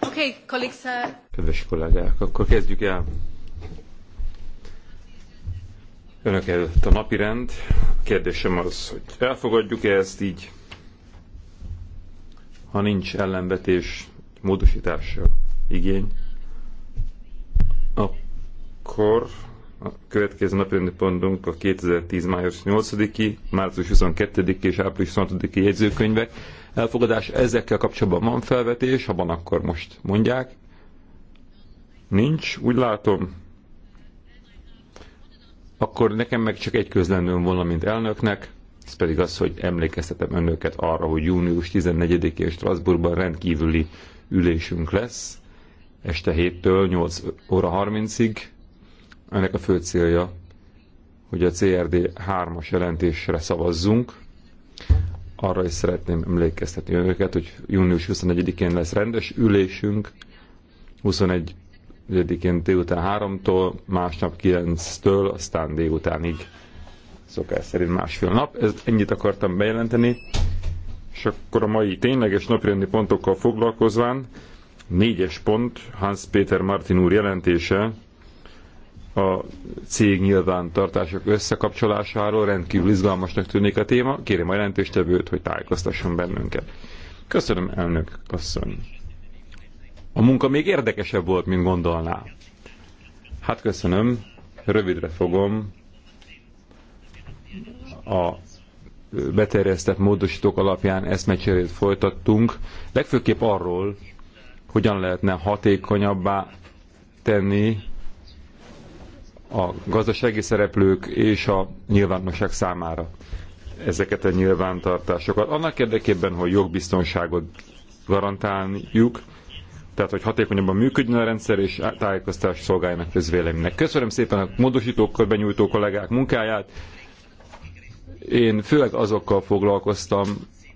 Okay, colleagues, uh... Kedves kollégák, akkor kezdjük el. Önök előtt a napi rend. A kérdésem az, hogy elfogadjuk-e ezt így, ha nincs ellenvetés, módosításra igény, akkor a következő napi pontunk a 2010. május 8-i, március 22 és április 26-i jegyzőkönyvek elfogadás. Ezekkel kapcsolatban van felvetés, ha van, akkor most mondják. Nincs, úgy látom. Akkor nekem meg csak egy közlendőm volna, mint elnöknek, ez pedig az, hogy emlékeztetem önöket arra, hogy június 14-én Strasbourgban rendkívüli ülésünk lesz, este 7-től 8 óra 30-ig. Ennek a fő célja, hogy a CRD 3-as jelentésre szavazzunk, arra is szeretném emlékeztetni önöket, hogy június 21-én lesz rendes ülésünk, 21-én délután 3-tól, másnap 9-től, aztán délutánig szokás szerint másfél nap. Ez ennyit akartam bejelenteni, és akkor a mai tényleges napirendi pontokkal foglalkozván négyes pont, Hans Péter Martin úr jelentése, a cég nyilvántartások összekapcsolásáról. Rendkívül izgalmasnak tűnik a téma. Kérem a jelentéstevőt, hogy tájékoztasson bennünket. Köszönöm, elnök asszony. A munka még érdekesebb volt, mint gondolná. Hát köszönöm, rövidre fogom. A beterjesztett módosítók alapján eszmecserét folytattunk, legfőképp arról, hogyan lehetne hatékonyabbá tenni a gazdasági szereplők és a nyilvánosság számára ezeket a nyilvántartásokat. Annak érdekében, hogy jogbiztonságot garantáljuk, tehát hogy hatékonyabban működjön a rendszer és tájékoztás szolgáljanak közvéleménynek. Köszönöm szépen a módosítókkal benyújtó kollégák munkáját. Én főleg azokkal foglalkoztam,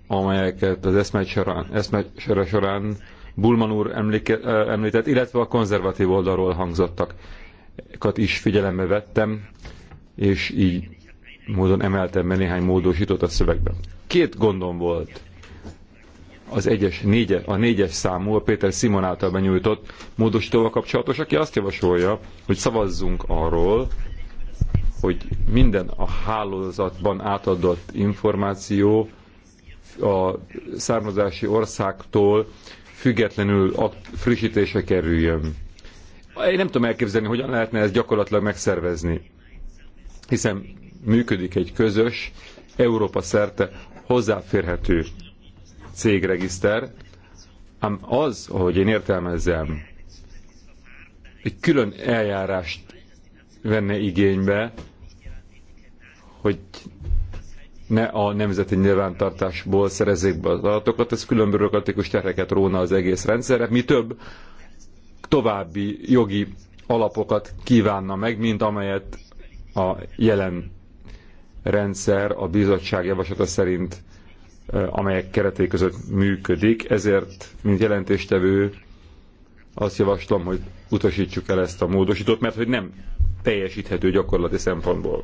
amelyeket az eszmegy során, eszmegy során Bulman úr említett, illetve a konzervatív oldalról hangzottak is figyelembe vettem, és így módon emeltem be néhány módosított a szövegben. Két gondom volt az egyes, négye, a négyes számú, a Péter Simon által benyújtott módosítóval kapcsolatos, aki azt javasolja, hogy szavazzunk arról, hogy minden a hálózatban átadott információ a származási országtól függetlenül frissítése kerüljön. Én nem tudom elképzelni, hogyan lehetne ezt gyakorlatilag megszervezni, hiszen működik egy közös, Európa szerte hozzáférhető cégregiszter, ám az, ahogy én értelmezzem, egy külön eljárást venne igénybe, hogy ne a nemzeti nyilvántartásból szerezzék be az adatokat, ez külön bürokratikus terheket róna az egész rendszerre. Mi több, további jogi alapokat kívánna meg, mint amelyet a jelen rendszer a bizottság javaslata szerint, amelyek kereté között működik. Ezért, mint jelentéstevő, azt javaslom, hogy utasítsuk el ezt a módosítót, mert hogy nem teljesíthető gyakorlati szempontból,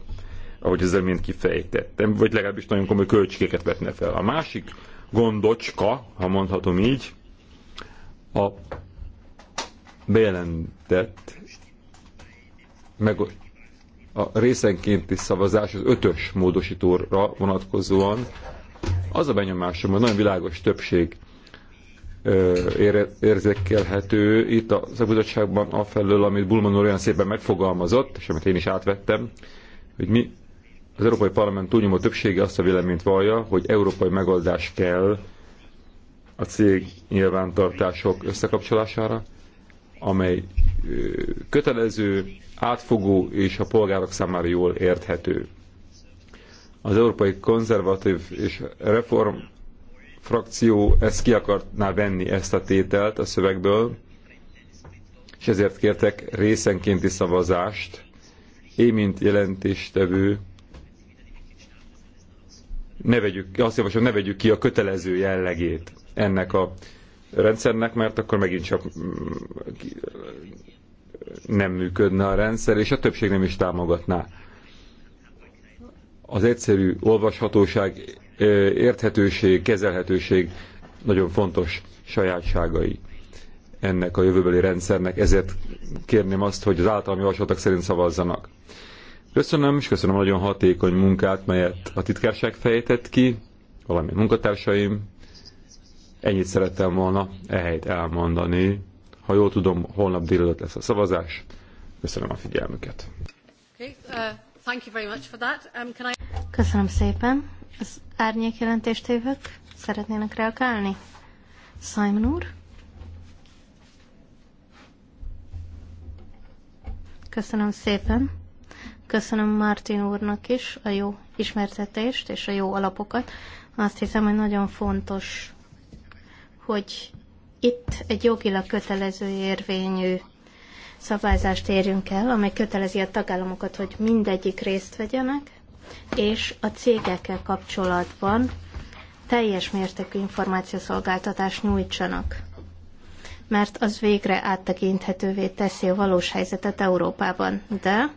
ahogy ezzel mind kifejtettem, vagy legalábbis nagyon komoly költségeket vetne fel. A másik gondocska, ha mondhatom így, a bejelentett meg a részenkénti szavazás az ötös módosítóra vonatkozóan az a benyomásom, hogy nagyon világos többség érzékelhető itt a szakbizottságban afelől, amit Bulman úr olyan szépen megfogalmazott, és amit én is átvettem, hogy mi az Európai Parlament túlnyomó többsége azt a véleményt vallja, hogy európai megoldás kell a cég nyilvántartások összekapcsolására, amely kötelező, átfogó és a polgárok számára jól érthető. Az Európai Konzervatív és Reform frakció ezt ki akartná venni ezt a tételt a szövegből, és ezért kértek részenkénti szavazást. Én, mint jelentéstevő, ne vegyük, azt javaslom, ne vegyük ki a kötelező jellegét ennek a rendszernek, mert akkor megint csak mm, nem működne a rendszer, és a többség nem is támogatná. Az egyszerű olvashatóság, érthetőség, kezelhetőség nagyon fontos sajátságai ennek a jövőbeli rendszernek, ezért kérném azt, hogy az általam javaslatok szerint szavazzanak. Köszönöm, és köszönöm a nagyon hatékony munkát, melyet a titkárság fejtett ki, valamint munkatársaim, Ennyit szerettem volna ehelyt elmondani. Ha jól tudom, holnap délelőtt lesz a szavazás. Köszönöm a figyelmüket. Uh, um, Köszönöm szépen. Az árnyék jelentéstévők szeretnének reagálni? Simon úr? Köszönöm szépen. Köszönöm Martin úrnak is a jó ismertetést és a jó alapokat. Azt hiszem, hogy nagyon fontos hogy itt egy jogilag kötelező érvényű szabályzást érjünk el, amely kötelezi a tagállamokat, hogy mindegyik részt vegyenek, és a cégekkel kapcsolatban teljes mértékű információszolgáltatást nyújtsanak. Mert az végre áttekinthetővé teszi a valós helyzetet Európában. De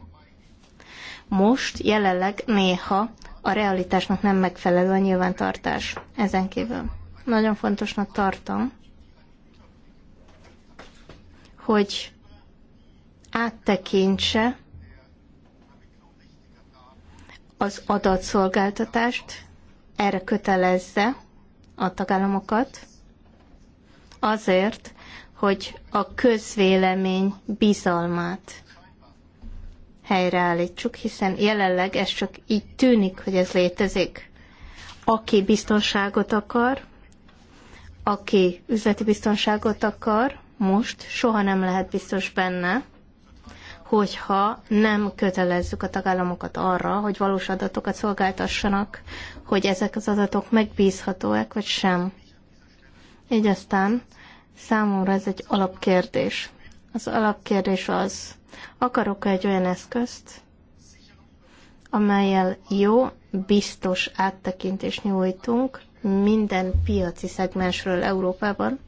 most jelenleg néha a realitásnak nem megfelelő a nyilvántartás ezen kívül. Nagyon fontosnak tartom, hogy áttekintse az adatszolgáltatást, erre kötelezze a tagállamokat, azért, hogy a közvélemény bizalmát helyreállítsuk, hiszen jelenleg ez csak így tűnik, hogy ez létezik. Aki biztonságot akar, aki üzleti biztonságot akar, most soha nem lehet biztos benne, hogyha nem kötelezzük a tagállamokat arra, hogy valós adatokat szolgáltassanak, hogy ezek az adatok megbízhatóak vagy sem. Így aztán számomra ez egy alapkérdés. Az alapkérdés az, akarok -e egy olyan eszközt, amelyel jó, biztos áttekintést nyújtunk minden piaci szegmensről Európában,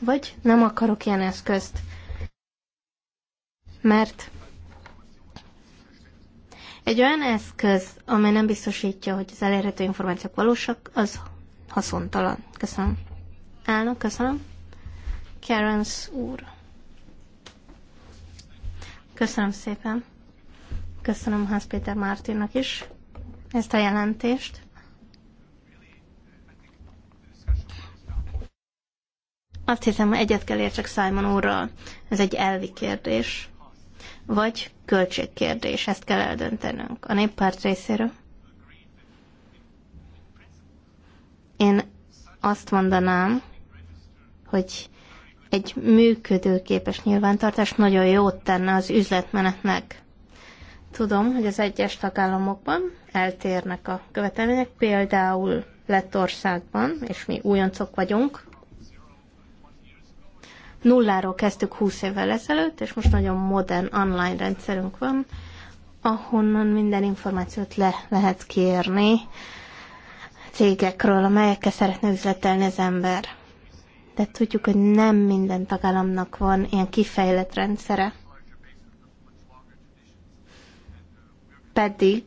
vagy nem akarok ilyen eszközt, mert egy olyan eszköz, amely nem biztosítja, hogy az elérhető információk valósak, az haszontalan. Köszönöm. Elnök, köszönöm. Kerens úr. Köszönöm szépen. Köszönöm Hans Péter Mártinnak is ezt a jelentést. Azt hiszem, egyet kell értsek Simon úrral. Ez egy elvi kérdés. Vagy költségkérdés. Ezt kell eldöntenünk. A néppárt részéről. Én azt mondanám, hogy egy működőképes nyilvántartás nagyon jót tenne az üzletmenetnek. Tudom, hogy az egyes tagállamokban eltérnek a követelmények, például Lettországban, és mi újoncok vagyunk, Nulláról kezdtük 20 évvel ezelőtt, és most nagyon modern online rendszerünk van, ahonnan minden információt le lehet kérni cégekről, amelyekkel szeretne üzletelni az ember. De tudjuk, hogy nem minden tagállamnak van ilyen kifejlett rendszere. Pedig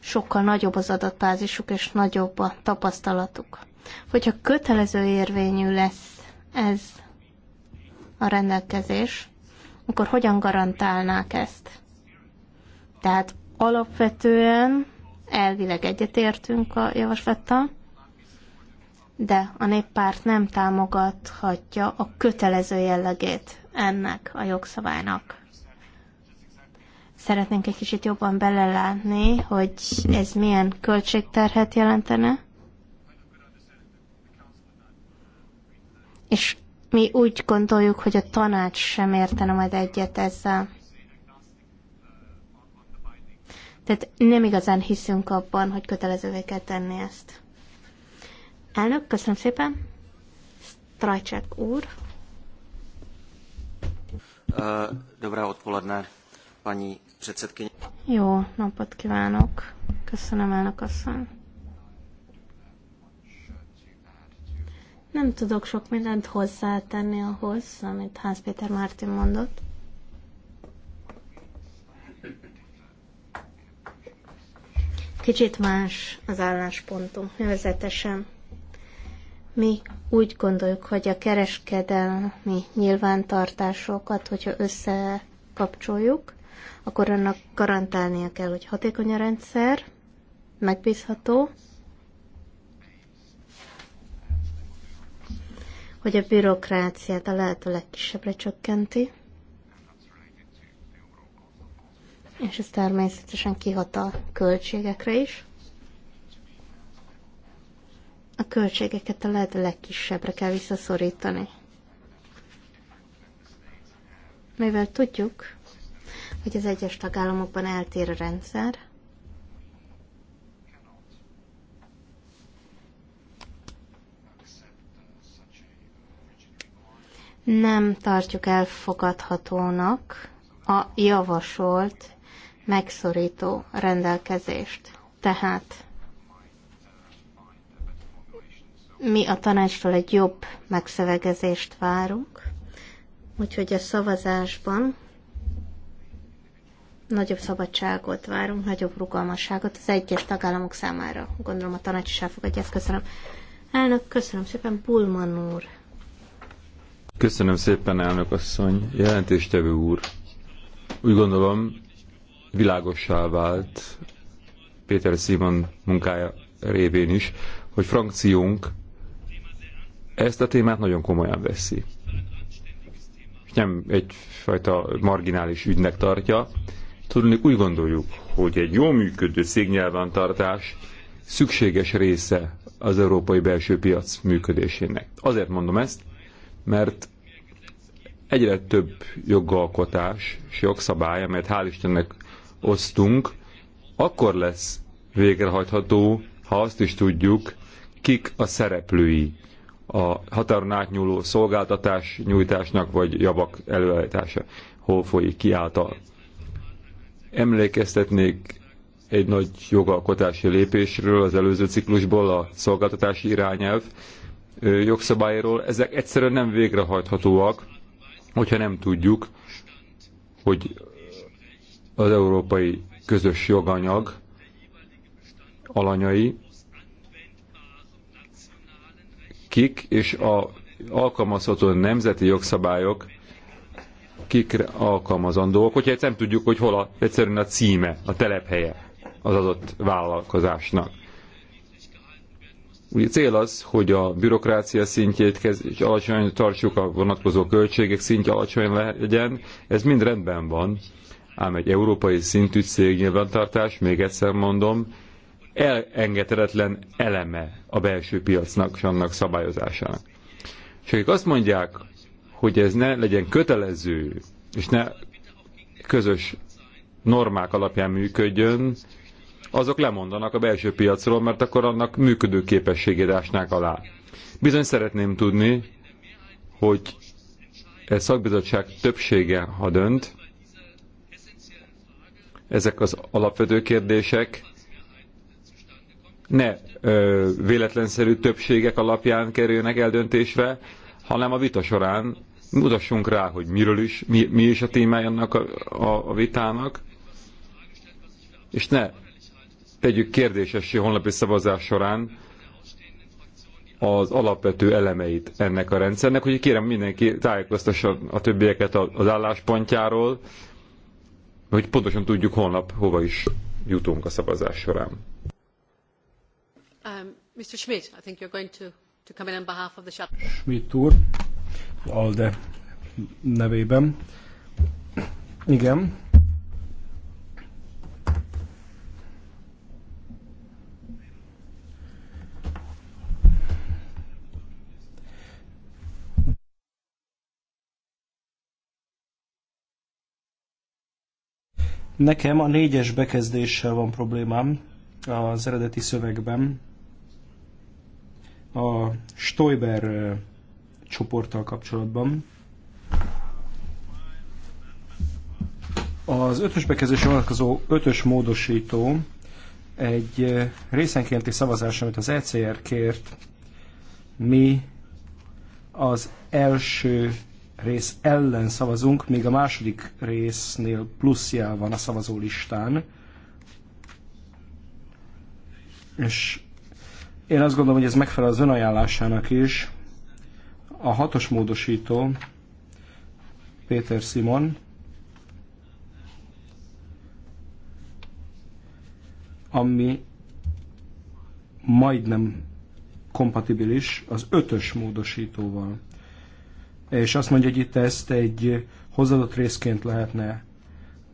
sokkal nagyobb az adatbázisuk és nagyobb a tapasztalatuk. Hogyha kötelező érvényű lesz ez a rendelkezés, akkor hogyan garantálnák ezt? Tehát alapvetően elvileg egyetértünk a javaslattal, de a néppárt nem támogathatja a kötelező jellegét ennek a jogszabálynak. Szeretnénk egy kicsit jobban belelátni, hogy ez milyen költségterhet jelentene, és mi úgy gondoljuk, hogy a tanács sem értene majd egyet ezzel. Tehát nem igazán hiszünk abban, hogy kötelezővé kell tenni ezt. Elnök, köszönöm szépen. Strajcsek úr. Uh, dobrá odpoledne, paní předsedkyně. Jó napot kívánok. Köszönöm, elnök asszony. Nem tudok sok mindent hozzátenni ahhoz, amit Hans Péter Mártin mondott. Kicsit más az álláspontunk, nevezetesen mi úgy gondoljuk, hogy a kereskedelmi nyilvántartásokat, hogyha összekapcsoljuk, akkor annak garantálnia kell, hogy hatékony a rendszer, megbízható, hogy a bürokráciát a lehető legkisebbre csökkenti, és ez természetesen kihat a költségekre is. A költségeket a lehető legkisebbre kell visszaszorítani. Mivel tudjuk, hogy az egyes tagállamokban eltér a rendszer, nem tartjuk elfogadhatónak a javasolt megszorító rendelkezést. Tehát mi a tanácstól egy jobb megszövegezést várunk, úgyhogy a szavazásban nagyobb szabadságot várunk, nagyobb rugalmasságot az egyes tagállamok számára. Gondolom a tanács is elfogadja ezt. Köszönöm. Elnök, köszönöm szépen. Bulman úr. Köszönöm szépen, elnök asszony. Jelentéstevő úr, úgy gondolom világossá vált Péter Simon munkája révén is, hogy frankciónk ezt a témát nagyon komolyan veszi. Nem egyfajta marginális ügynek tartja. Tudni úgy gondoljuk, hogy egy jó működő szégnyelvántartás szükséges része az európai belső piac működésének. Azért mondom ezt, mert egyre több jogalkotás és jogszabály, amelyet hál' Istennek osztunk, akkor lesz végrehajtható, ha azt is tudjuk, kik a szereplői a határon átnyúló szolgáltatás nyújtásnak vagy javak előállítása, hol folyik ki által. Emlékeztetnék egy nagy jogalkotási lépésről az előző ciklusból, a szolgáltatási irányelv, jogszabályról, ezek egyszerűen nem végrehajthatóak, hogyha nem tudjuk, hogy az európai közös joganyag alanyai kik és a alkalmazható nemzeti jogszabályok kikre alkalmazandók, hogyha egyszer nem tudjuk, hogy hol a, egyszerűen a címe, a telephelye az adott vállalkozásnak. Ugye cél az, hogy a bürokrácia szintjét kez, alacsony tartsuk, a vonatkozó költségek szintje alacsony legyen, ez mind rendben van, ám egy európai szintű cég nyilvántartás, még egyszer mondom, elengedhetetlen eleme a belső piacnak és annak szabályozásának. És akik azt mondják, hogy ez ne legyen kötelező, és ne közös normák alapján működjön, azok lemondanak a belső piacról, mert akkor annak működő képességét ásnák alá. Bizony szeretném tudni, hogy ez szakbizottság többsége, ha dönt, ezek az alapvető kérdések ne ö, véletlenszerű többségek alapján kerüljenek eldöntésre, hanem a vita során mutassunk rá, hogy miről is, mi, mi is a témája annak a, a, a vitának, és ne tegyük kérdésessé honlapi szavazás során az alapvető elemeit ennek a rendszernek, hogy kérem mindenki tájékoztassa a többieket az álláspontjáról, hogy pontosan tudjuk holnap hova is jutunk a szavazás során. Um, Mr. Schmidt, I think you're going to, to come in on behalf of the Schmidt úr, ALDE nevében. Igen, Nekem a négyes bekezdéssel van problémám az eredeti szövegben. A Stoiber csoporttal kapcsolatban. Az ötös bekezdésre vonatkozó ötös módosító egy részenkénti szavazás, amit az ECR kért, mi az első rész ellen szavazunk, még a második résznél jel van a szavazó listán. És én azt gondolom, hogy ez megfelel az önajánlásának is. A hatos módosító, Péter Simon, ami majdnem kompatibilis az ötös módosítóval és azt mondja, hogy itt ezt egy hozzáadott részként lehetne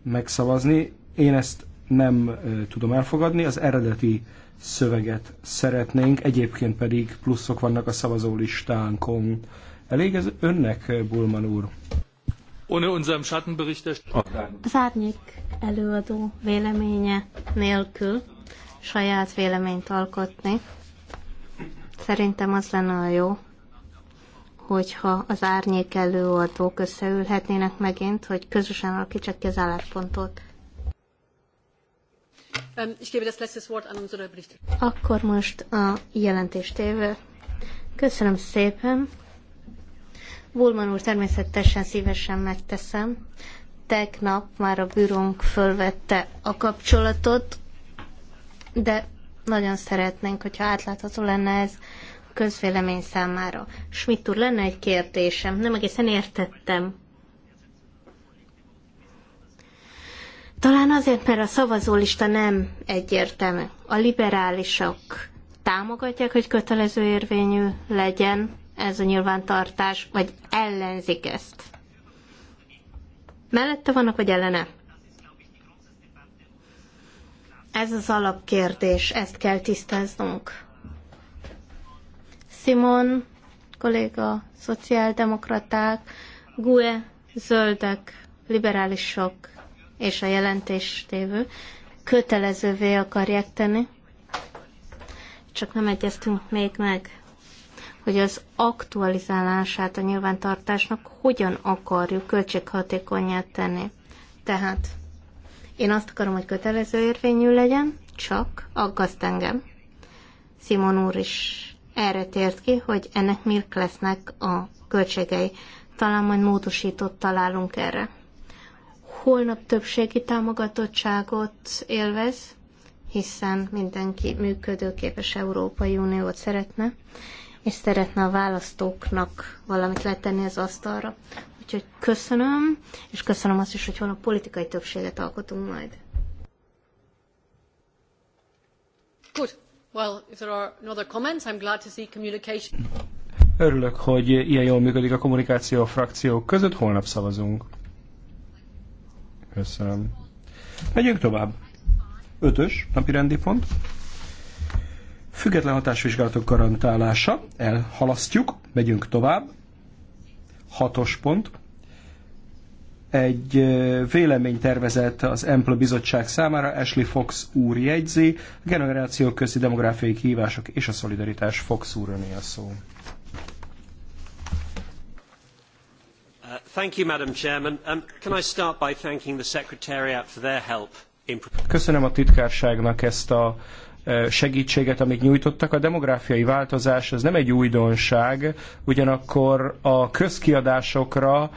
megszavazni. Én ezt nem tudom elfogadni, az eredeti szöveget szeretnénk, egyébként pedig pluszok vannak a szavazólistánkon. Elég ez önnek, Bulman úr? Ohne unserem Schattenberichterstatter. Az árnyék előadó véleménye nélkül saját véleményt alkotni. Szerintem az lenne a jó, hogyha az árnyék előadók összeülhetnének megint, hogy közösen alakítsák ki az álláspontot. Um, Akkor most a jelentést éve. Köszönöm szépen. Bulman úr, természetesen szívesen megteszem. Tegnap már a bürónk fölvette a kapcsolatot, de nagyon szeretnénk, hogyha átlátható lenne ez közvélemény számára. Schmidt úr, lenne egy kérdésem, nem egészen értettem. Talán azért, mert a szavazólista nem egyértelmű. A liberálisok támogatják, hogy kötelező érvényű legyen ez a nyilvántartás, vagy ellenzik ezt? Mellette vannak, vagy ellene? Ez az alapkérdés, ezt kell tisztáznunk. Simon kolléga, szociáldemokraták, GUE, zöldek, liberálisok és a jelentéstévő kötelezővé akarják tenni. Csak nem egyeztünk még meg, hogy az aktualizálását a nyilvántartásnak hogyan akarjuk költséghatékonyát tenni. Tehát én azt akarom, hogy kötelező érvényű legyen, csak aggaszt engem. Simon úr is erre tért ki, hogy ennek mik lesznek a költségei. Talán majd módosított találunk erre. Holnap többségi támogatottságot élvez, hiszen mindenki működőképes Európai Uniót szeretne, és szeretne a választóknak valamit letenni az asztalra. Úgyhogy köszönöm, és köszönöm azt is, hogy holnap politikai többséget alkotunk majd. Good. Well, if there are no other comments, I'm glad to see communication. Örülök, hogy ilyen jól működik a kommunikáció a frakciók között. Holnap szavazunk. Köszönöm. Megyünk tovább. Ötös napi rendi pont. Független hatásvizsgálatok garantálása. Elhalasztjuk. Megyünk tovább. Hatos pont egy véleménytervezet az Ample Bizottság számára, Ashley Fox úr jegyzi, a generációk közti demográfiai kihívások és a szolidaritás Fox úr öné a szó. Uh, thank you, Madam Chairman. Um, can I start by thanking the Secretariat for their help in... Köszönöm a titkárságnak ezt a segítséget, amit nyújtottak. A demográfiai változás az nem egy újdonság, ugyanakkor a közkiadásokra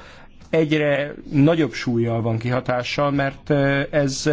egyre nagyobb súlyjal van kihatással, mert ez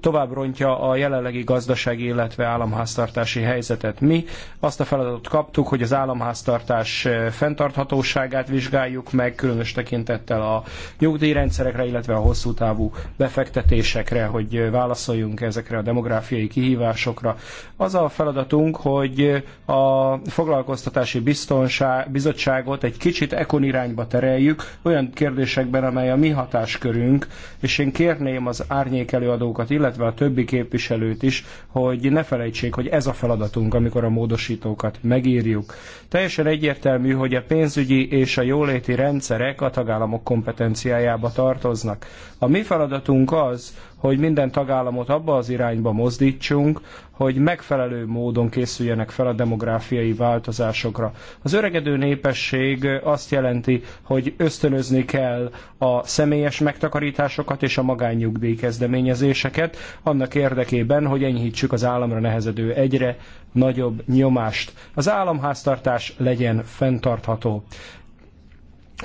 tovább rontja a jelenlegi gazdasági, illetve államháztartási helyzetet. Mi azt a feladatot kaptuk, hogy az államháztartás eh, fenntarthatóságát vizsgáljuk meg, különös tekintettel a nyugdíjrendszerekre, illetve a hosszú távú befektetésekre, hogy eh, válaszoljunk ezekre a demográfiai kihívásokra. Az a feladatunk, hogy eh, a foglalkoztatási biztonság, bizottságot egy kicsit ekon irányba tereljük, olyan kérdésekben, amely a mi hatáskörünk, és én kérném az árnyék előadókat illetve a többi képviselőt is, hogy ne felejtsék, hogy ez a feladatunk, amikor a módosítókat megírjuk. Teljesen egyértelmű, hogy a pénzügyi és a jóléti rendszerek a tagállamok kompetenciájába tartoznak. A mi feladatunk az, hogy minden tagállamot abba az irányba mozdítsunk, hogy megfelelő módon készüljenek fel a demográfiai változásokra. Az öregedő népesség azt jelenti, hogy ösztönözni kell a személyes megtakarításokat és a magánnyugdíj kezdeményezéseket, annak érdekében, hogy enyhítsük az államra nehezedő egyre nagyobb nyomást. Az államháztartás legyen fenntartható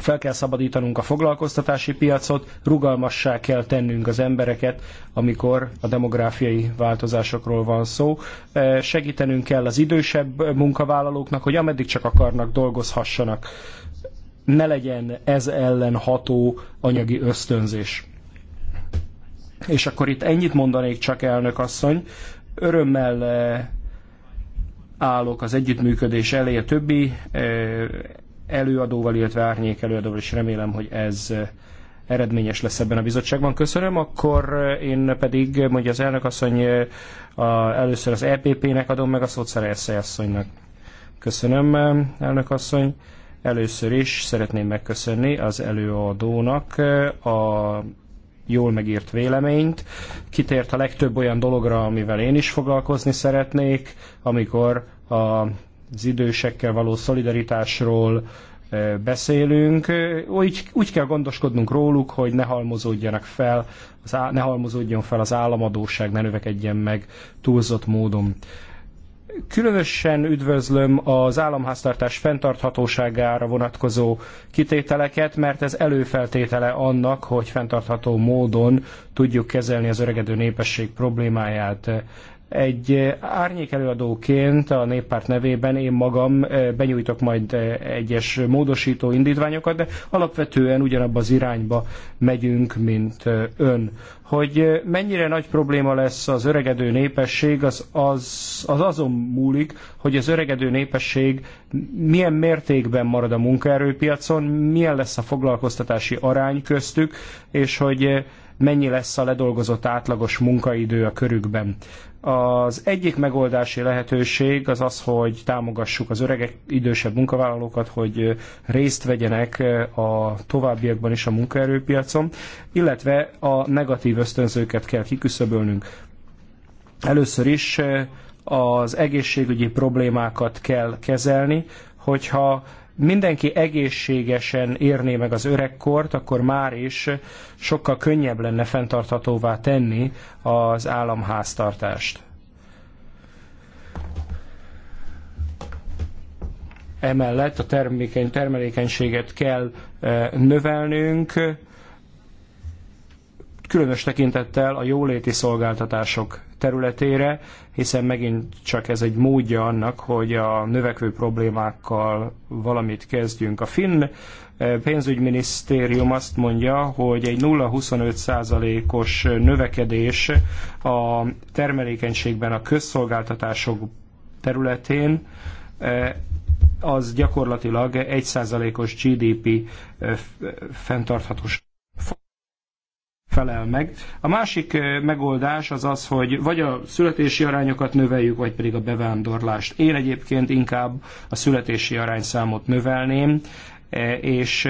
fel kell szabadítanunk a foglalkoztatási piacot, rugalmassá kell tennünk az embereket, amikor a demográfiai változásokról van szó. E, segítenünk kell az idősebb munkavállalóknak, hogy ameddig csak akarnak, dolgozhassanak. Ne legyen ez ellen ható anyagi ösztönzés. És akkor itt ennyit mondanék csak, elnök asszony. Örömmel e, állok az együttműködés elé a többi e, előadóval, illetve árnyék előadóval, és remélem, hogy ez eh, eredményes lesz ebben a bizottságban. Köszönöm, akkor eh, én pedig, eh, mondja az elnök asszony, a, először az EPP-nek adom meg a szót Szerelszei asszonynak. Köszönöm, elnök asszony. Először is szeretném megköszönni az előadónak a jól megírt véleményt. Kitért a legtöbb olyan dologra, amivel én is foglalkozni szeretnék, amikor a az idősekkel való szolidaritásról eh, beszélünk. Úgy, úgy kell gondoskodnunk róluk, hogy ne halmozódjanak fel, az á, ne halmozódjon fel az államadóság, ne növekedjen meg túlzott módon. Különösen üdvözlöm az államháztartás fenntarthatóságára vonatkozó kitételeket, mert ez előfeltétele annak, hogy fenntartható módon tudjuk kezelni az öregedő népesség problémáját. Egy eh, előadóként a néppárt nevében én magam eh, benyújtok majd eh, egyes módosító indítványokat, de alapvetően ugyanabba az irányba megyünk, mint ön. Hogy mennyire nagy probléma lesz az öregedő népesség, az, az, az azon múlik, hogy az öregedő népesség milyen mértékben marad a munkaerőpiacon, milyen lesz a foglalkoztatási arány köztük, és hogy mennyi lesz a ledolgozott átlagos munkaidő a körükben. Az egyik megoldási lehetőség az az, hogy támogassuk az öregek, idősebb munkavállalókat, hogy részt vegyenek a továbbiakban is a munkaerőpiacon, illetve a negatív ösztönzőket kell kiküszöbölnünk. Először is eh, az egészségügyi problémákat kell kezelni, hogyha mindenki egészségesen érné meg az öregkort, akkor már is sokkal könnyebb lenne fenntarthatóvá tenni az államháztartást. Emellett a termékeny, termelékenységet kell e, növelnünk, különös tekintettel a jóléti szolgáltatások területére, hiszen megint csak ez egy módja annak, hogy a növekvő problémákkal valamit kezdjünk. A finn eh, pénzügyminisztérium azt mondja, hogy egy 0,25%-os növekedés a termelékenységben a közszolgáltatások területén eh, az gyakorlatilag 1%-os GDP eh, fenntarthatóság felel meg. A másik megoldás az az, hogy vagy a születési arányokat növeljük, vagy pedig a bevándorlást. Én egyébként inkább a születési arányszámot növelném, e, és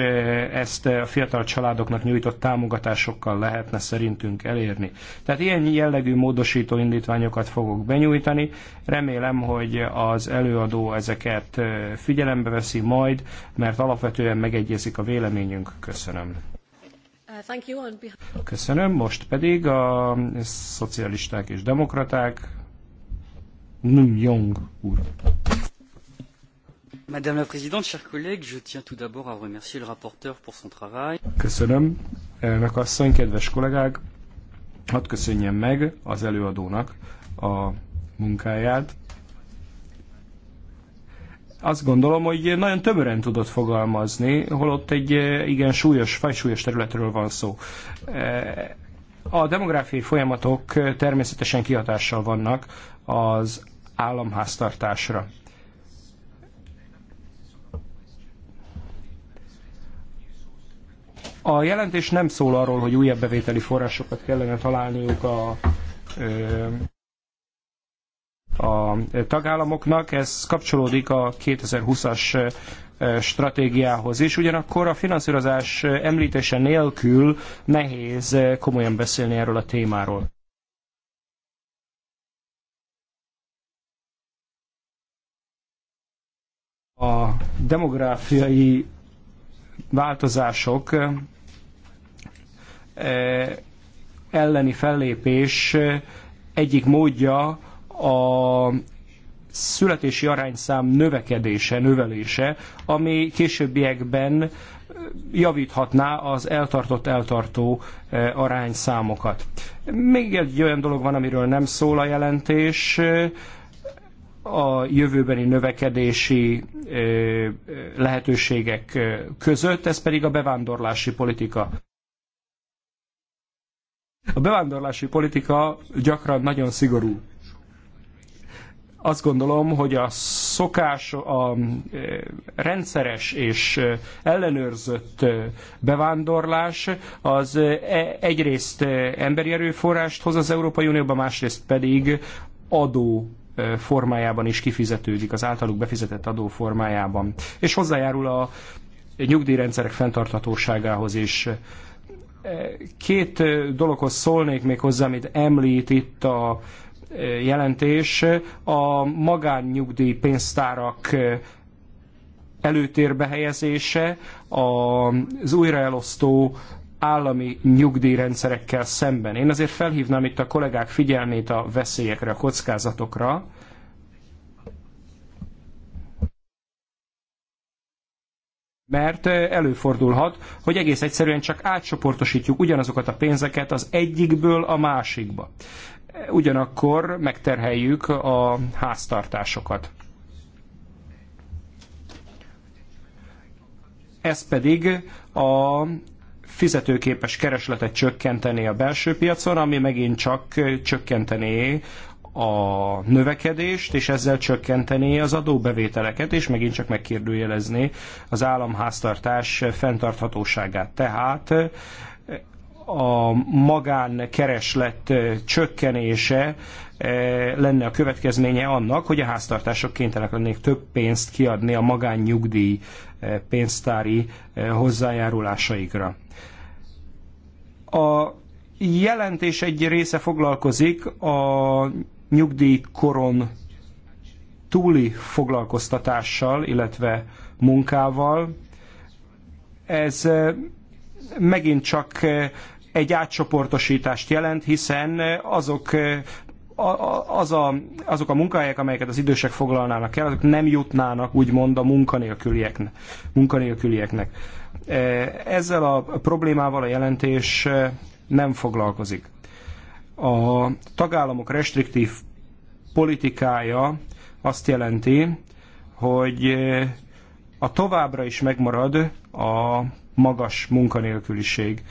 ezt a fiatal családoknak nyújtott támogatásokkal lehetne szerintünk elérni. Tehát ilyen jellegű módosító indítványokat fogok benyújtani. Remélem, hogy az előadó ezeket figyelembe veszi majd, mert alapvetően megegyezik a véleményünk. Köszönöm. Köszönöm, most pedig a szocialisták és demokraták Num Jong úr. Madame la Présidente, chers collègues, je tiens tout d'abord à remercier le rapporteur pour son travail. Köszönöm, elnök asszony, kedves kollégák, hadd köszönjem meg az előadónak a munkáját azt gondolom, hogy nagyon tömören tudott fogalmazni, holott egy eh, igen súlyos, fajsúlyos területről van szó. Eh, a demográfiai folyamatok eh, természetesen kihatással vannak az államháztartásra. A jelentés nem szól arról, hogy újabb bevételi forrásokat kellene találniuk a a tagállamoknak. Ez kapcsolódik a 2020-as stratégiához is. Ugyanakkor a finanszírozás említése nélkül nehéz komolyan beszélni erről a témáról. A demográfiai változások elleni fellépés egyik módja a születési arányszám növekedése, növelése, ami későbbiekben javíthatná az eltartott-eltartó e, arányszámokat. Még egy olyan dolog van, amiről nem szól a jelentés, a jövőbeni növekedési e, lehetőségek között, ez pedig a bevándorlási politika. A bevándorlási politika gyakran nagyon szigorú azt gondolom, hogy a szokás, a e, rendszeres és e, ellenőrzött e, bevándorlás az egyrészt emberi erőforrást hoz az Európai Unióba, másrészt pedig adó formájában is kifizetődik, az általuk befizetett adó formájában. És hozzájárul a nyugdíjrendszerek fenntarthatóságához is. Két dologhoz szólnék még hozzá, amit említ itt a jelentés a magánnyugdíj pénztárak előtérbe helyezése az újraelosztó állami nyugdíjrendszerekkel szemben. Én azért felhívnám itt a kollégák figyelmét a veszélyekre, a kockázatokra. Mert előfordulhat, hogy egész egyszerűen csak átcsoportosítjuk ugyanazokat a pénzeket az egyikből a másikba ugyanakkor megterheljük a háztartásokat. Ez pedig a fizetőképes keresletet csökkenteni a belső piacon, ami megint csak csökkentené a növekedést, és ezzel csökkentené az adóbevételeket, és megint csak megkérdőjelezni az államháztartás fenntarthatóságát. Tehát a magánkereslet eh, csökkenése eh, lenne a következménye annak, hogy a háztartások kénytelenek lennék több pénzt kiadni a magánnyugdíj eh, pénztári hozzájárulásaikra. A jelentés egy része foglalkozik a nyugdíjkoron túli foglalkoztatással, illetve munkával. Ez megint csak egy átcsoportosítást jelent, hiszen azok az a, azok a munkahelyek, amelyeket az idősek foglalnának el, azok nem jutnának úgymond a munkanélkülieknek. munkanélkülieknek. Ezzel a problémával a jelentés nem foglalkozik. A tagállamok restriktív politikája azt jelenti, hogy a továbbra is megmarad a magas munkanélküliség.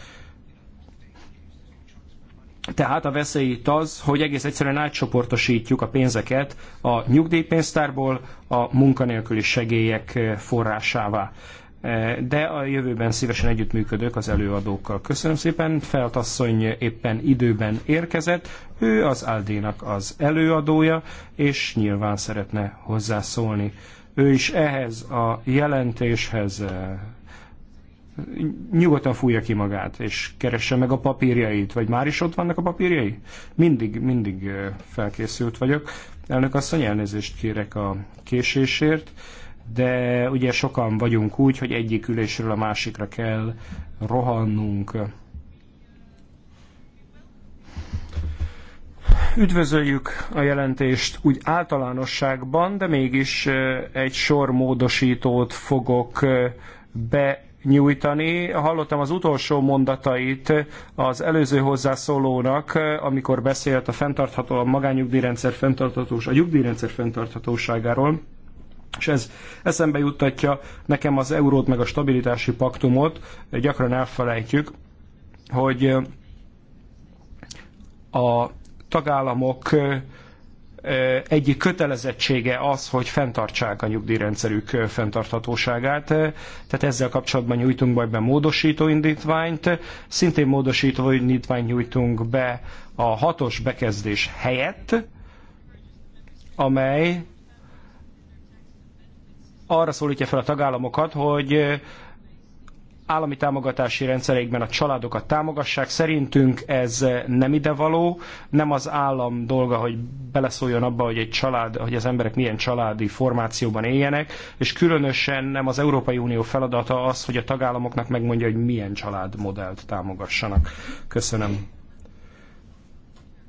Tehát a veszély itt az, hogy egész egyszerűen átcsoportosítjuk a pénzeket a nyugdíjpénztárból a munkanélküli segélyek eh, forrásává. Eh, de a jövőben szívesen együttműködök az előadókkal. Köszönöm szépen, Feltasszony éppen időben érkezett, ő az Aldénak az előadója, és nyilván szeretne hozzászólni. Ő is ehhez a jelentéshez eh, nyugodtan fújja ki magát, és keresse meg a papírjait, vagy már is ott vannak a papírjai? Mindig, mindig felkészült vagyok. Elnök asszony, elnézést kérek a késésért, de ugye sokan vagyunk úgy, hogy egyik ülésről a másikra kell rohannunk. Üdvözöljük a jelentést úgy általánosságban, de mégis egy sor módosítót fogok be nyújtani. Hallottam az utolsó mondatait az előző hozzászólónak, amikor beszélt a fenntartható, a magányugdíjrendszer fenntarthatós, a nyugdíjrendszer fenntarthatóságáról, és ez eszembe juttatja nekem az eurót meg a stabilitási paktumot, gyakran elfelejtjük, hogy a tagállamok egyik kötelezettsége az, hogy fenntartsák a nyugdíjrendszerük fenntarthatóságát. Tehát ezzel kapcsolatban nyújtunk majd be módosító indítványt. Szintén módosító indítványt nyújtunk be a hatos bekezdés helyett, amely arra szólítja fel a tagállamokat, hogy állami támogatási rendszerekben a családokat támogassák. Szerintünk ez nem idevaló, nem az állam dolga, hogy beleszóljon abba, hogy egy család, hogy az emberek milyen családi formációban éljenek, és különösen nem az Európai Unió feladata az, hogy a tagállamoknak megmondja, hogy milyen családmodellt támogassanak. Köszönöm.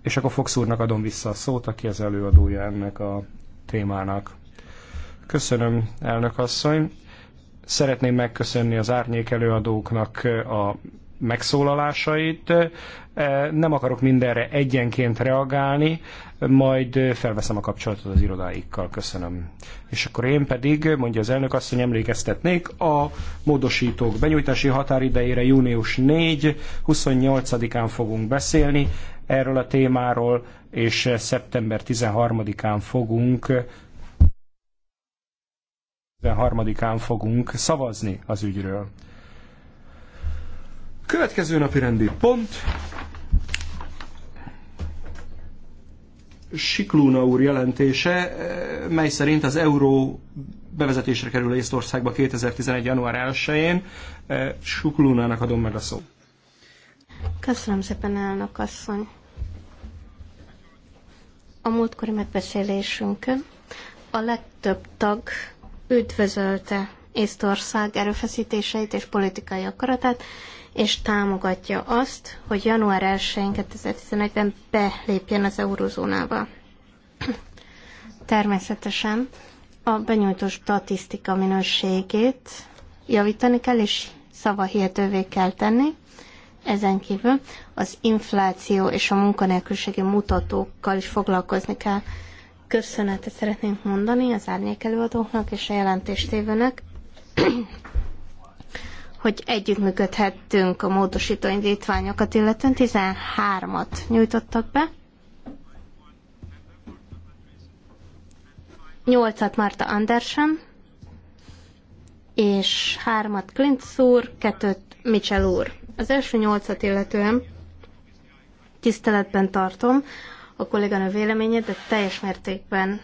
És akkor Fox úrnak adom vissza a szót, aki az előadója ennek a témának. Köszönöm, elnök asszony Szeretném megköszönni az árnyék előadóknak eh, a megszólalásait. Eh, nem akarok mindenre egyenként reagálni, majd eh, felveszem a kapcsolatot az irodáikkal, köszönöm. És akkor én pedig, mondja az elnök asszony, emlékeztetnék a módosítók benyújtási határidejére június 4, 28-án fogunk beszélni erről a témáról, és szeptember 13-án fogunk 13-án fogunk szavazni az ügyről. Következő napi rendi pont. Siklóna úr jelentése, mely szerint az euró bevezetésre kerül Észtországba 2011. január 1-én. Siklónának adom meg a szót. Köszönöm szépen, elnök asszony. A múltkori megbeszélésünkön a legtöbb tag üdvözölte Észtország erőfeszítéseit és politikai akaratát, és támogatja azt, hogy január 1-én 2011-ben belépjen az eurozónába. Természetesen a benyújtó statisztika minőségét javítani kell, és szavahihetővé kell tenni. Ezen kívül az infláció és a munkanélküliségi mutatókkal is foglalkozni kell köszönetet szeretnénk mondani az árnyékelőadóknak és a jelentéstévőnek, hogy együttműködhettünk a módosító indítványokat, illetően 13-at nyújtottak be. 8-at Marta Andersen, és 3-at Clint úr, 2-t Mitchell úr. Az első 8-at illetően tiszteletben tartom, a kolléganő véleményét, de teljes mértékben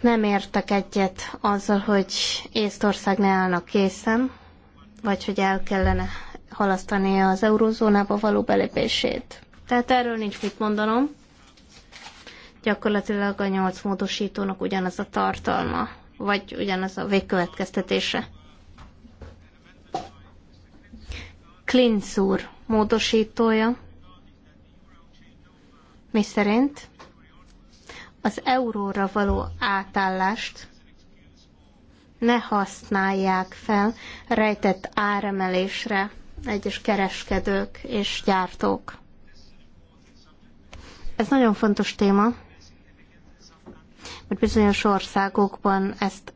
nem értek egyet azzal, hogy Észtország ne állna készen, vagy hogy el kellene halasztani az eurózónába való belépését. Tehát erről nincs mit mondanom. Gyakorlatilag a nyolc módosítónak ugyanaz a tartalma, vagy ugyanaz a végkövetkeztetése. Klinc úr módosítója mi szerint az euróra való átállást ne használják fel rejtett áremelésre egyes kereskedők és gyártók. Ez nagyon fontos téma, mert bizonyos országokban ezt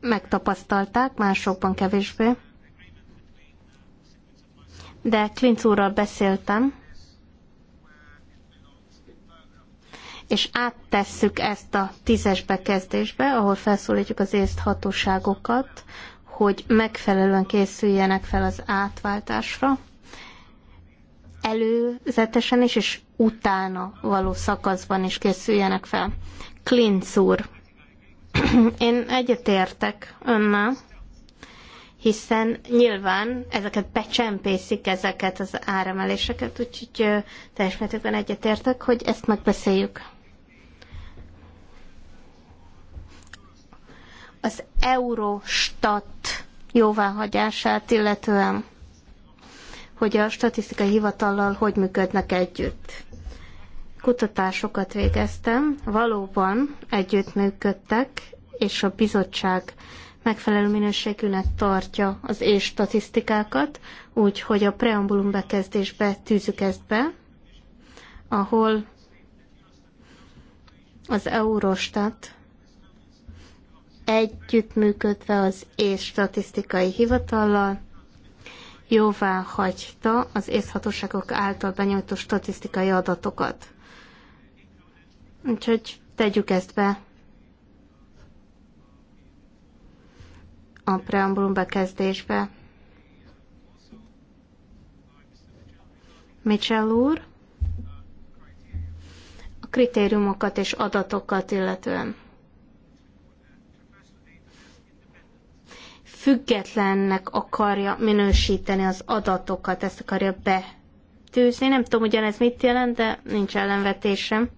megtapasztalták, másokban kevésbé. De Klinc úrral beszéltem, és áttesszük ezt a tízes bekezdésbe, ahol felszólítjuk az észt hatóságokat, hogy megfelelően készüljenek fel az átváltásra, előzetesen is, és utána való szakaszban is készüljenek fel. Klinc úr, én egyetértek önnel, hiszen nyilván ezeket becsempészik, ezeket az áremeléseket, úgyhogy teljes mértékben egyetértek, hogy ezt megbeszéljük. az Eurostat jóváhagyását illetően, hogy a statisztikai hivatallal hogy működnek együtt. Kutatásokat végeztem, valóban együttműködtek, és a bizottság megfelelő minőségűnek tartja az és statisztikákat, úgyhogy a preambulum bekezdésbe tűzük ezt be, ahol az Eurostat együttműködve az és statisztikai hivatallal jóvá hagyta az észhatóságok által benyújtott statisztikai adatokat. Úgyhogy tegyük ezt be a preambulum bekezdésbe. Mitchell úr, a kritériumokat és adatokat illetően. függetlennek akarja minősíteni az adatokat, ezt akarja betűzni. Nem tudom, ugyanez mit jelent, de nincs ellenvetésem.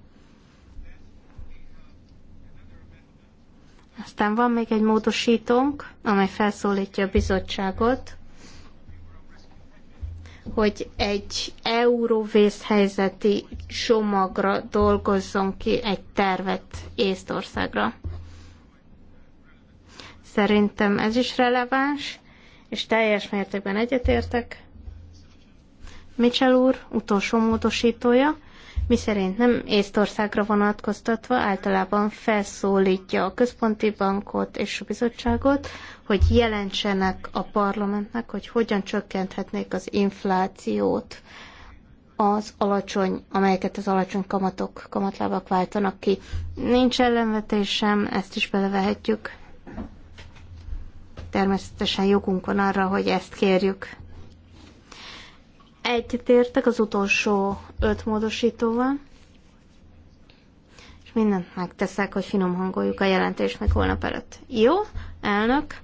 Aztán van még egy módosítónk, amely felszólítja a bizottságot, hogy egy euróvészhelyzeti csomagra dolgozzon ki egy tervet Észtországra. Szerintem ez is releváns, és teljes mértékben egyetértek. Mitchell úr utolsó módosítója, szerint nem Észtországra vonatkoztatva általában felszólítja a központi bankot és a bizottságot, hogy jelentsenek a parlamentnek, hogy hogyan csökkenthetnék az inflációt az alacsony, amelyeket az alacsony kamatok, kamatlábak váltanak ki. Nincs ellenvetésem, ezt is belevehetjük természetesen jogunk van arra, hogy ezt kérjük. Egyetértek az utolsó öt módosítóval, és mindent megteszek, hogy finom hangoljuk a jelentést meg holnap előtt. Jó, elnök,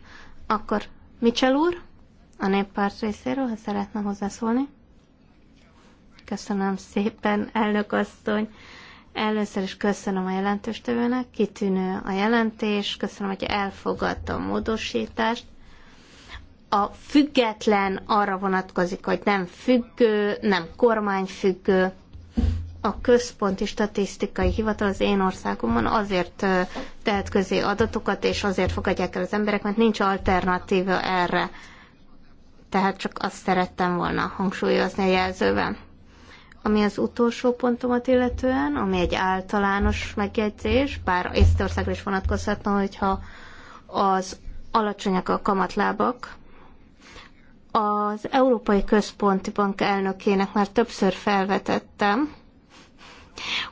akkor Mitchell úr, a néppárt részéről, ha szeretne hozzászólni. Köszönöm szépen, elnök asszony. Először is köszönöm a jelentéstevőnek, kitűnő a jelentés, köszönöm, hogy elfogadta a módosítást. A független arra vonatkozik, hogy nem függő, nem kormányfüggő. A Központi Statisztikai Hivatal az én országomon azért tehet közé adatokat, és azért fogadják el az emberek, mert nincs alternatíva erre. Tehát csak azt szerettem volna hangsúlyozni a jelzőben ami az utolsó pontomat illetően, ami egy általános megjegyzés, bár Észtországra is vonatkozhatna, hogyha az alacsonyak a kamatlábak, az Európai Központi Bank elnökének már többször felvetettem,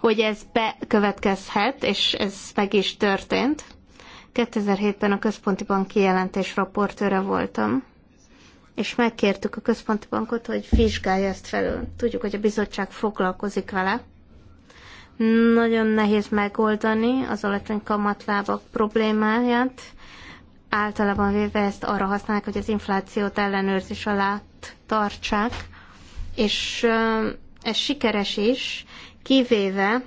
hogy ez bekövetkezhet, és ez meg is történt. 2007-ben a Központi Bank kijelentés raportőre voltam és megkértük a központi bankot, hogy vizsgálja ezt felül. Tudjuk, hogy a bizottság foglalkozik vele. Nagyon nehéz megoldani az alacsony kamatlábak problémáját. Általában véve ezt arra használják, hogy az inflációt ellenőrzés alá tartsák, és ez sikeres is, kivéve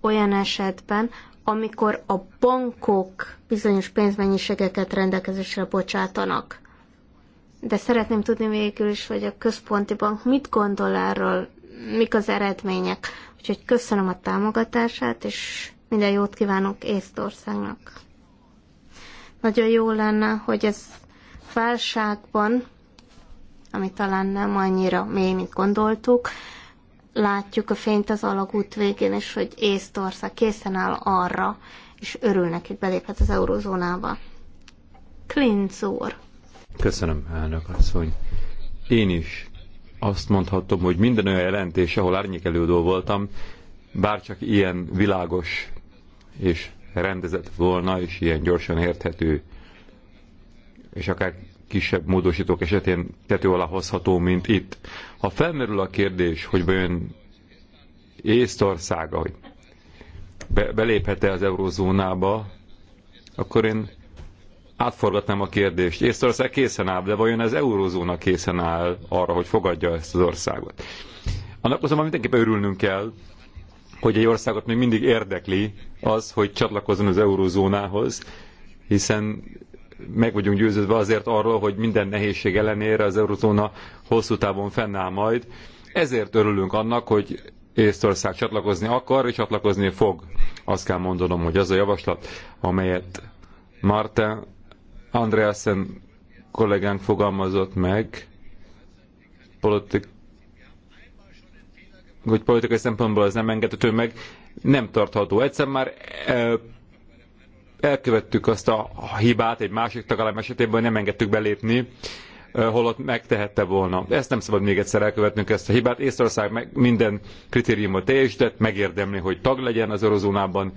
olyan esetben, amikor a bankok bizonyos pénzmennyiségeket rendelkezésre bocsátanak. De szeretném tudni végül is, hogy a központi bank mit gondol erről, mik az eredmények. Úgyhogy köszönöm a támogatását, és minden jót kívánok Észtországnak. Nagyon jó lenne, hogy ez válságban, ami talán nem annyira mély, mint gondoltuk, látjuk a fényt az alagút végén, és hogy Észtország készen áll arra, és örülnek, hogy beléphet az eurozónába. Klinc úr. Köszönöm, elnök asszony. Én is azt mondhatom, hogy minden olyan jelentés, ahol árnyékelődő voltam, bárcsak ilyen világos és rendezett volna, és ilyen gyorsan érthető, és akár kisebb módosítók esetén tető alá hozható, mint itt. Ha felmerül a kérdés, hogy bejön Észtország, hogy be, beléphet-e az eurozónába, akkor én átforgatnám a kérdést. Észtország készen áll, de vajon az eurozóna készen áll arra, hogy fogadja ezt az országot? Annak azonban mindenképpen örülnünk kell, hogy egy országot még mindig érdekli az, hogy csatlakozzon az eurozónához, hiszen meg vagyunk győződve azért arról, hogy minden nehézség ellenére az eurozóna hosszú távon fennáll majd. Ezért örülünk annak, hogy Észtország csatlakozni akar, és csatlakozni fog. Azt kell mondanom, hogy az a javaslat, amelyet Marta, Andreasen kollégánk fogalmazott meg, politik, hogy politikai szempontból ez nem engedhető meg, nem tartható. Egyszer már eh, elkövettük azt a hibát egy másik tagállam esetében, hogy nem engedtük belépni, holott megtehette volna. Ezt nem szabad még egyszer elkövetnünk ezt a hibát. Észtország meg minden kritériumot teljesített, megérdemli, hogy tag legyen az eurozónában,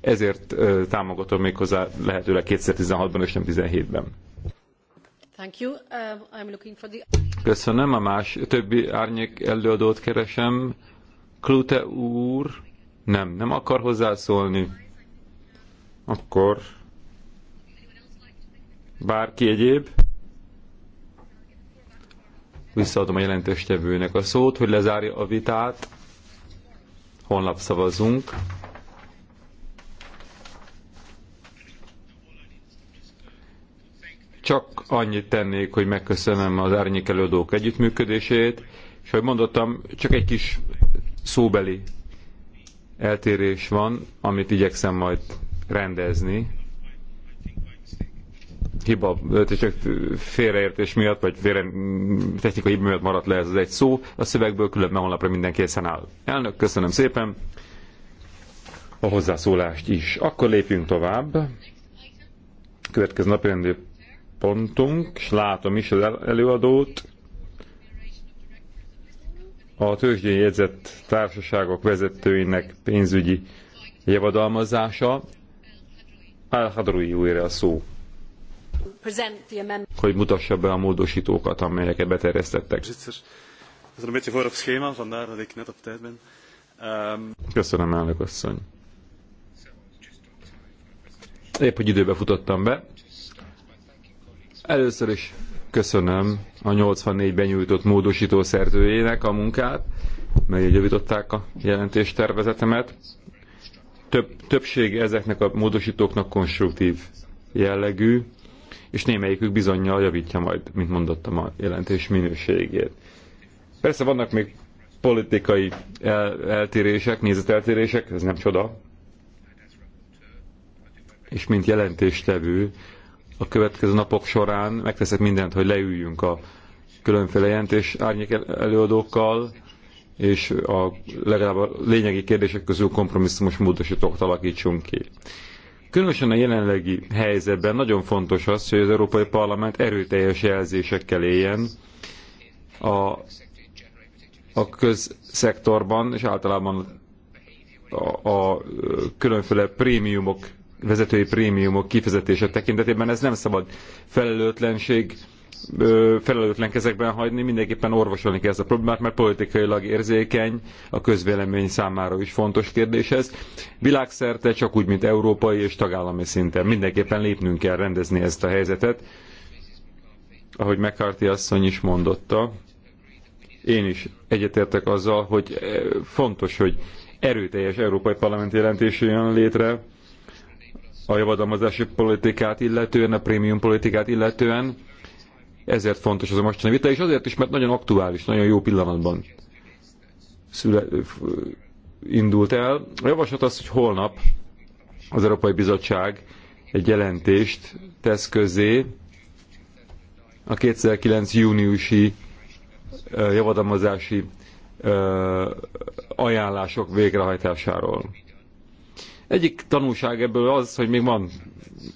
ezért támogatom méghozzá lehetőleg 2016-ban és nem 2017-ben. Uh, Köszönöm, a más többi árnyék előadót keresem. Klute úr nem, nem akar hozzászólni. Akkor bárki egyéb? Visszaadom a jelentéstevőnek a szót, hogy lezárja a vitát. Holnap szavazunk. Csak annyit tennék, hogy megköszönöm az árnyék előadók együttműködését, és ahogy mondottam, csak egy kis szóbeli eltérés van, amit igyekszem majd rendezni. Hiba, csak félreértés miatt, vagy félre, technikai hiba miatt maradt le ez az egy szó. A szövegből különben honlapra minden készen áll. Elnök, köszönöm szépen a hozzászólást is. Akkor lépjünk tovább. Következő napi pontunk, és látom is az előadót. A tőzsdén jegyzett társaságok vezetőinek pénzügyi javadalmazása. Al-Hadrui újra a szó, hogy mutassa be a módosítókat, amelyeket beterjesztettek. Ehm, köszönöm, elnök asszony. Épp, hogy időbe futottam be. Először is köszönöm a 84 benyújtott módosító szerzőjének a munkát, javították a jelentéstervezetemet, több, többség ezeknek a módosítóknak konstruktív jellegű, és némelyikük bizonyal javítja majd, mint mondottam, a jelentés minőségét. Persze vannak még politikai el, eltérések, nézeteltérések, ez nem csoda. És mint jelentéstevő, a következő napok során megteszek mindent, hogy leüljünk a különféle jelentés árnyék előadókkal, és a, legalább a lényegi kérdések közül kompromisszumos módosítókat alakítsunk ki. Különösen a jelenlegi helyzetben nagyon fontos az, hogy az Európai Parlament erőteljes jelzésekkel éljen a, a közszektorban, és általában a, a különféle prémiumok, vezetői prémiumok kifizetése tekintetében ez nem szabad felelőtlenség felelőtlen kezekben hagyni, mindenképpen orvosolni kell ezt a problémát, mert politikailag érzékeny, a közvélemény számára is fontos kérdés ez. Világszerte, csak úgy, mint európai és tagállami szinten. Mindenképpen lépnünk kell rendezni ezt a helyzetet. Ahogy McCarthy asszony is mondotta, én is egyetértek azzal, hogy fontos, hogy erőteljes európai parlamenti jelentés jön létre a javadalmazási politikát illetően, a prémium politikát illetően, ezért fontos az a mostani vita, és azért is, mert nagyon aktuális, nagyon jó pillanatban szüle, indult el. A javaslat az, hogy holnap az Európai Bizottság egy jelentést tesz közé a 2009. júniusi javadalmazási ajánlások végrehajtásáról. Egyik tanulság ebből az, hogy még van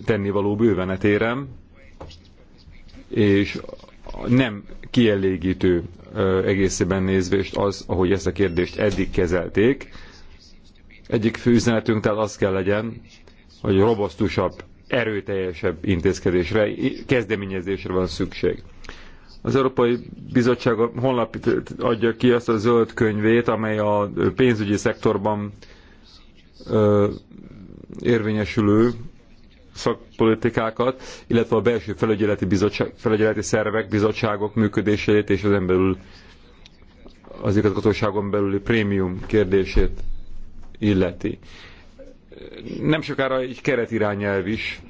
tennivaló bőven etérem és nem kielégítő egészében nézvést az, ahogy ezt a kérdést eddig kezelték. Egyik fő üzenetünk tehát az kell legyen, hogy robosztusabb, erőteljesebb intézkedésre, kezdeményezésre van szükség. Az Európai Bizottság honlap adja ki azt a zöld könyvét, amely a pénzügyi szektorban ö, érvényesülő szakpolitikákat, illetve a belső felügyeleti, bizottság, felügyeleti szervek, bizottságok működését és az emberül az igazgatóságon belüli prémium kérdését illeti. Nem sokára egy keretirányelv is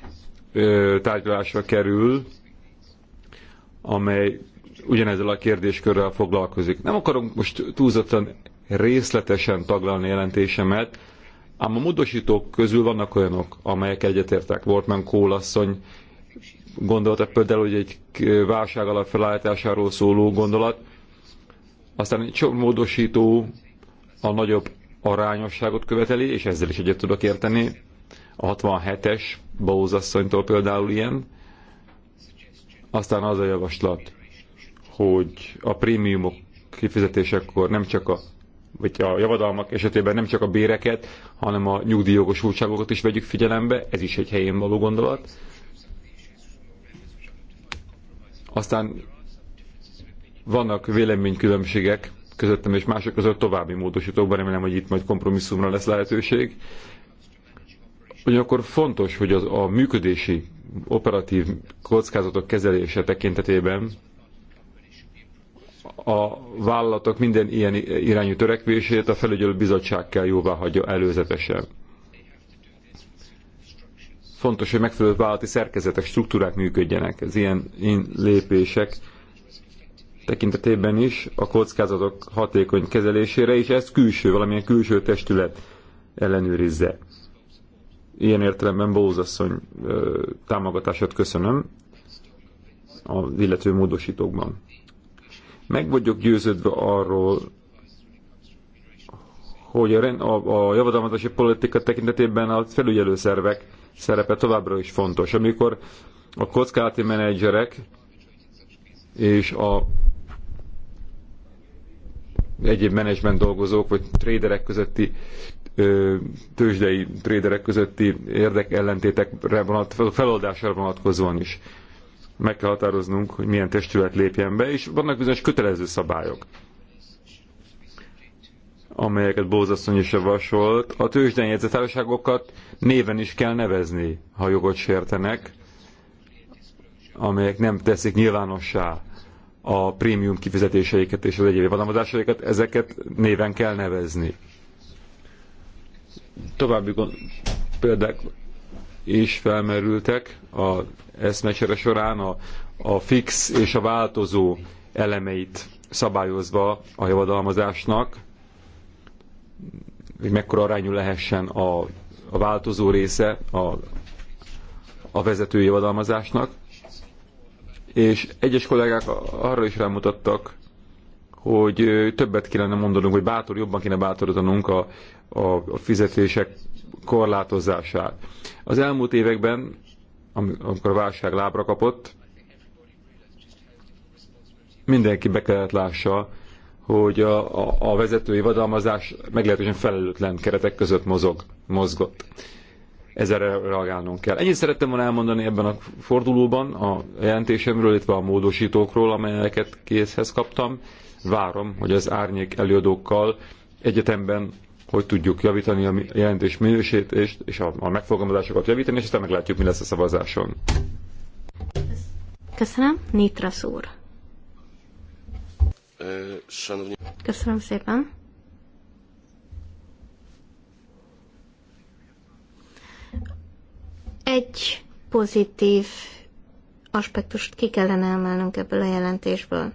tárgyalásra kerül, amely ugyanezzel a kérdéskörrel foglalkozik. Nem akarunk most túlzottan részletesen taglalni jelentésemet, Ám a módosítók közül vannak olyanok, amelyek egyetértek. Wortman Kohl asszony gondolata például, hogy egy válság alap felállításáról szóló gondolat, aztán egy csomó módosító a nagyobb arányosságot követeli, és ezzel is egyet tudok érteni. A 67-es Bóz asszonytól például ilyen. Aztán az a javaslat, hogy a prémiumok kifizetésekor nem csak a vagy a javadalmak esetében nem csak a béreket, hanem a nyugdíjogosultságokat is vegyük figyelembe, ez is egy helyén való gondolat. Aztán vannak véleménykülönbségek közöttem és mások között további módosítókban, remélem, hogy itt majd kompromisszumra lesz lehetőség. Ugyanakkor fontos, hogy az, a működési operatív kockázatok kezelése tekintetében a vállalatok minden ilyen irányú törekvését a felügyelő bizottság kell jóvá hagyja előzetesen. Fontos, hogy megfelelő vállalati szerkezetek, struktúrák működjenek. Az ilyen lépések tekintetében is a kockázatok hatékony kezelésére, és ezt külső, valamilyen külső testület ellenőrizze. Ilyen értelemben Bózasszony támogatását köszönöm az illető módosítókban. Meg vagyok győződve arról, hogy a, a, a javadalmatási politika tekintetében a felügyelőszervek szerepe továbbra is fontos. Amikor a kockázati menedzserek és a egyéb menedzsment dolgozók, vagy tréderek közötti tőzsdei tréderek közötti érdekellentétek feloldására vonatkozóan is meg kell határoznunk, hogy milyen testület lépjen be, és vannak bizonyos kötelező szabályok, amelyeket Bózasszony is javasolt. A tőzsdén jegyzetársaságokat néven is kell nevezni, ha jogot sértenek, amelyek nem teszik nyilvánossá a prémium kifizetéseiket és az egyéb vadalmazásaikat, ezeket néven kell nevezni. További gond, példák is felmerültek a eszmecsere során a, a fix és a változó elemeit szabályozva a javadalmazásnak, hogy mekkora arányú lehessen a, a változó része a, a vezető javadalmazásnak. És egyes kollégák arra is rámutattak, hogy többet kellene mondanunk, hogy bátor, jobban kéne bátorítanunk a, a, a fizetések korlátozását. Az elmúlt években, amikor a válság lábra kapott, mindenki be kellett lássa, hogy a, a, a vezetői vadalmazás meglehetősen felelőtlen keretek között mozog, mozgott. Ezzel reagálnunk kell. Ennyit szerettem volna elmondani ebben a fordulóban a jelentésemről, illetve a módosítókról, amelyeket készhez kaptam. Várom, hogy az árnyék előadókkal egyetemben hogy tudjuk javítani a jelentés minősét és a, a megfogalmazásokat javítani, és aztán meglátjuk, mi lesz a szavazáson. Köszönöm. Nitra úr. Köszönöm szépen. Egy pozitív aspektust ki kellene emelnünk ebből a jelentésből.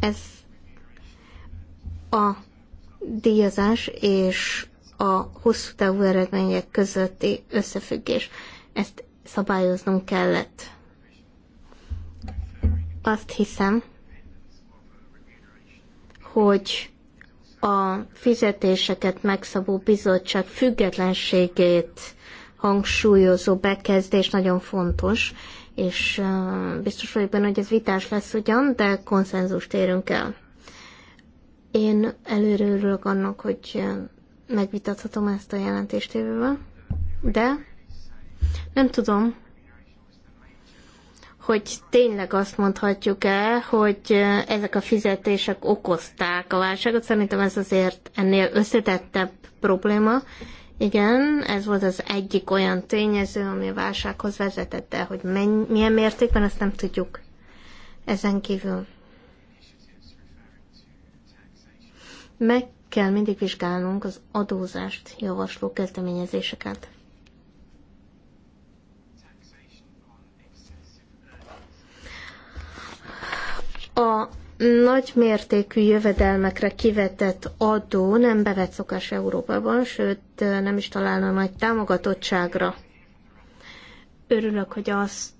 Ez a díjazás és a hosszú távú eredmények közötti összefüggés. Ezt szabályoznunk kellett. Azt hiszem, hogy a fizetéseket megszabó bizottság függetlenségét hangsúlyozó bekezdés nagyon fontos, és biztos vagyok benne, hogy ez vitás lesz ugyan, de konszenzust érünk el. Én előre örülök annak, hogy megvitathatom ezt a jelentéstévővel, de nem tudom, hogy tényleg azt mondhatjuk-e, hogy ezek a fizetések okozták a válságot. Szerintem ez azért ennél összetettebb probléma. Igen, ez volt az egyik olyan tényező, ami a válsághoz vezetett, de hogy menny- milyen mértékben, azt nem tudjuk ezen kívül. Meg kell mindig vizsgálnunk az adózást javasló kezdeményezéseket. A nagy mértékű jövedelmekre kivetett adó nem bevett szokás Európában, sőt nem is találna nagy támogatottságra. Örülök, hogy azt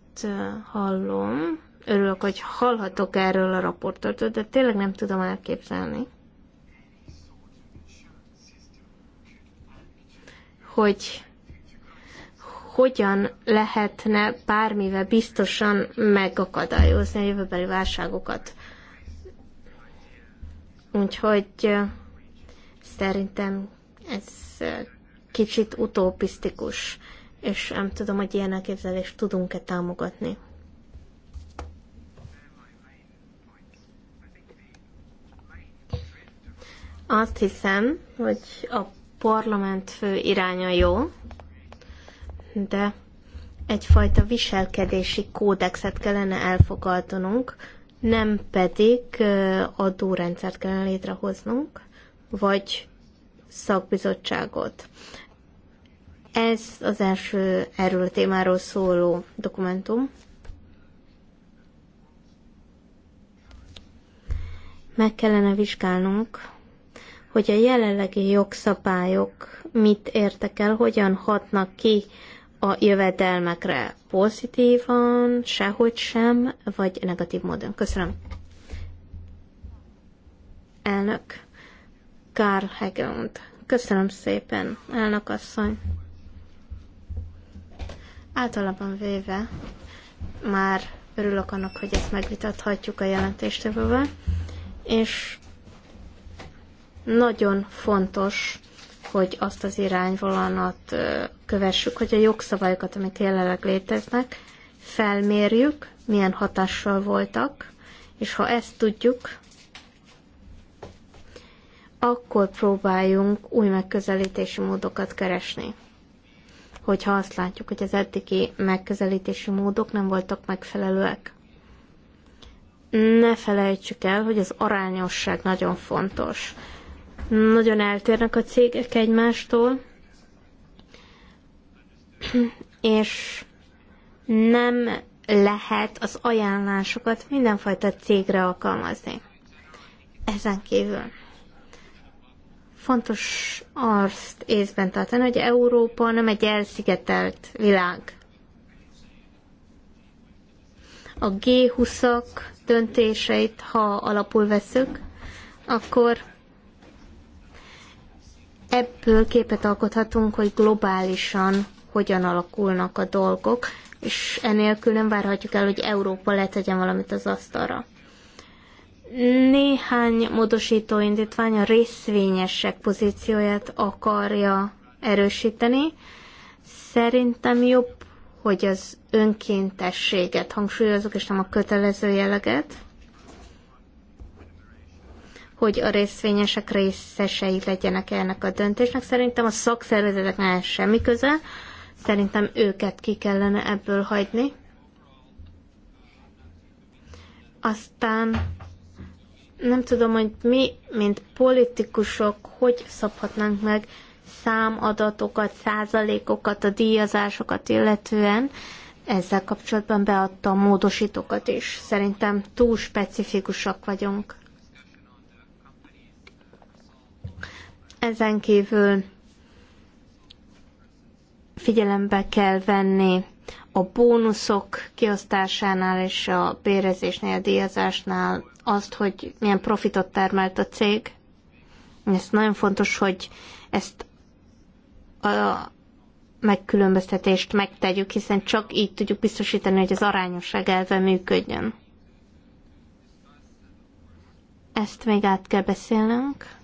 hallom, örülök, hogy hallhatok erről a raportot, de tényleg nem tudom elképzelni. hogy hogyan lehetne bármivel biztosan megakadályozni a jövőbeli válságokat. Úgyhogy szerintem ez kicsit utópisztikus, és nem tudom, hogy ilyen elképzelést tudunk-e támogatni. Azt hiszem, hogy a parlament fő iránya jó, de egyfajta viselkedési kódexet kellene elfogadnunk, nem pedig adórendszert kellene létrehoznunk, vagy szakbizottságot. Ez az első erről a témáról szóló dokumentum. Meg kellene vizsgálnunk, hogy a jelenlegi jogszabályok mit értek el, hogyan hatnak ki a jövedelmekre pozitívan, sehogy sem, vagy negatív módon. Köszönöm. Elnök Karl Hegund. Köszönöm szépen, elnök asszony. Általában véve már örülök annak, hogy ezt megvitathatjuk a jelentéstevővel, és nagyon fontos, hogy azt az irányvonalat kövessük, hogy a jogszabályokat, amik jelenleg léteznek, felmérjük, milyen hatással voltak, és ha ezt tudjuk, akkor próbáljunk új megközelítési módokat keresni. Hogyha azt látjuk, hogy az eddigi megközelítési módok nem voltak megfelelőek. Ne felejtsük el, hogy az arányosság nagyon fontos. Nagyon eltérnek a cégek egymástól, és nem lehet az ajánlásokat mindenfajta cégre alkalmazni. Ezen kívül fontos azt észben tartani, hogy Európa nem egy elszigetelt világ. A G20-ak döntéseit, ha alapul veszük, akkor Ebből képet alkothatunk, hogy globálisan hogyan alakulnak a dolgok, és enélkül nem várhatjuk el, hogy Európa letegyen valamit az asztalra. Néhány módosító indítvány a részvényesek pozícióját akarja erősíteni. Szerintem jobb, hogy az önkéntességet hangsúlyozok, és nem a kötelező jelleget hogy a részvényesek részesei legyenek ennek a döntésnek. Szerintem a szakszervezeteknek semmi köze, szerintem őket ki kellene ebből hagyni. Aztán nem tudom, hogy mi, mint politikusok, hogy szabhatnánk meg számadatokat, százalékokat, a díjazásokat illetően. Ezzel kapcsolatban beadtam módosítókat is. Szerintem túl specifikusak vagyunk. Ezen kívül figyelembe kell venni a bónuszok kiosztásánál és a bérezésnél, a díjazásnál azt, hogy milyen profitot termelt a cég. Ez nagyon fontos, hogy ezt a megkülönböztetést megtegyük, hiszen csak így tudjuk biztosítani, hogy az arányosság elve működjön. Ezt még át kell beszélnünk.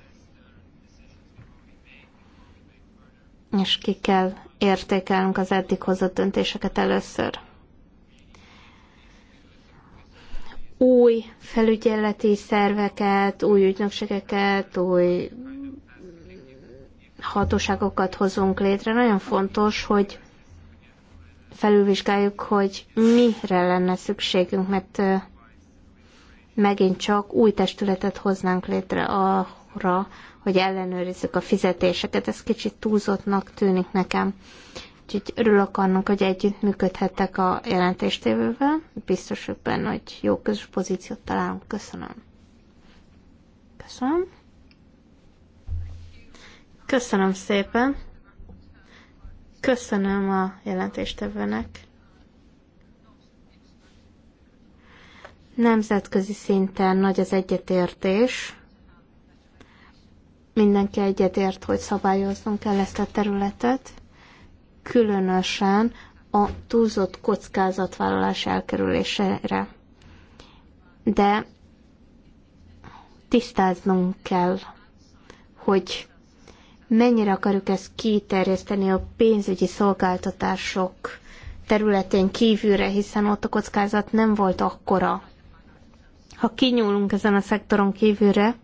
és ki kell értékelnünk az eddig hozott döntéseket először. Új felügyeleti szerveket, új ügynökségeket, új hatóságokat hozunk létre. Nagyon fontos, hogy felülvizsgáljuk, hogy mire lenne szükségünk, mert megint csak új testületet hoznánk létre arra, hogy ellenőrizzük a fizetéseket. Ez kicsit túlzottnak tűnik nekem. Úgyhogy örülök annak, hogy együtt működhettek a jelentéstévővel. Biztos hogy benne, hogy jó közös pozíciót találunk. Köszönöm. Köszönöm. Köszönöm szépen. Köszönöm a jelentéstevőnek. Nemzetközi szinten nagy az egyetértés mindenki egyetért, hogy szabályoznunk kell ezt a területet, különösen a túlzott kockázatvállalás elkerülésére. De tisztáznunk kell, hogy mennyire akarjuk ezt kiterjeszteni a pénzügyi szolgáltatások területén kívülre, hiszen ott a kockázat nem volt akkora. Ha kinyúlunk ezen a szektoron kívülre,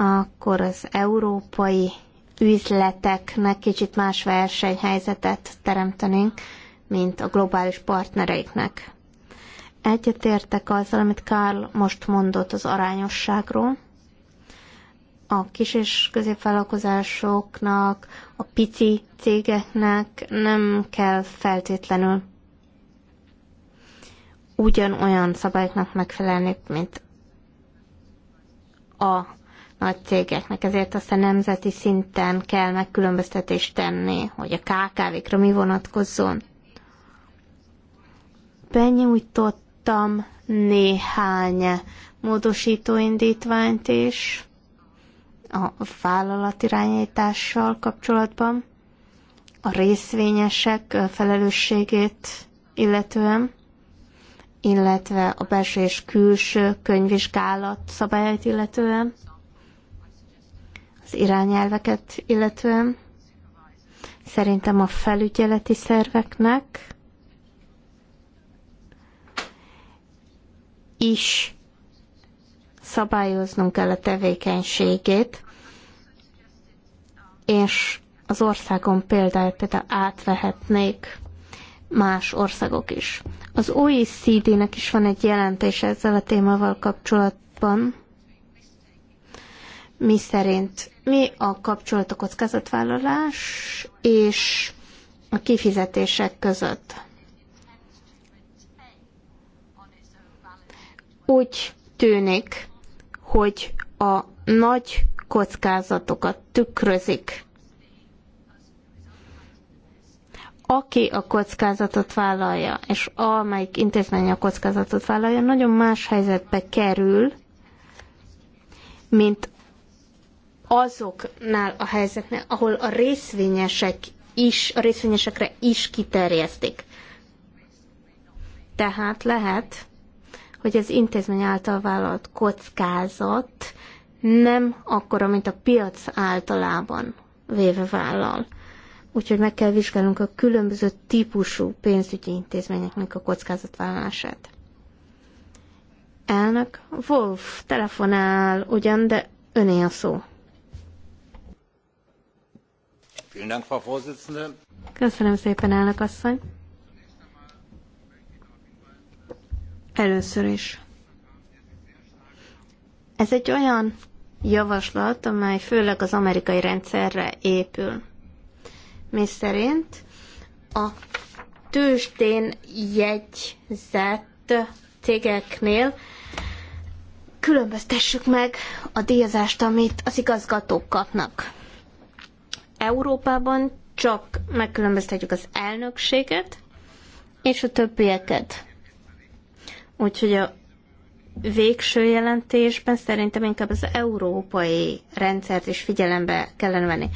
akkor az európai üzleteknek kicsit más versenyhelyzetet teremtenénk, mint a globális partnereiknek. Egyetértek azzal, amit Karl most mondott az arányosságról. A kis és középvállalkozásoknak, a pici cégeknek nem kell feltétlenül ugyanolyan szabályoknak megfelelni, mint a nagy cégeknek, ezért azt a nemzeti szinten kell megkülönböztetést tenni, hogy a KKV-kra mi vonatkozzon. Benyújtottam néhány módosítóindítványt indítványt is a vállalatirányítással kapcsolatban, a részvényesek felelősségét illetően, illetve a belső és külső könyvvizsgálat szabályait illetően az irányelveket illetően. Szerintem a felügyeleti szerveknek is szabályoznunk kell a tevékenységét, és az országon például például átvehetnék más országok is. Az OECD-nek is van egy jelentése ezzel a témával kapcsolatban, mi szerint mi a kapcsolat a kockázatvállalás és a kifizetések között. Úgy tűnik, hogy a nagy kockázatokat tükrözik. Aki a kockázatot vállalja, és amelyik intézmény a kockázatot vállalja, nagyon más helyzetbe kerül, mint azoknál a helyzetnél, ahol a részvényesek is, a részvényesekre is kiterjesztik. Tehát lehet, hogy az intézmény által vállalt kockázat nem akkora, mint a piac általában véve vállal. Úgyhogy meg kell vizsgálnunk a különböző típusú pénzügyi intézményeknek a kockázatvállalását. Elnök, Wolf telefonál ugyan, de öné a szó. Köszönöm szépen, elnök asszony. Először is. Ez egy olyan javaslat, amely főleg az amerikai rendszerre épül. Mi szerint a tőzsdén jegyzett cégeknél különböztessük meg a díjazást, amit az igazgatók kapnak. Európában csak megkülönböztetjük az elnökséget és a többieket. Úgyhogy a végső jelentésben szerintem inkább az európai rendszert is figyelembe kellene venni.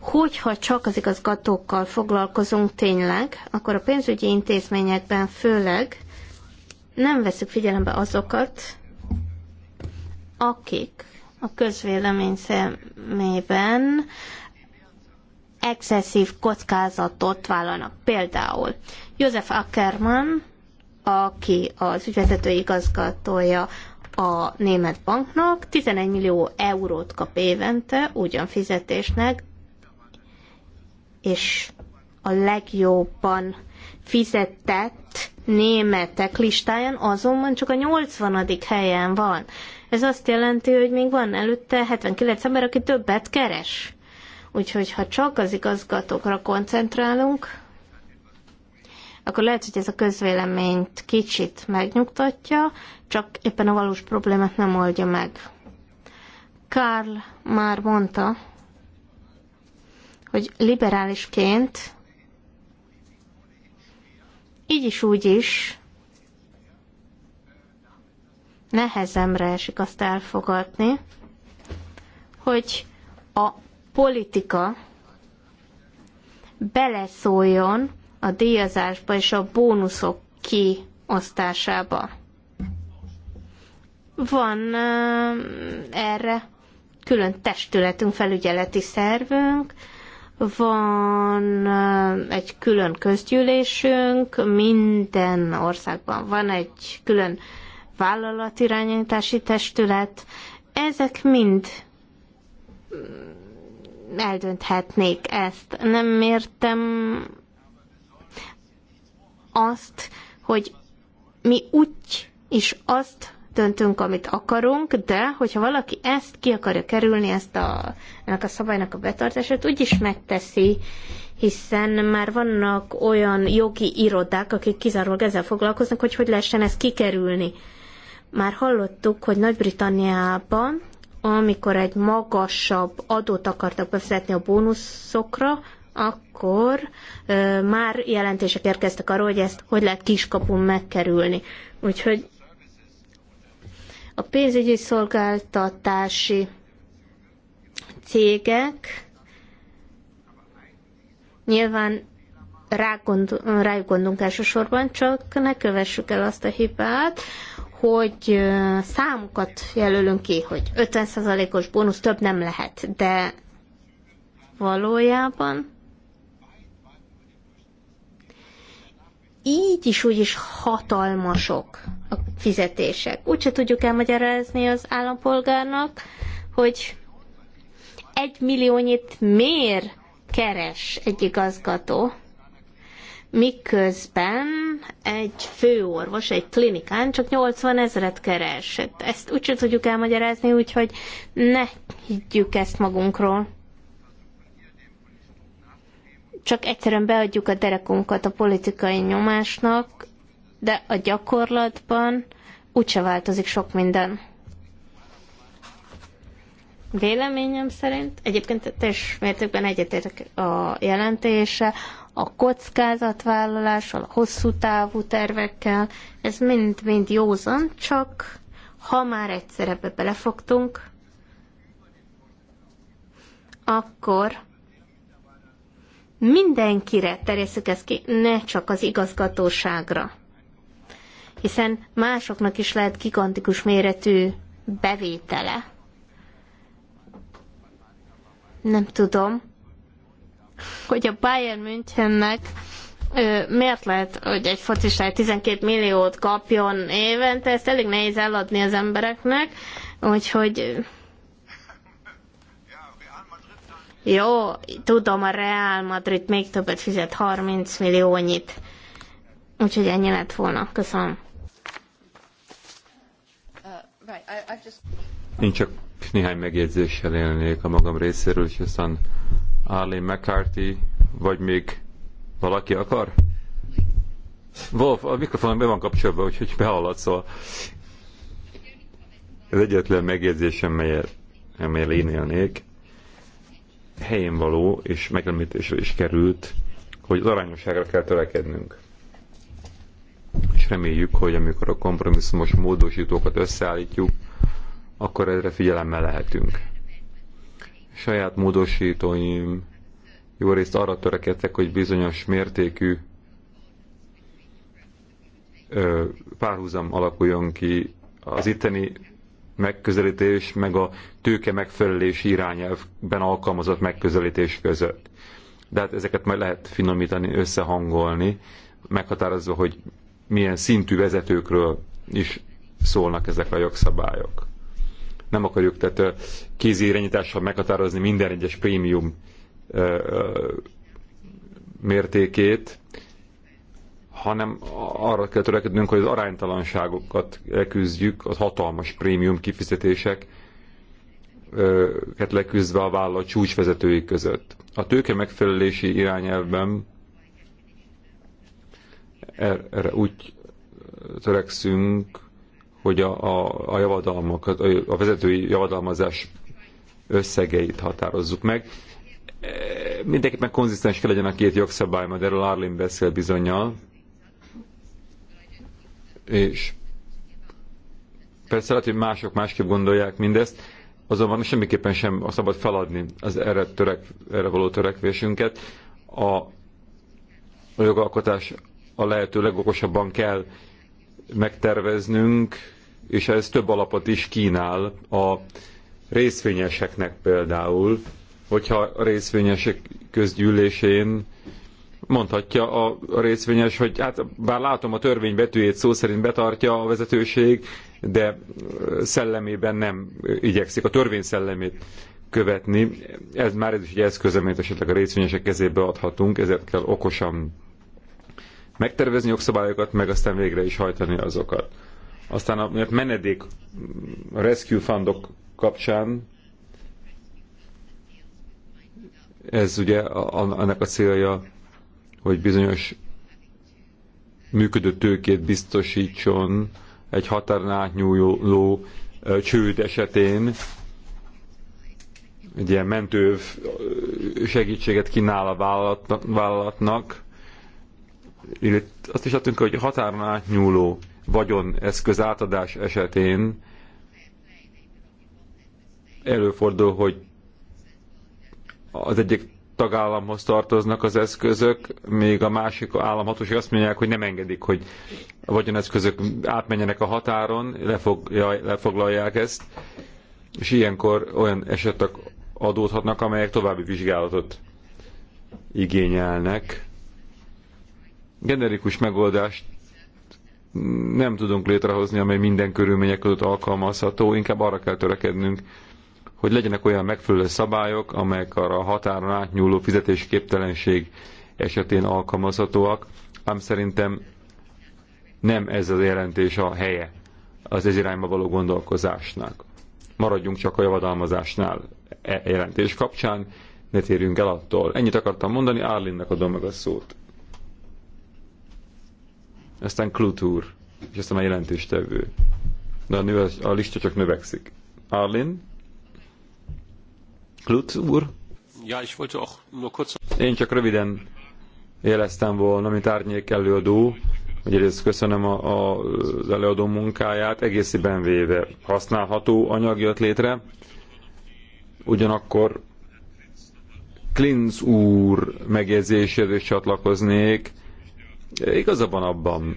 Hogyha csak az igazgatókkal foglalkozunk tényleg, akkor a pénzügyi intézményekben főleg nem veszük figyelembe azokat, akik a közvélemény szemében excesszív kockázatot vállalnak. Például József Ackermann, aki az ügyvezető igazgatója a német banknak, 11 millió eurót kap évente ugyan fizetésnek, és a legjobban fizetett németek listáján azonban csak a 80. helyen van. Ez azt jelenti, hogy még van előtte 79 ember, aki többet keres. Úgyhogy ha csak az igazgatókra koncentrálunk, akkor lehet, hogy ez a közvéleményt kicsit megnyugtatja, csak éppen a valós problémát nem oldja meg. Karl már mondta, hogy liberálisként így is úgy is nehezemre esik azt elfogadni, hogy a politika beleszóljon a díjazásba és a bónuszok kiosztásába. Van erre külön testületünk, felügyeleti szervünk, van egy külön közgyűlésünk, minden országban van egy külön vállalatirányítási testület. Ezek mind eldönthetnék ezt. Nem értem azt, hogy mi úgy is azt döntünk, amit akarunk, de hogyha valaki ezt ki akarja kerülni, ezt a, ennek a szabálynak a betartását, úgyis megteszi, hiszen már vannak olyan jogi irodák, akik kizárólag ezzel foglalkoznak, hogy hogy lehessen ezt kikerülni. Már hallottuk, hogy Nagy-Britanniában amikor egy magasabb adót akartak befizetni a bónuszokra, akkor ö, már jelentések érkeztek arról, hogy ezt hogy lehet kiskapun megkerülni. Úgyhogy a pénzügyi szolgáltatási cégek nyilván rájuk gondolunk elsősorban, csak ne kövessük el azt a hibát, hogy számokat jelölünk ki, hogy 50%-os bónusz több nem lehet, de valójában így is úgy is hatalmasok a fizetések. Úgyse tudjuk elmagyarázni az állampolgárnak, hogy egy milliónyit miért keres egy igazgató, miközben egy főorvos egy klinikán csak 80 ezeret keresett. Ezt úgy sem tudjuk elmagyarázni, úgyhogy ne higgyük ezt magunkról. Csak egyszerűen beadjuk a derekunkat a politikai nyomásnak, de a gyakorlatban úgyse változik sok minden. Véleményem szerint egyébként teljes mértékben egyetértek a jelentése, a kockázatvállalással, a hosszú távú tervekkel, ez mind-mind józan, csak ha már egyszer ebbe belefogtunk, akkor mindenkire terjesszük ezt ki, ne csak az igazgatóságra. Hiszen másoknak is lehet gigantikus méretű bevétele, nem tudom, hogy a Bayern Münchennek miért lehet, hogy egy focistáj 12 milliót kapjon évente, ezt elég nehéz eladni az embereknek, úgyhogy jó, tudom, a Real Madrid még többet fizet, 30 milliónyit. Úgyhogy ennyi lett volna. Köszönöm. Én uh, csak néhány megjegyzéssel élnék a magam részéről, és aztán Arlene McCarthy, vagy még valaki akar? Wolf, a mikrofonon be van kapcsolva, úgyhogy behallat, szóval ez egyetlen megjegyzésem, melyet, amelyel én élnék, helyén való és megemlítésre is került, hogy az arányosságra kell törekednünk. És reméljük, hogy amikor a kompromisszumos módosítókat összeállítjuk, akkor erre figyelemmel lehetünk. Saját módosítóim jó részt arra törekedtek, hogy bizonyos mértékű párhuzam alakuljon ki az itteni megközelítés, meg a tőke megfelelési irányelvben alkalmazott megközelítés között. De hát ezeket majd lehet finomítani, összehangolni, meghatározva, hogy milyen szintű vezetőkről is szólnak ezek a jogszabályok nem akarjuk tehát kézi irányítással meghatározni minden egyes prémium mértékét, hanem arra kell törekednünk, hogy az aránytalanságokat leküzdjük, az hatalmas prémium kifizetések ket leküzdve a vállalat csúcsvezetői között. A tőke megfelelési irányelvben er-, erre úgy törekszünk, hogy a, a, a javadalmak, a vezetői javadalmazás összegeit határozzuk meg. E, mindenképpen konzisztens kell legyen a két jogszabály, majd erről Arlin beszél bizonyal. És persze lehet, hogy mások másképp gondolják mindezt, azonban semmiképpen sem szabad feladni az erre, törek, erre való törekvésünket. A, a jogalkotás a lehető legokosabban kell megterveznünk, és ez több alapot is kínál a részvényeseknek például, hogyha a részvényesek közgyűlésén mondhatja a részvényes, hogy hát bár látom a törvény betűjét szó szerint betartja a vezetőség, de szellemében nem igyekszik a törvény szellemét követni. Ez már ez is egy eszköz, amit esetleg a részvényesek kezébe adhatunk, ezért kell okosan megtervezni jogszabályokat, meg aztán végre is hajtani azokat. Aztán a menedék, a rescue fundok kapcsán ez ugye annak a célja, hogy bizonyos működő tőkét biztosítson egy határon átnyúló csőd esetén, egy ilyen mentő segítséget kínál a vállalatnak, azt is adtunk, hogy határon átnyúló vagyon eszköz átadás esetén előfordul, hogy az egyik tagállamhoz tartoznak az eszközök, még a másik államhatóság azt mondják, hogy nem engedik, hogy a vagyoneszközök átmenjenek a határon, lefoglalják ezt, és ilyenkor olyan esetek adódhatnak, amelyek további vizsgálatot igényelnek generikus megoldást nem tudunk létrehozni, amely minden körülmények között alkalmazható, inkább arra kell törekednünk, hogy legyenek olyan megfelelő szabályok, amelyek arra a határon átnyúló fizetésképtelenség esetén alkalmazhatóak, ám szerintem nem ez az jelentés a helye az ez irányba való gondolkozásnak. Maradjunk csak a javadalmazásnál e jelentés kapcsán, ne térjünk el attól. Ennyit akartam mondani, Árlinnek adom meg a szót aztán Klutúr, és aztán a jelentéstevő. De a, nő, a lista csak növekszik. Arlin? Klutúr? Ja, ich wollte auch nur kurz... Én csak röviden jeleztem volna, mint árnyék előadó, hogy egyrészt köszönöm a, a, az előadó munkáját, egészében véve használható anyag jött létre, ugyanakkor Klinz úr megjegyzéséhez is csatlakoznék, Igaza van abban,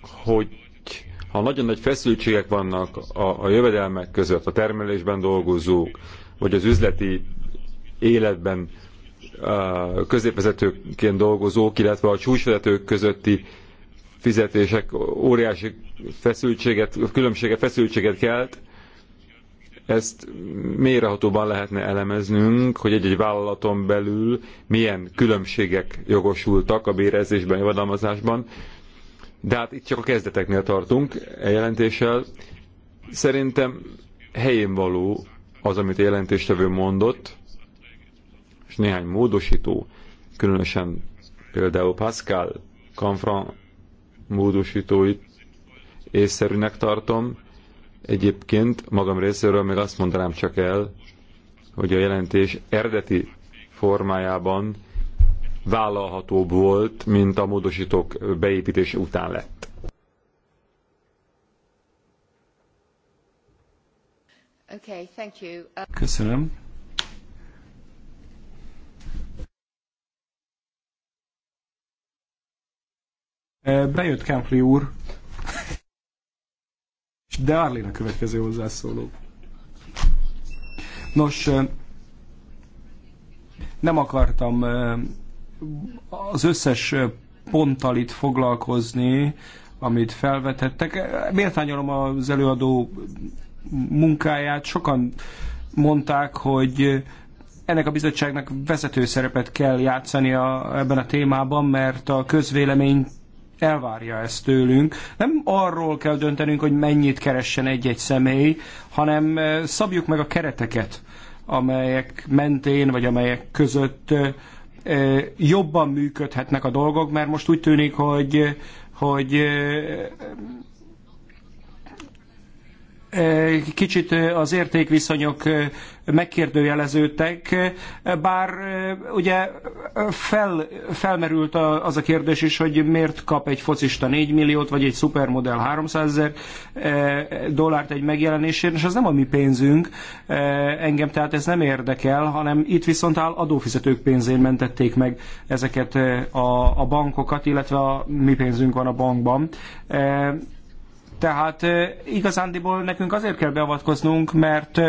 hogy ha nagyon nagy feszültségek vannak a, a jövedelmek között, a termelésben dolgozók, vagy az üzleti életben középvezetőként dolgozók, illetve a csúcsvezetők közötti fizetések óriási feszültséget, különbsége feszültséget kelt, ezt mélyrehatóban lehetne elemeznünk, hogy egy-egy vállalaton belül milyen különbségek jogosultak a bérezésben, javadalmazásban, de hát itt csak a kezdeteknél tartunk a e jelentéssel. Szerintem helyén való az, amit a jelentéstevő mondott, és néhány módosító, különösen például Pascal Canfran módosítóit észszerűnek tartom, Egyébként magam részéről még azt mondanám csak el, hogy a jelentés eredeti formájában vállalhatóbb volt, mint a módosítók beépítése után lett. Okay, thank you. Uh, Köszönöm. Bejött Kempli úr. És Arlén a következő hozzászóló. Nos, nem akartam az összes ponttal itt foglalkozni, amit felvetettek. Méltányolom az előadó munkáját. Sokan mondták, hogy ennek a bizottságnak vezető szerepet kell játszania ebben a témában, mert a közvélemény elvárja ezt tőlünk. Nem arról kell döntenünk, hogy mennyit keressen egy-egy személy, hanem szabjuk meg a kereteket, amelyek mentén vagy amelyek között jobban működhetnek a dolgok, mert most úgy tűnik, hogy hogy kicsit az értékviszonyok megkérdőjeleződtek, bár ugye fel, felmerült az a kérdés is, hogy miért kap egy focista 4 milliót, vagy egy szupermodell 300 ezer dollárt egy megjelenésért, és az nem a mi pénzünk, engem tehát ez nem érdekel, hanem itt viszont áll adófizetők pénzén mentették meg ezeket a, a bankokat, illetve a mi pénzünk van a bankban tehát igazándiból nekünk azért kell beavatkoznunk, mert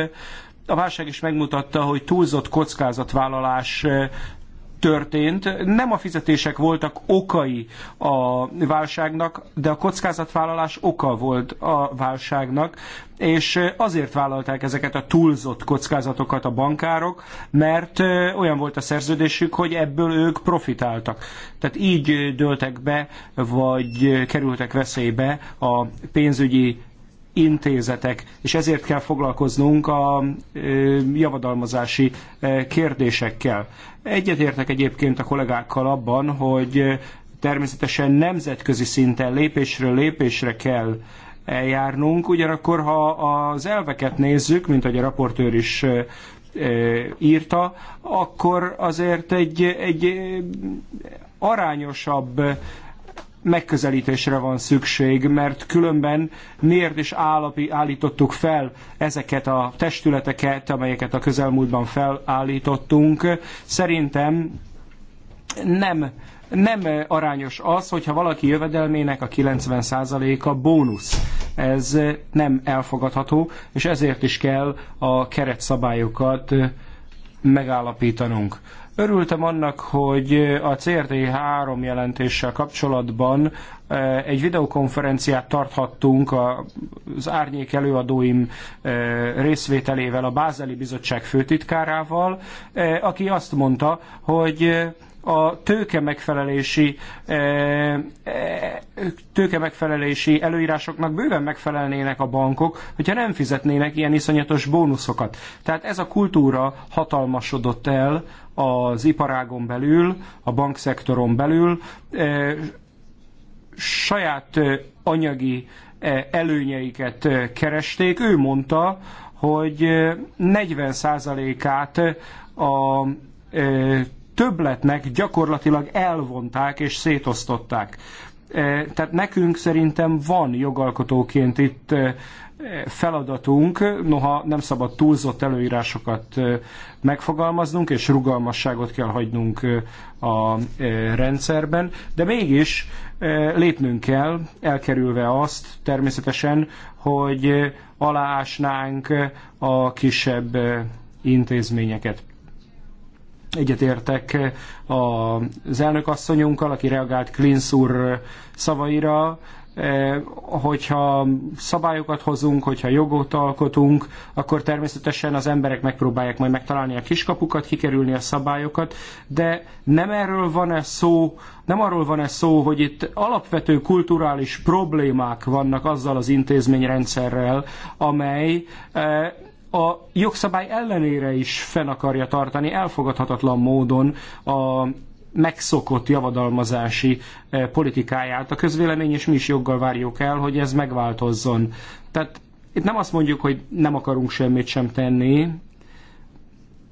a válság is megmutatta, hogy túlzott kockázatvállalás történt. Nem a fizetések voltak okai a válságnak, de a kockázatvállalás oka volt a válságnak, és azért vállalták ezeket a túlzott kockázatokat a bankárok, mert olyan volt a szerződésük, hogy ebből ők profitáltak. Tehát így dőltek be, vagy kerültek veszélybe a pénzügyi intézetek, és ezért kell foglalkoznunk a javadalmazási kérdésekkel. Egyetértek egyébként a kollégákkal abban, hogy természetesen nemzetközi szinten lépésről lépésre kell eljárnunk, ugyanakkor ha az elveket nézzük, mint ahogy a raportőr is írta, akkor azért egy, egy arányosabb megközelítésre van szükség, mert különben miért is állapi, állítottuk fel ezeket a testületeket, amelyeket a közelmúltban felállítottunk. Szerintem nem, nem arányos az, hogyha valaki jövedelmének a 90%-a bónusz. Ez nem elfogadható, és ezért is kell a keretszabályokat megállapítanunk. Örültem annak, hogy a CRT 3 jelentéssel kapcsolatban eh, egy videokonferenciát tarthattunk az árnyék előadóim eh, részvételével, a Bázeli Bizottság főtitkárával, eh, aki azt mondta, hogy a tőke megfelelési, e, e, tőke megfelelési előírásoknak bőven megfelelnének a bankok, hogyha nem fizetnének ilyen iszonyatos bónuszokat. Tehát ez a kultúra hatalmasodott el az iparágon belül, a bankszektoron belül, e, saját anyagi előnyeiket keresték. Ő mondta, hogy 40%-át a többletnek gyakorlatilag elvonták és szétosztották. E, tehát nekünk szerintem van jogalkotóként itt e, feladatunk, noha nem szabad túlzott előírásokat e, megfogalmaznunk, és rugalmasságot kell hagynunk a rendszerben, de mégis lépnünk kell, elkerülve azt természetesen, hogy aláásnánk a kisebb intézményeket egyetértek eh, az elnökasszonyunkkal, aki reagált Klinz úr eh, szavaira, eh, hogyha szabályokat hozunk, hogyha jogot alkotunk, akkor természetesen az emberek megpróbálják majd megtalálni a kiskapukat, kikerülni a szabályokat, de nem erről van-e szó, nem arról van-e szó, hogy itt alapvető kulturális problémák vannak azzal az intézményrendszerrel, amely a jogszabály ellenére is fenn akarja tartani elfogadhatatlan módon a megszokott javadalmazási e, politikáját. A közvélemény és mi is joggal várjuk el, hogy ez megváltozzon. Tehát itt nem azt mondjuk, hogy nem akarunk semmit sem tenni,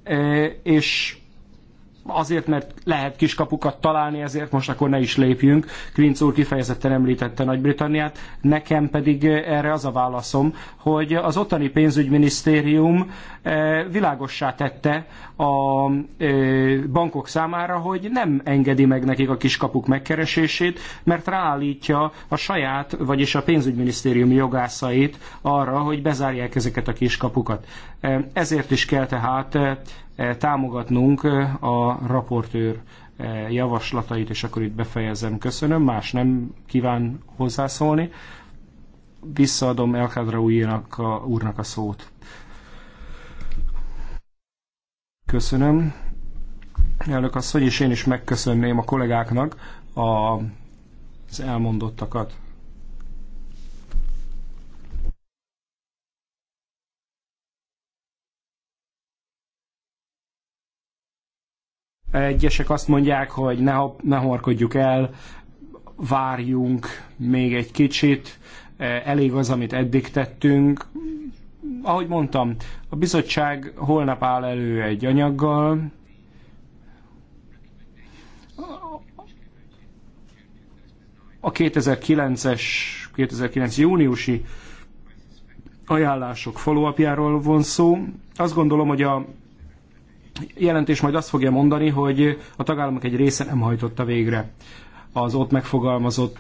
e, és azért, mert lehet kiskapukat találni, ezért most akkor ne is lépjünk. Klinc úr kifejezetten említette Nagy-Britanniát, nekem pedig erre az a válaszom, hogy az ottani pénzügyminisztérium eh, világossá tette a eh, bankok számára, hogy nem engedi meg nekik a kiskapuk megkeresését, mert ráállítja a saját, vagyis a pénzügyminisztérium jogászait arra, hogy bezárják ezeket a kiskapukat. Eh, ezért is kell tehát E, támogatnunk e, a raportőr e, javaslatait, és akkor itt befejezem. Köszönöm, más nem kíván hozzászólni. Visszaadom Elkádra a, úrnak a szót. Köszönöm. Elnök asszony, és én is megköszönném a kollégáknak a, az elmondottakat. Egyesek azt mondják, hogy ne, ne horkodjuk el, várjunk még egy kicsit, e, elég az, amit eddig tettünk. Ahogy mondtam, a bizottság holnap áll elő egy anyaggal, a 2009-es, 2009 júniusi ajánlások follow van szó. Azt gondolom, hogy a jelentés majd azt fogja mondani, hogy a tagállamok egy része nem hajtotta végre az ott megfogalmazott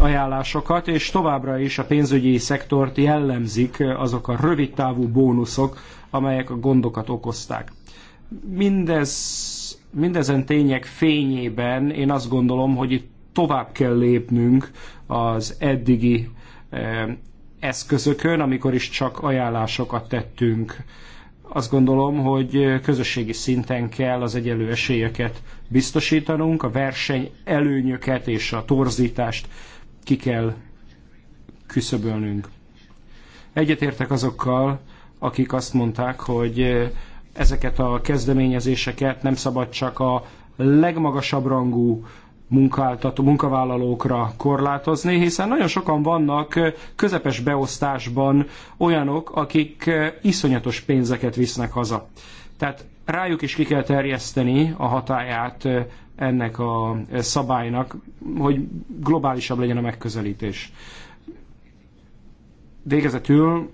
ajánlásokat, és továbbra is a pénzügyi szektort jellemzik azok a rövidtávú bónuszok, amelyek a gondokat okozták. Mindez, mindezen tények fényében én azt gondolom, hogy itt tovább kell lépnünk az eddigi eszközökön, amikor is csak ajánlásokat tettünk azt gondolom, hogy közösségi szinten kell az egyenlő esélyeket biztosítanunk, a verseny előnyöket és a torzítást ki kell küszöbölnünk. Egyetértek azokkal, akik azt mondták, hogy ezeket a kezdeményezéseket nem szabad csak a legmagasabb rangú munkáltató, munkavállalókra korlátozni, hiszen nagyon sokan vannak közepes beosztásban olyanok, akik iszonyatos pénzeket visznek haza. Tehát rájuk is ki kell terjeszteni a hatáját ennek a szabálynak, hogy globálisabb legyen a megközelítés. Végezetül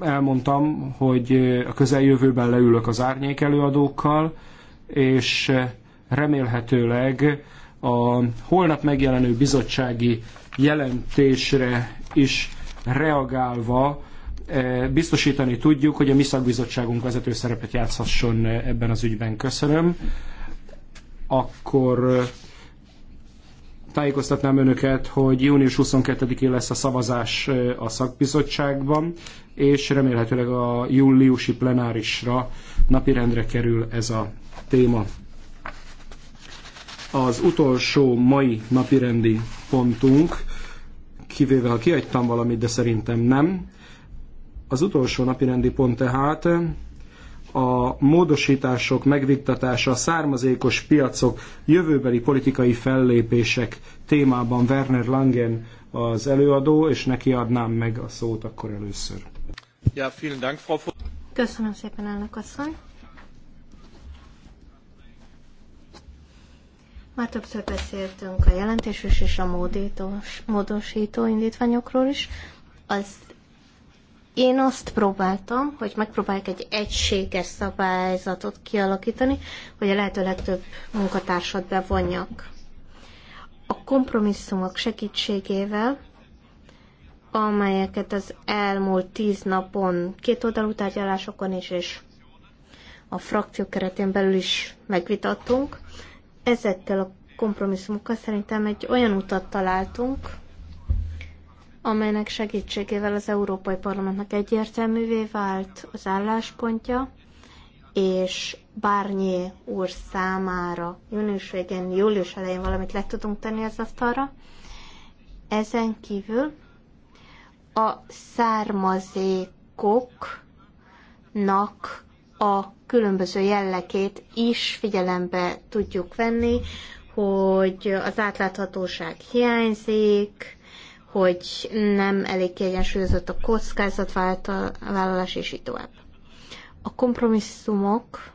elmondtam, hogy a közeljövőben leülök az árnyék előadókkal, és remélhetőleg a holnap megjelenő bizottsági jelentésre is reagálva eh, biztosítani tudjuk, hogy a mi szakbizottságunk vezető szerepet játszhasson eh, ebben az ügyben. Köszönöm. Akkor eh, tájékoztatnám önöket, hogy június 22-én lesz a szavazás a szakbizottságban, és remélhetőleg a júliusi plenárisra napirendre kerül ez a téma az utolsó mai napirendi pontunk, kivéve ha kiadtam valamit, de szerintem nem. Az utolsó napirendi pont tehát a módosítások megvittatása a származékos piacok jövőbeli politikai fellépések témában Werner Langen az előadó, és neki adnám meg a szót akkor először. Ja, vielen Dank, Frau Köszönöm szépen, elnök asszony. Már többször beszéltünk a jelentéses és a módítós, módosító indítványokról is. Az én azt próbáltam, hogy megpróbáljuk egy egységes szabályzatot kialakítani, hogy a lehető legtöbb munkatársat bevonjak. A kompromisszumok segítségével, amelyeket az elmúlt tíz napon két oldalú tárgyalásokon is és a frakció keretén belül is megvitattunk, ezekkel a kompromisszumokkal szerintem egy olyan utat találtunk, amelynek segítségével az Európai Parlamentnek egyértelművé vált az álláspontja, és bárnyi úr számára június végén, július elején valamit le tudunk tenni az asztalra. Ezen kívül a származékoknak a különböző jellekét is figyelembe tudjuk venni, hogy az átláthatóság hiányzik, hogy nem elég kiegyensúlyozott a kockázatvállalás, és így tovább. A kompromisszumok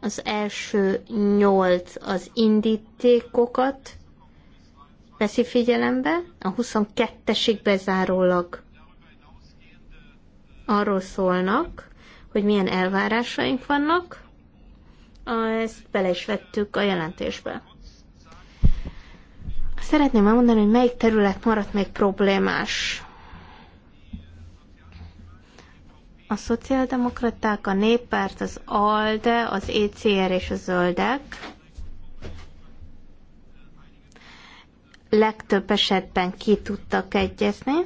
az első nyolc az indítékokat veszi figyelembe, a 22-esig bezárólag arról szólnak, hogy milyen elvárásaink vannak, ezt bele is vettük a jelentésbe. Szeretném elmondani, hogy melyik terület maradt még problémás. A szociáldemokraták, a néppárt, az ALDE, az ECR és a zöldek legtöbb esetben ki tudtak egyezni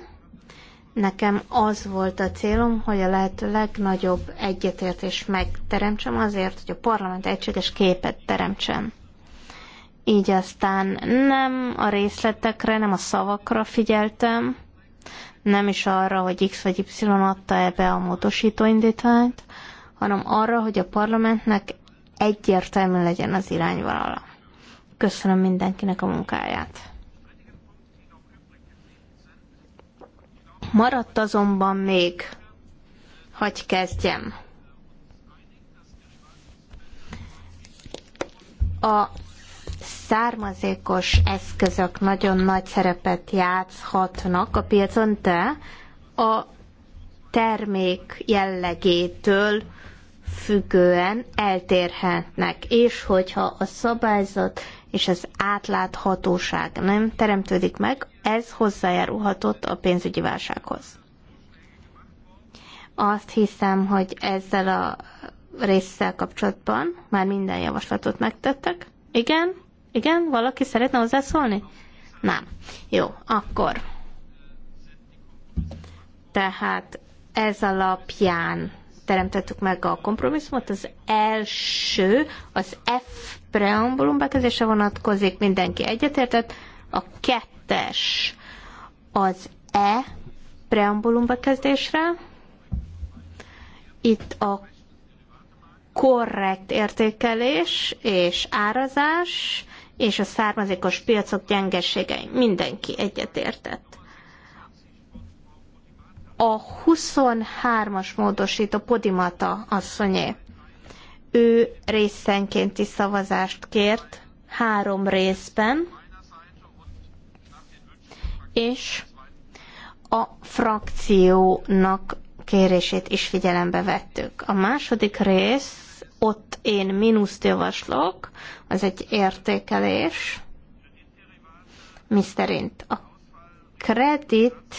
Nekem az volt a célom, hogy a lehető legnagyobb egyetértés megteremtsem azért, hogy a parlament egységes képet teremtsen. Így aztán nem a részletekre, nem a szavakra figyeltem, nem is arra, hogy X vagy Y adta ebbe a módosítóindítványt, indítványt, hanem arra, hogy a parlamentnek egyértelmű legyen az irányvonala. Köszönöm mindenkinek a munkáját. Maradt azonban még, hagy kezdjem. A származékos eszközök nagyon nagy szerepet játszhatnak a piacon, de a termék jellegétől függően eltérhetnek, és hogyha a szabályzat és az átláthatóság nem teremtődik meg, ez hozzájárulhatott a pénzügyi válsághoz. Azt hiszem, hogy ezzel a résszel kapcsolatban már minden javaslatot megtettek. Igen? Igen? Valaki szeretne hozzászólni? Nem. Jó, akkor. Tehát ez alapján teremtettük meg a kompromisszumot. Az első, az F preambulum bekezdése vonatkozik, mindenki egyetértett. A kettes az E preambulum bekezdésre. Itt a korrekt értékelés és árazás és a származékos piacok gyengeségei. Mindenki egyetértett. A 23-as módosító Podimata asszonyé. Ő részenkénti szavazást kért három részben, és a frakciónak kérését is figyelembe vettük. A második rész, ott én mínuszt javaslok, az egy értékelés, miszerint a kredit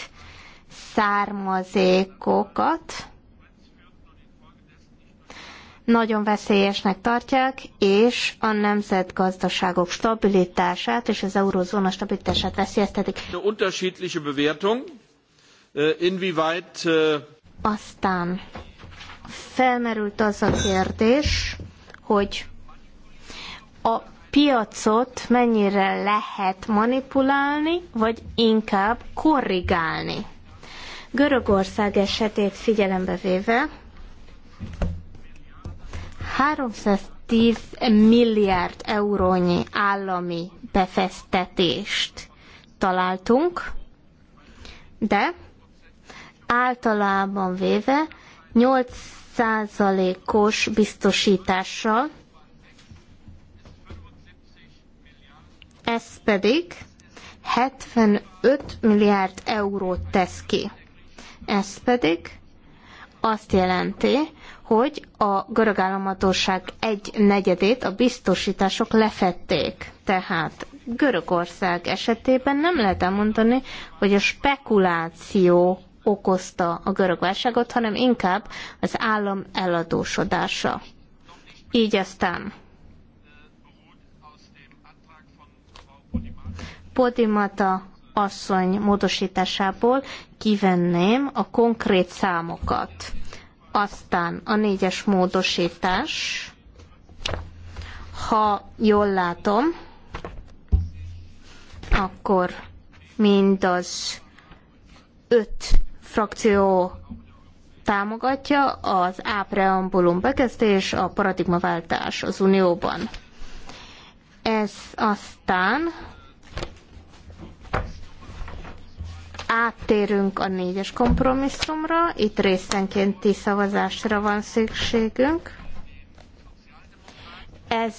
származékokat nagyon veszélyesnek tartják, és a nemzetgazdaságok stabilitását és az eurozóna stabilitását veszélyeztetik. Unterschiedliche Bewertung, äh, inwieweit... Äh, Aztán felmerült az a kérdés, hogy a piacot mennyire lehet manipulálni, vagy inkább korrigálni. Görögország esetét figyelembe véve 310 milliárd eurónyi állami befektetést találtunk, de általában véve 8%-os biztosítással, ez pedig 75 milliárd eurót tesz ki. Ez pedig azt jelenti, hogy a görög államadóság egy negyedét a biztosítások lefették. Tehát Görögország esetében nem lehet elmondani, hogy a spekuláció okozta a görög válságot, hanem inkább az állam eladósodása. Így aztán Podimata asszony módosításából kivenném a konkrét számokat. Aztán a négyes módosítás, ha jól látom, akkor mindaz öt frakció támogatja az A preambulum bekezdés, a paradigmaváltás az Unióban. Ez aztán Áttérünk a négyes kompromisszumra, itt részenkénti szavazásra van szükségünk. Ez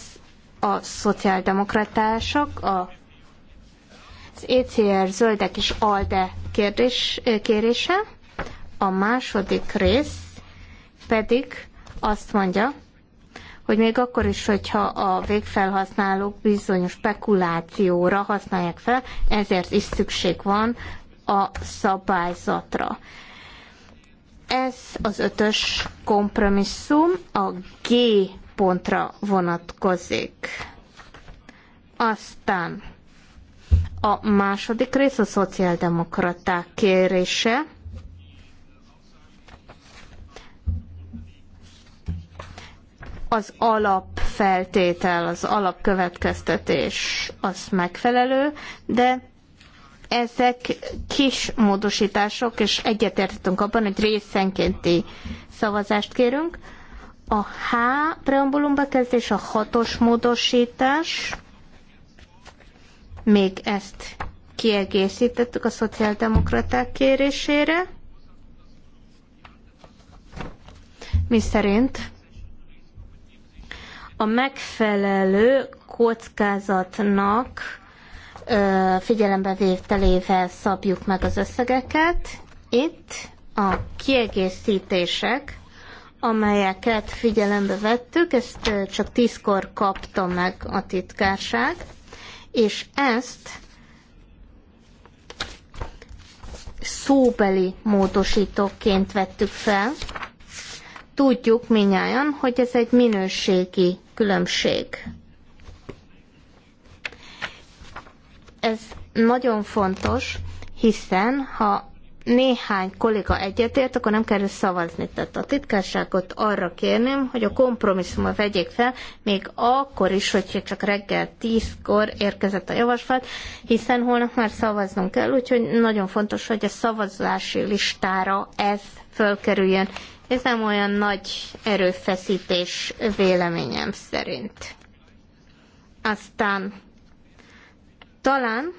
a szociáldemokratások, a az ECR zöldek és ALDE kérdés, kérése, a második rész pedig azt mondja, hogy még akkor is, hogyha a végfelhasználók bizonyos spekulációra használják fel, ezért is szükség van a szabályzatra. Ez az ötös kompromisszum a G pontra vonatkozik. Aztán a második rész a szociáldemokraták kérése. Az alapfeltétel, az alapkövetkeztetés az megfelelő, de ezek kis módosítások, és egyetértettünk abban, hogy részenkénti szavazást kérünk. A H preambulum bekezdés, a hatos módosítás, még ezt kiegészítettük a szociáldemokraták kérésére, mi szerint a megfelelő kockázatnak figyelembe vételével szabjuk meg az összegeket. Itt a kiegészítések, amelyeket figyelembe vettük, ezt csak tízkor kapta meg a titkárság, és ezt szóbeli módosítóként vettük fel. Tudjuk minnyáján, hogy ez egy minőségi különbség. Ez nagyon fontos, hiszen ha néhány kolléga egyetért, akkor nem kell szavazni. Tehát a titkárságot arra kérném, hogy a kompromisszumot vegyék fel, még akkor is, hogyha csak reggel tízkor érkezett a javaslat, hiszen holnap már szavaznunk kell, úgyhogy nagyon fontos, hogy a szavazási listára ez fölkerüljön. Ez nem olyan nagy erőfeszítés véleményem szerint. Aztán talán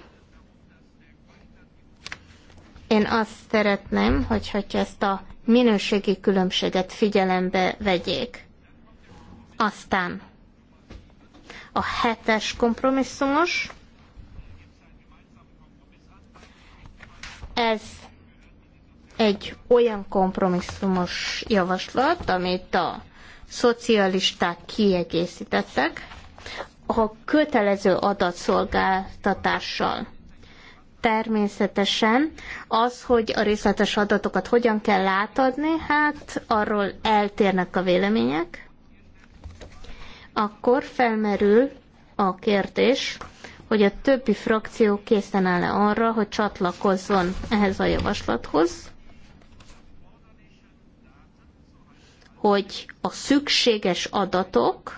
én azt szeretném, hogy, hogy ezt a minőségi különbséget figyelembe vegyék. Aztán a hetes kompromisszumos, ez egy olyan kompromisszumos javaslat, amit a szocialisták kiegészítettek, a kötelező adatszolgáltatással. Természetesen az, hogy a részletes adatokat hogyan kell átadni, hát arról eltérnek a vélemények. Akkor felmerül a kérdés, hogy a többi frakció készen áll-e arra, hogy csatlakozzon ehhez a javaslathoz, hogy a szükséges adatok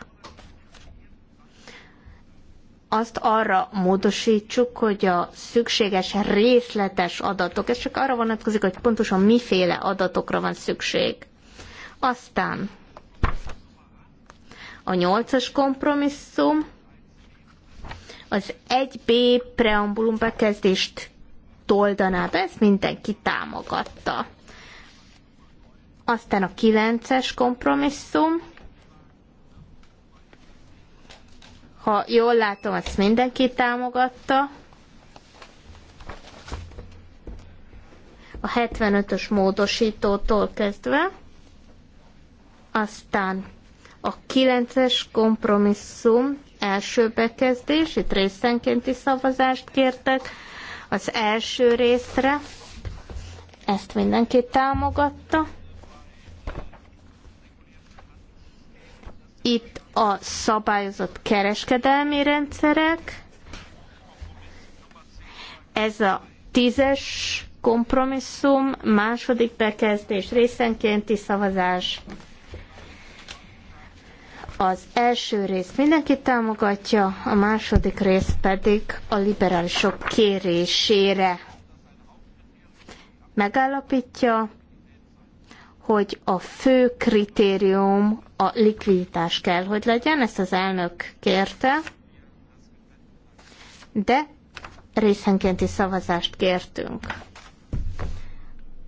azt arra módosítsuk, hogy a szükséges részletes adatok, ez csak arra vonatkozik, hogy pontosan miféle adatokra van szükség. Aztán a nyolcas kompromisszum az 1B preambulum bekezdést toldaná be, ezt mindenki támogatta. Aztán a kilences kompromisszum, Ha jól látom, ezt mindenki támogatta. A 75-ös módosítótól kezdve, aztán a 9-es kompromisszum első bekezdés, itt részenkénti szavazást kértek az első részre, ezt mindenki támogatta. itt a szabályozott kereskedelmi rendszerek, ez a tízes kompromisszum, második bekezdés, részenkénti szavazás. Az első rész mindenki támogatja, a második rész pedig a liberálisok kérésére megállapítja, hogy a fő kritérium a likviditás kell, hogy legyen, ezt az elnök kérte, de részenkénti szavazást kértünk.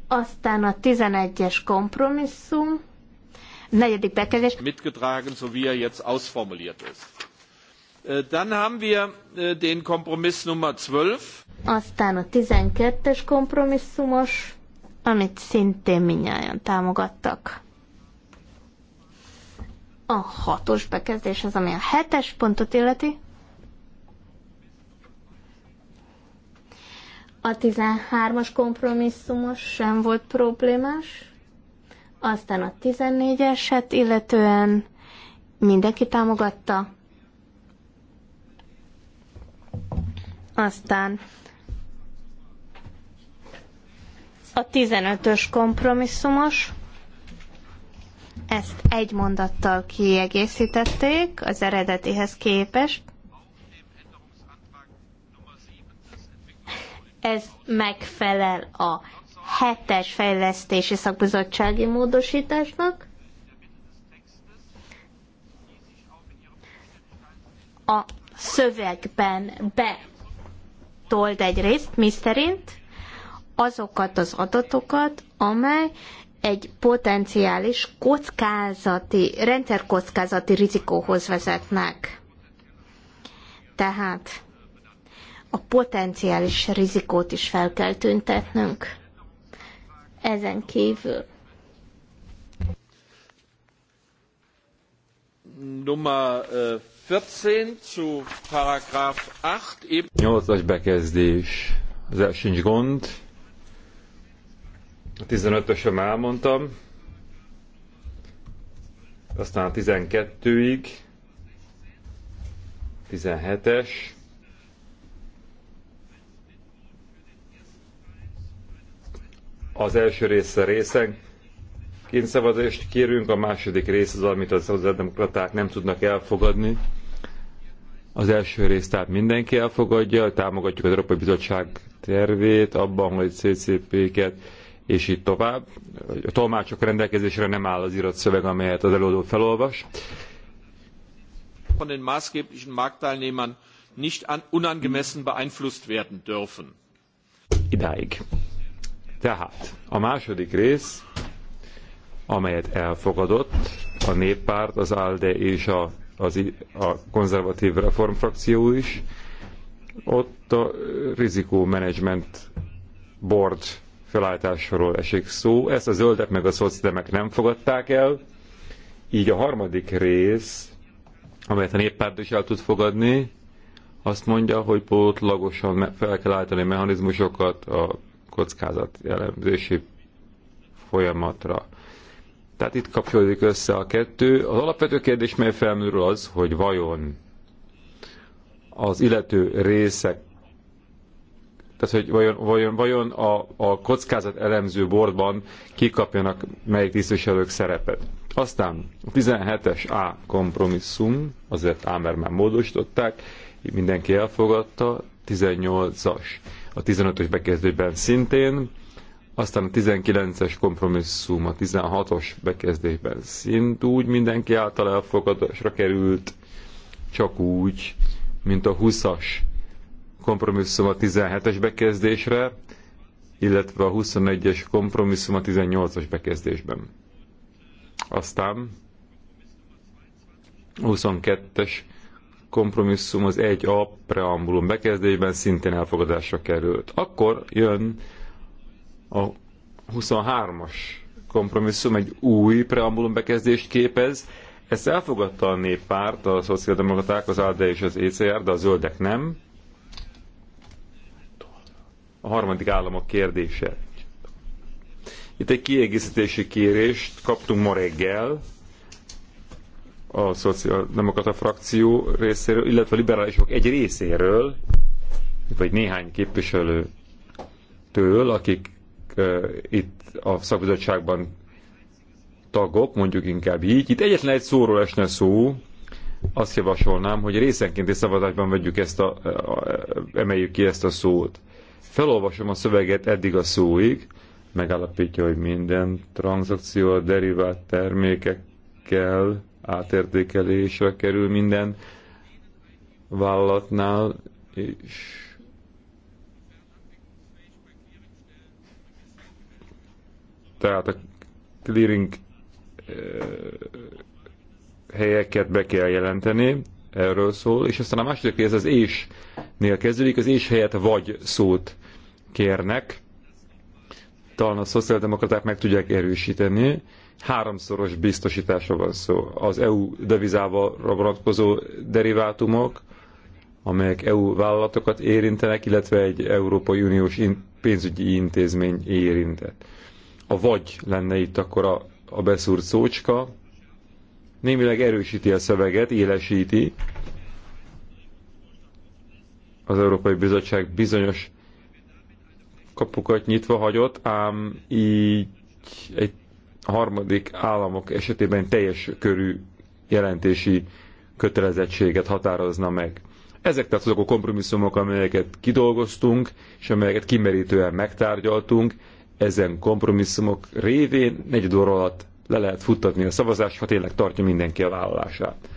Aztán a 11-es kompromisszum, negyedik bekezdés. Mitgetragen, so wie er jetzt ausformuliert ist. Äh, dann haben wir äh, den Kompromiss Nummer 12. Aztán a 12-es kompromisszumos amit szintén minnyáján támogattak. A hatos bekezdés az, ami a hetes pontot illeti. A 13-as kompromisszumos sem volt problémás. Aztán a 14-eset illetően mindenki támogatta. Aztán A 15-ös kompromisszumos, ezt egy mondattal kiegészítették az eredetihez képest. Ez megfelel a hetes fejlesztési szakbizottsági módosításnak. A szövegben betold egy részt, miszerint azokat az adatokat, amely egy potenciális kockázati, rendszerkockázati rizikóhoz vezetnek. Tehát a potenciális rizikót is fel kell tüntetnünk. Ezen kívül. Nummer 14 äh, zu Paragraph 8. 8-as bekezdés. Az nincs gond. A 15-ösöm elmondtam, aztán a 12-ig, 17-es, az első része részen kényszavazást kérünk, a második rész az, amit a szociáldemokraták nem tudnak elfogadni. Az első rész tehát mindenki elfogadja, támogatjuk az Európai Bizottság tervét abban, hogy CCP-ket és így tovább. A tolmácsok rendelkezésre nem áll az írott szöveg, amelyet az előadó felolvas. Von den maßgeblichen Marktteilnehmern nicht unangemessen beeinflusst werden dürfen. Idáig. Tehát a második rész, amelyet elfogadott a néppárt, az ALDE és a, az, a konzervatív reformfrakció is, ott a rizikómenedzsment board felállításról esik szó. Ezt a zöldek meg a szocdemek nem fogadták el, így a harmadik rész, amelyet a néppárt is el tud fogadni, azt mondja, hogy pótlagosan fel kell állítani mechanizmusokat a kockázat jellemzési folyamatra. Tehát itt kapcsolódik össze a kettő. Az alapvető kérdés, mely felmerül az, hogy vajon az illető részek tehát hogy vajon, vajon, vajon a, a kockázat elemző bordban kikapjanak melyik tisztviselők szerepet. Aztán a 17-es A kompromisszum, azért A, mert már módosították, mindenki elfogadta, 18-as, a 15-ös bekezdőben szintén, aztán a 19-es kompromisszum a 16-os bekezdésben szint úgy mindenki által elfogadásra került, csak úgy, mint a 20-as kompromisszum a 17-es bekezdésre, illetve a 21-es kompromisszum a 18-as bekezdésben. Aztán a 22-es kompromisszum az 1A preambulum bekezdésben szintén elfogadásra került. Akkor jön a 23-as kompromisszum, egy új preambulum bekezdést képez. Ezt elfogadta a néppárt, a szociáldemokraták, az ALDE és az ECR, de a zöldek nem a harmadik államok kérdése. Itt egy kiegészítési kérést kaptunk ma reggel a Szociáldemokrata frakció részéről, illetve a liberálisok egy részéről, vagy néhány képviselő től, akik uh, itt a szakbizottságban tagok, mondjuk inkább így. Itt egyetlen egy szóról esne szó, azt javasolnám, hogy részenkénti szavazásban vegyük ezt a, a, emeljük ki ezt a szót. Felolvasom a szöveget eddig a szóig, megállapítja, hogy minden tranzakció a derivált termékekkel átértékelésre kerül minden vállalatnál, és tehát a clearing eh, helyeket be kell jelenteni, erről szól, és aztán a második rész az és-nél kezdődik, az és helyett vagy szót kérnek, talán a szociáldemokraták meg tudják erősíteni. Háromszoros biztosításra van szó. Az EU devizával vonatkozó derivátumok, amelyek EU vállalatokat érintenek, illetve egy Európai Uniós pénzügyi intézmény érintett. A vagy lenne itt akkor a, a beszúrt szócska, némileg erősíti a szöveget, élesíti. Az Európai Bizottság bizonyos kapukat nyitva hagyott, ám így egy harmadik államok esetében teljes körű jelentési kötelezettséget határozna meg. Ezek tehát azok a kompromisszumok, amelyeket kidolgoztunk, és amelyeket kimerítően megtárgyaltunk. Ezen kompromisszumok révén negyed óra alatt le lehet futtatni a szavazást, ha tényleg tartja mindenki a vállalását.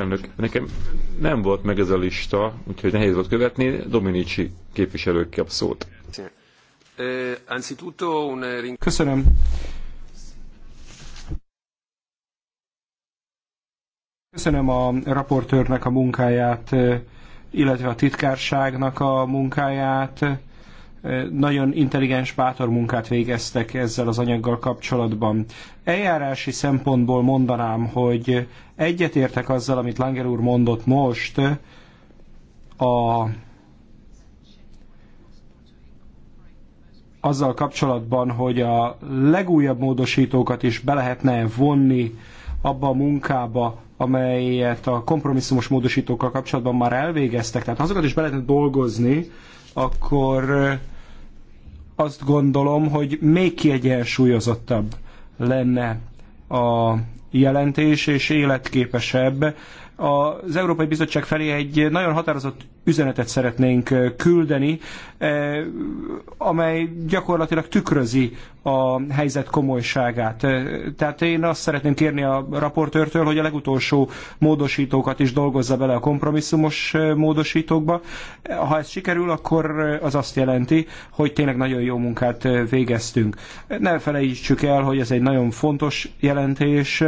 Elnök, nekem nem volt meg ez a lista, úgyhogy nehéz volt követni. Dominici képviselő kap szót. Eh, Köszönöm. Köszönöm a raportőrnek a munkáját, eh, illetve a titkárságnak a munkáját nagyon intelligens, bátor munkát végeztek ezzel az anyaggal kapcsolatban. Eljárási szempontból mondanám, hogy egyetértek azzal, amit Langer úr mondott most, a azzal kapcsolatban, hogy a legújabb módosítókat is be lehetne vonni abba a munkába, amelyet a kompromisszumos módosítókkal kapcsolatban már elvégeztek. Tehát azokat is be lehetne dolgozni, akkor azt gondolom, hogy még kiegyensúlyozottabb lenne a jelentés, és életképesebb az Európai Bizottság felé egy nagyon határozott üzenetet szeretnénk küldeni, amely gyakorlatilag tükrözi a helyzet komolyságát. Tehát én azt szeretném kérni a raportőrtől, hogy a legutolsó módosítókat is dolgozza bele a kompromisszumos módosítókba. Ha ez sikerül, akkor az azt jelenti, hogy tényleg nagyon jó munkát végeztünk. Ne felejtsük el, hogy ez egy nagyon fontos jelentés,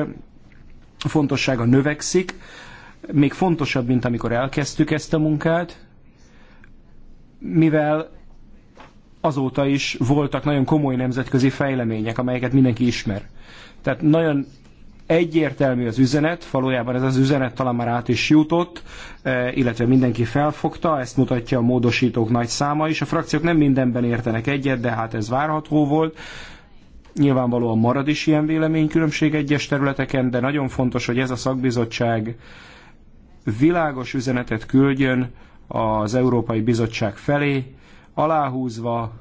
fontossága növekszik, még fontosabb, mint amikor elkezdtük ezt a munkát, mivel azóta is voltak nagyon komoly nemzetközi fejlemények, amelyeket mindenki ismer. Tehát nagyon egyértelmű az üzenet, valójában ez az üzenet talán már át is jutott, eh, illetve mindenki felfogta, ezt mutatja a módosítók nagy száma is. A frakciók nem mindenben értenek egyet, de hát ez várható volt. Nyilvánvalóan marad is ilyen véleménykülönbség egyes területeken, de nagyon fontos, hogy ez a szakbizottság világos üzenetet küldjön az Európai Bizottság felé, aláhúzva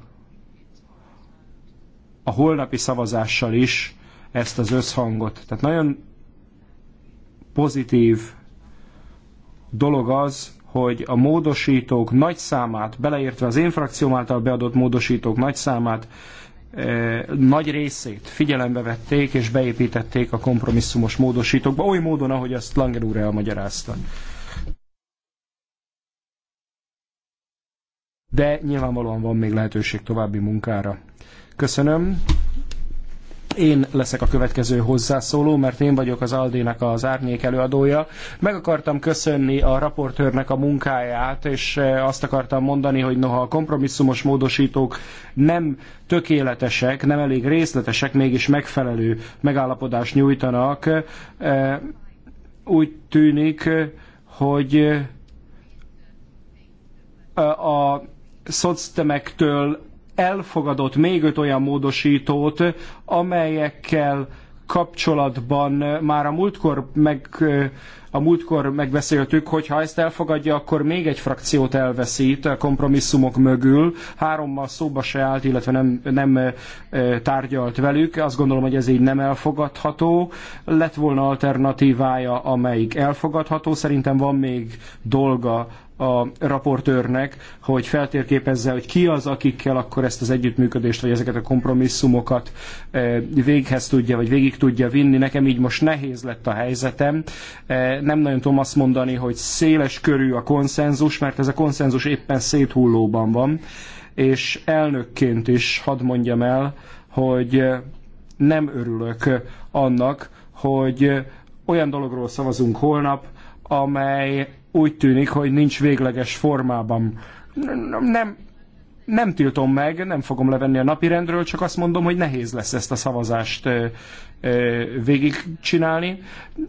a holnapi szavazással is ezt az összhangot. Tehát nagyon pozitív dolog az, hogy a módosítók nagy számát, beleértve az én frakcióm által beadott módosítók nagy számát nagy részét figyelembe vették és beépítették a kompromisszumos módosítókba, oly módon, ahogy azt Langer úr elmagyarázta. De nyilvánvalóan van még lehetőség további munkára. Köszönöm én leszek a következő hozzászóló, mert én vagyok az nek az árnyék előadója. Meg akartam köszönni a raportőrnek a munkáját, és e, azt akartam mondani, hogy noha a kompromisszumos módosítók nem tökéletesek, nem elég részletesek, mégis megfelelő megállapodást nyújtanak. E, úgy tűnik, hogy e, a szoctemektől elfogadott még öt olyan módosítót, amelyekkel kapcsolatban már a múltkor meg a múltkor megbeszéltük, hogy ha ezt elfogadja, akkor még egy frakciót elveszít a kompromisszumok mögül. Hárommal szóba se állt, illetve nem, nem tárgyalt velük. Azt gondolom, hogy ez így nem elfogadható. Lett volna alternatívája, amelyik elfogadható. Szerintem van még dolga a raportőrnek, hogy feltérképezze, hogy ki az, akikkel akkor ezt az együttműködést, vagy ezeket a kompromisszumokat véghez tudja, vagy végig tudja vinni. Nekem így most nehéz lett a helyzetem, nem nagyon tudom azt mondani, hogy széles körű a konszenzus, mert ez a konszenzus éppen széthullóban van, és elnökként is hadd mondjam el, hogy eh, nem örülök annak, hogy eh, olyan dologról szavazunk holnap, amely úgy tűnik, hogy nincs végleges formában. Nem, nem tiltom meg, nem fogom levenni a napirendről, csak azt mondom, hogy nehéz lesz ezt a szavazást eh, végigcsinálni.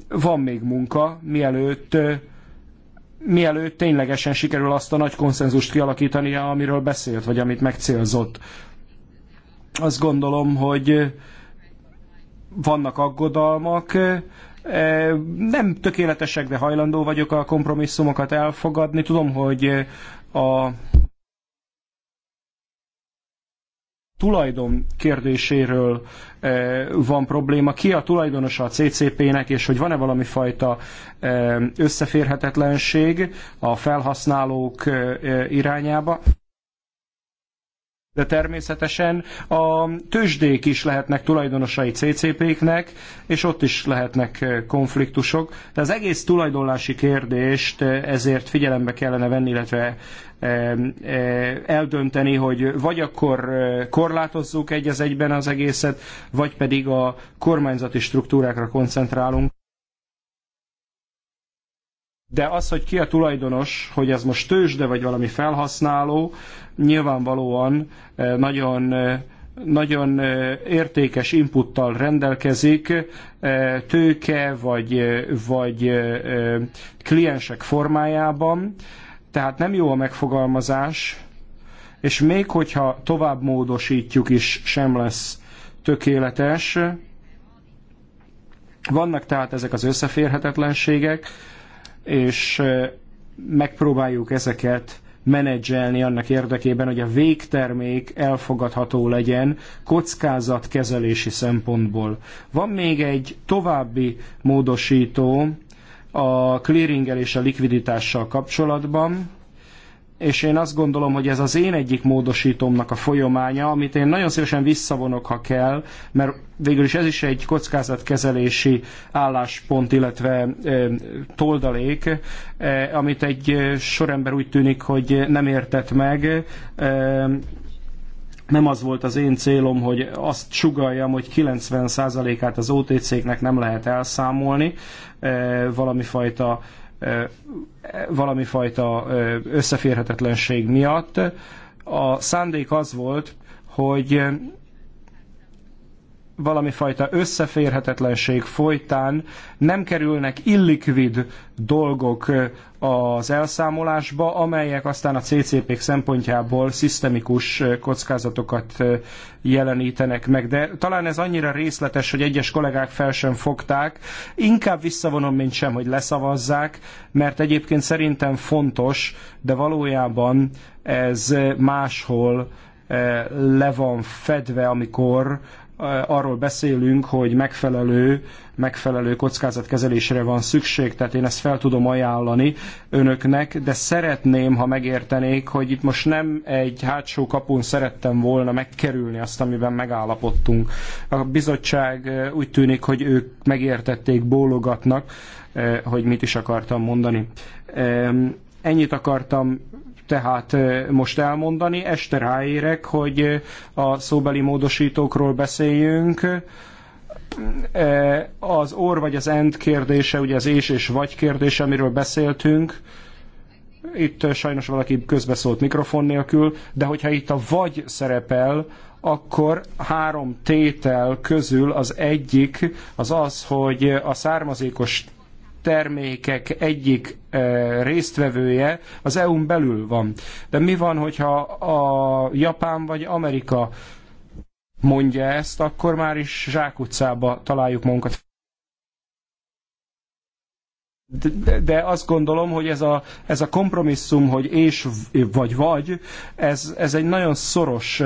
Van még munka, mielőtt mielőtt ténylegesen sikerül azt a nagy konszenzust kialakítania, amiről beszélt, vagy amit megcélzott. Azt gondolom, hogy vannak aggodalmak, nem tökéletesek, de hajlandó vagyok a kompromisszumokat elfogadni. Tudom, hogy a tulajdon kérdéséről eh, van probléma. Ki a tulajdonosa a CCP-nek, és hogy van-e valami fajta eh, összeférhetetlenség a felhasználók eh, irányába? De természetesen a tőzsdék is lehetnek tulajdonosai CCP-knek, és ott is lehetnek eh, konfliktusok. De az egész tulajdonlási kérdést eh, ezért figyelembe kellene venni, illetve eh, eldönteni, hogy vagy akkor korlátozzuk egy az egyben az egészet, vagy pedig a kormányzati struktúrákra koncentrálunk de az, hogy ki a tulajdonos, hogy ez most tőzsde vagy valami felhasználó, nyilvánvalóan eh, nagyon eh, nagyon eh, értékes inputtal rendelkezik, tőke vagy, vagy kliensek formájában, tehát nem jó a megfogalmazás, és még hogyha tovább módosítjuk is, sem lesz tökéletes. Vannak tehát ezek az összeférhetetlenségek, és megpróbáljuk ezeket menedzselni annak érdekében, hogy a végtermék elfogadható legyen kockázatkezelési szempontból. Van még egy további módosító a clearinggel és a likviditással kapcsolatban és én azt gondolom, hogy ez az én egyik módosítomnak a folyamánya, amit én nagyon szívesen visszavonok, ha kell, mert végül is ez is egy kockázatkezelési álláspont, illetve e, toldalék, e, amit egy sorember úgy tűnik, hogy nem értett meg. E, nem az volt az én célom, hogy azt sugaljam, hogy 90%-át az OTC-knek nem lehet elszámolni, e, valami fajta valami fajta összeférhetetlenség miatt. A szándék az volt, hogy valami fajta összeférhetetlenség folytán nem kerülnek illikvid dolgok az elszámolásba, amelyek aztán a CCP-k szempontjából szisztemikus kockázatokat jelenítenek meg. De talán ez annyira részletes, hogy egyes kollégák fel sem fogták. Inkább visszavonom, mint sem, hogy leszavazzák, mert egyébként szerintem fontos, de valójában ez máshol le van fedve, amikor Eh, arról beszélünk, hogy megfelelő, megfelelő kockázatkezelésre van szükség, tehát én ezt fel tudom ajánlani önöknek, de szeretném, ha megértenék, hogy itt most nem egy hátsó kapun szerettem volna megkerülni azt, amiben megállapodtunk. A bizottság eh, úgy tűnik, hogy ők megértették, bólogatnak, eh, hogy mit is akartam mondani. Ennyit akartam tehát most elmondani. Este ráérek, hogy a szóbeli módosítókról beszéljünk. Az or vagy az end kérdése, ugye az és és vagy kérdése, amiről beszéltünk, itt sajnos valaki közbeszólt mikrofon nélkül, de hogyha itt a vagy szerepel, akkor három tétel közül az egyik az az, hogy a származékos termékek egyik résztvevője az EU-n belül van. De mi van, hogyha a Japán vagy Amerika mondja ezt, akkor már is zsákutcába találjuk magunkat. De, de azt gondolom, hogy ez a, ez a kompromisszum, hogy és vagy vagy, ez, ez egy nagyon szoros,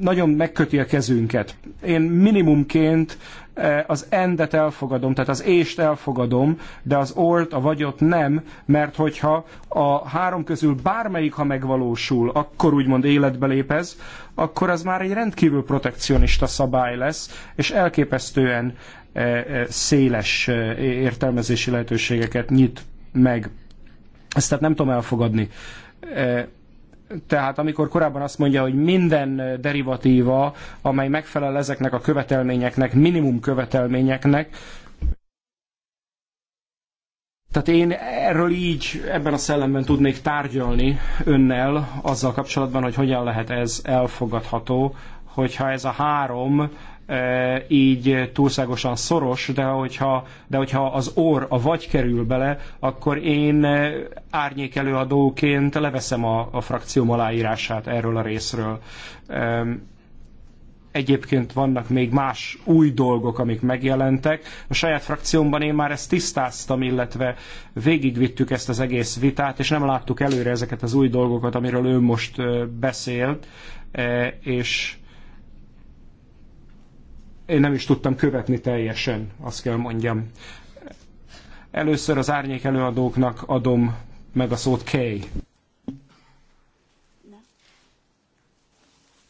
nagyon megköti a kezünket. Én minimumként Eh, az endet elfogadom, tehát az ést elfogadom, de az ort, a vagyot nem, mert hogyha a három közül bármelyik, ha megvalósul, akkor úgymond életbe lép ez, akkor az már egy rendkívül protekcionista szabály lesz, és elképesztően eh, eh, széles értelmezési lehetőségeket nyit meg. Ezt tehát nem tudom elfogadni tehát amikor korábban azt mondja, hogy minden derivatíva, amely megfelel ezeknek a követelményeknek, minimum követelményeknek, tehát én erről így, ebben a szellemben tudnék tárgyalni önnel azzal kapcsolatban, hogy hogyan lehet ez elfogadható, hogyha ez a három E, így túlságosan szoros, de hogyha, de hogyha az orr a vagy kerül bele, akkor én e, árnyékelőadóként leveszem a, a frakcióm aláírását erről a részről. E, egyébként vannak még más új dolgok, amik megjelentek. A saját frakciómban én már ezt tisztáztam, illetve végigvittük ezt az egész vitát, és nem láttuk előre ezeket az új dolgokat, amiről ő most beszélt, és én nem is tudtam követni teljesen, azt kell mondjam. Először az árnyék előadóknak adom meg a szót Kay.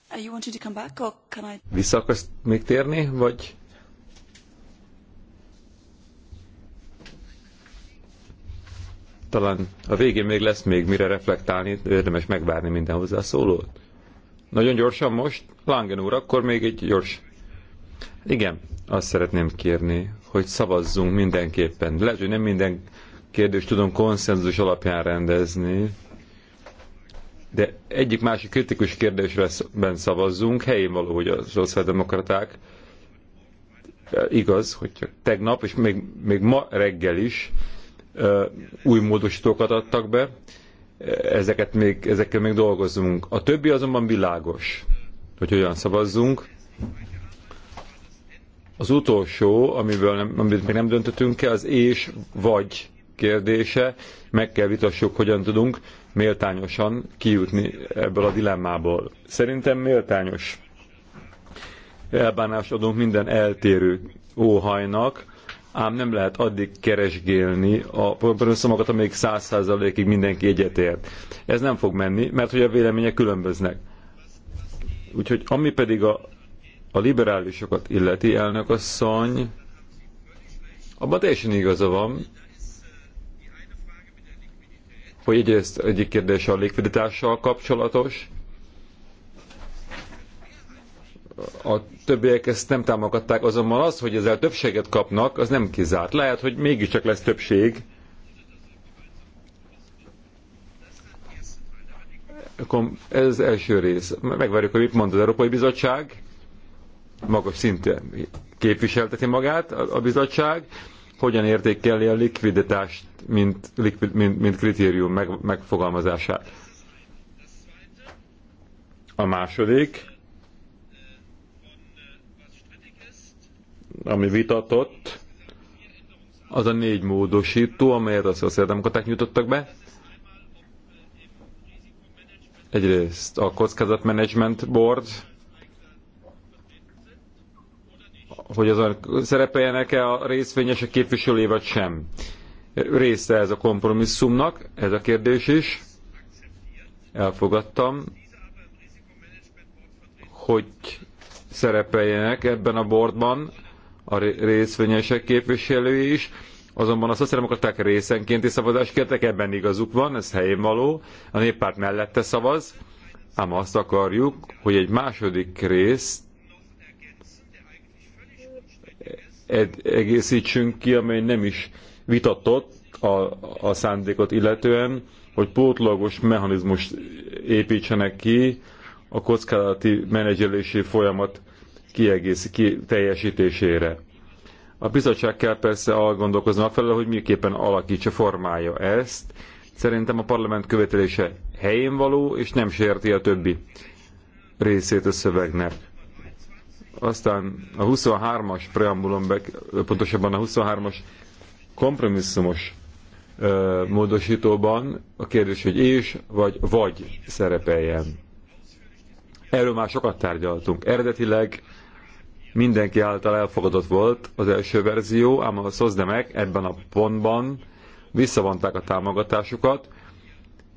Uh, Vissza akarsz még térni, vagy... Talán a végén még lesz még mire reflektálni, érdemes megvárni minden hozzászólót. Nagyon gyorsan most, Langen úr, akkor még egy gyors igen, azt szeretném kérni, hogy szavazzunk mindenképpen. Lehet, hogy nem minden kérdést tudom konszenzus alapján rendezni, de egyik másik kritikus kérdésben szavazzunk, helyén való, hogy a szociáldemokraták igaz, hogy csak tegnap, és még, még ma reggel is uh, új módosítókat adtak be, ezeket még, ezekkel még dolgozunk. A többi azonban világos, hogy hogyan szavazzunk, az utolsó, amiből nem, amit még nem döntöttünk el, az és vagy kérdése. Meg kell vitassuk, hogyan tudunk méltányosan kijutni ebből a dilemmából. Szerintem méltányos Elbánás adunk minden eltérő óhajnak, ám nem lehet addig keresgélni a szomagat, amíg száz százalékig mindenki egyetért. Ez nem fog menni, mert hogy a vélemények különböznek. Úgyhogy ami pedig a a liberálisokat illeti elnök asszony, abban teljesen igaza van, hogy egyrészt egyik kérdés a likviditással kapcsolatos, a többiek ezt nem támogatták, azonban az, hogy ezzel többséget kapnak, az nem kizárt. Lehet, hogy mégiscsak lesz többség. Ez az első rész. Megvárjuk, hogy mit mond az Európai Bizottság magas szinten képviselteti magát a bizottság, hogyan értékeli a likviditást, mint, likvid, mint, mint kritérium meg, megfogalmazását. A második, ami vitatott, az a négy módosító, amelyet a szociáldemokraták nyújtottak be. Egyrészt a kockázatmenedzsment board, hogy azon szerepeljenek-e a részvényesek képviselői vagy sem. Része ez a kompromisszumnak, ez a kérdés is. Elfogadtam, hogy szerepeljenek ebben a boardban a részvényesek képviselői is, azonban a szociáldemokraták részenkénti szavazást kértek, ebben igazuk van, ez helyén való, a néppárt mellette szavaz, ám azt akarjuk, hogy egy második részt egészítsünk ki, amely nem is vitatott a, a szándékot illetően, hogy pótlagos mechanizmust építsenek ki a kockázati menedzselési folyamat kiegész, ki, teljesítésére. A bizottság kell persze algondolkozni afelől, hogy miképpen alakítsa, formája ezt. Szerintem a parlament követelése helyén való, és nem sérti a többi részét a szövegnek. Aztán a 23-as preambulum, pontosabban a 23-as kompromisszumos ö, módosítóban a kérdés, hogy és vagy vagy szerepeljen. Erről már sokat tárgyaltunk. Eredetileg mindenki által elfogadott volt az első verzió, ám a szozdemek ebben a pontban visszavonták a támogatásukat,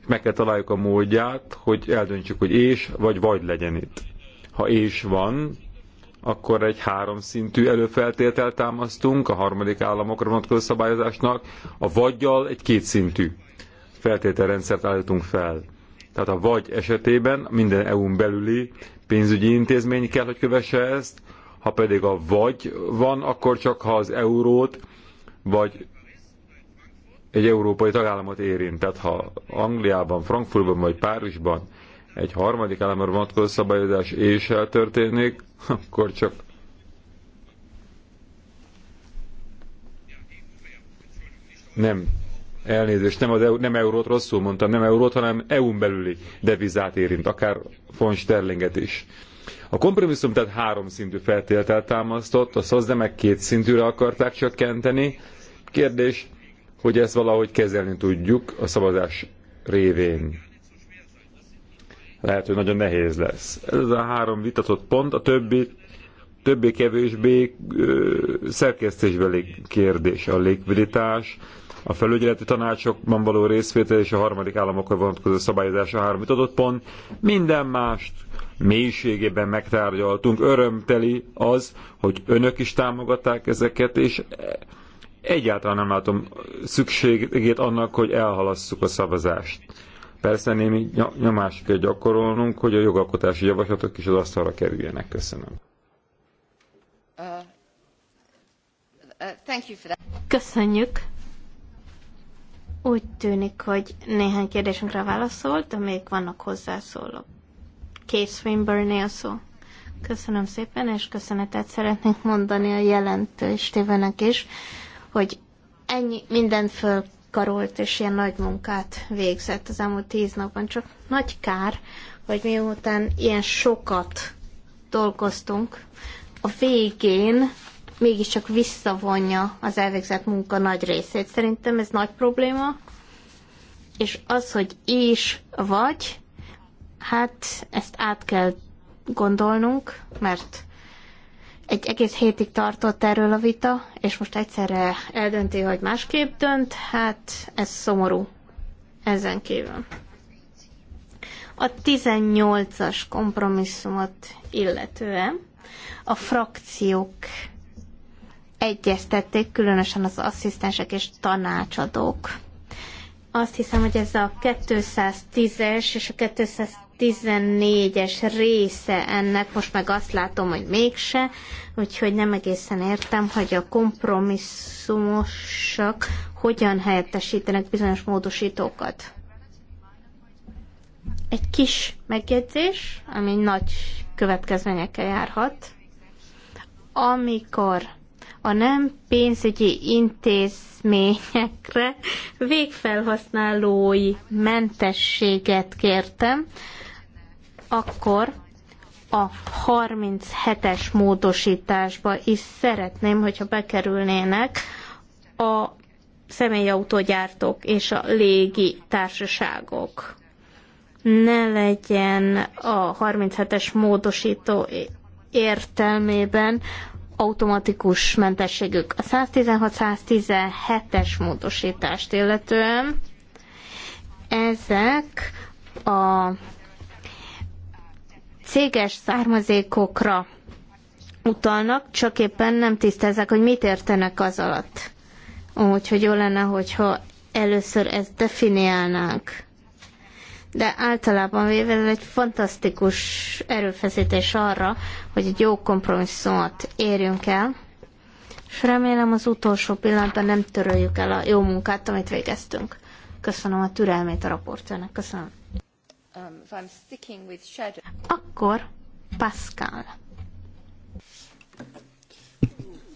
és meg kell találjuk a módját, hogy eldöntsük, hogy és vagy vagy legyen itt. Ha és van, akkor egy háromszintű előfeltételt támasztunk a harmadik államokra vonatkozó szabályozásnak, a vagyjal egy kétszintű feltételrendszert állítunk fel. Tehát a vagy esetében minden EU-n belüli pénzügyi intézmény kell, hogy kövesse ezt, ha pedig a vagy van, akkor csak ha az eurót, vagy egy európai tagállamot érint. Tehát ha Angliában, Frankfurtban vagy Párizsban egy harmadik elemre vonatkozó szabályozás és eltörténik, akkor csak nem, elnézést, nem, az EU, nem eurót rosszul mondtam, nem eurót, hanem EU-n belüli devizát érint, akár von sterlinget is. A kompromisszum tehát három szintű feltételt támasztott, a szozdemek két szintűre akarták csökkenteni. Kérdés, hogy ezt valahogy kezelni tudjuk a szavazás révén lehet, hogy nagyon nehéz lesz. Ez a három vitatott pont, a többi többé-kevésbé szerkesztésbeli kérdés, a légviditás, a felügyeleti tanácsokban való részvétel és a harmadik államokkal vonatkozó szabályozás a három vitatott pont. Minden mást mélységében megtárgyaltunk. Örömteli az, hogy önök is támogatták ezeket, és egyáltalán nem látom szükségét annak, hogy elhalasszuk a szavazást. Persze némi nyomást kell gyakorolnunk, hogy a jogalkotási javaslatok is az asztalra kerüljenek. Köszönöm. Köszönjük. Úgy tűnik, hogy néhány kérdésünkre válaszolt, de még vannak hozzászólók. Kate swinburne szó. Köszönöm szépen, és köszönetet szeretnék mondani a Stevennek is, hogy ennyi mindent föl karolt és ilyen nagy munkát végzett az elmúlt tíz napban. Csak nagy kár, hogy miután ilyen sokat dolgoztunk, a végén mégiscsak visszavonja az elvégzett munka nagy részét. Szerintem ez nagy probléma, és az, hogy is vagy, hát ezt át kell gondolnunk, mert egy egész hétig tartott erről a vita, és most egyszerre eldönti, hogy másképp dönt, hát ez szomorú ezen kívül. A 18-as kompromisszumot illetően a frakciók egyeztették, különösen az asszisztensek és tanácsadók. Azt hiszem, hogy ez a 210-es és a 14-es része ennek, most meg azt látom, hogy mégse, úgyhogy nem egészen értem, hogy a kompromisszumosak hogyan helyettesítenek bizonyos módosítókat. Egy kis megjegyzés, ami nagy következményekkel járhat. Amikor a nem pénzügyi intézményekre végfelhasználói mentességet kértem, akkor a 37-es módosításba is szeretném, hogyha bekerülnének a személyautógyártók és a légi társaságok. Ne legyen a 37-es módosító értelmében automatikus mentességük. A 116-117-es módosítást illetően ezek a céges származékokra utalnak, csak éppen nem tisztázzák, hogy mit értenek az alatt. Úgyhogy jó lenne, hogyha először ezt definiálnánk. De általában véve ez egy fantasztikus erőfeszítés arra, hogy egy jó kompromisszumot érjünk el, és remélem az utolsó pillanatban nem töröljük el a jó munkát, amit végeztünk. Köszönöm a türelmét a raportőrnek. Köszönöm. Um, Akkor Pascal.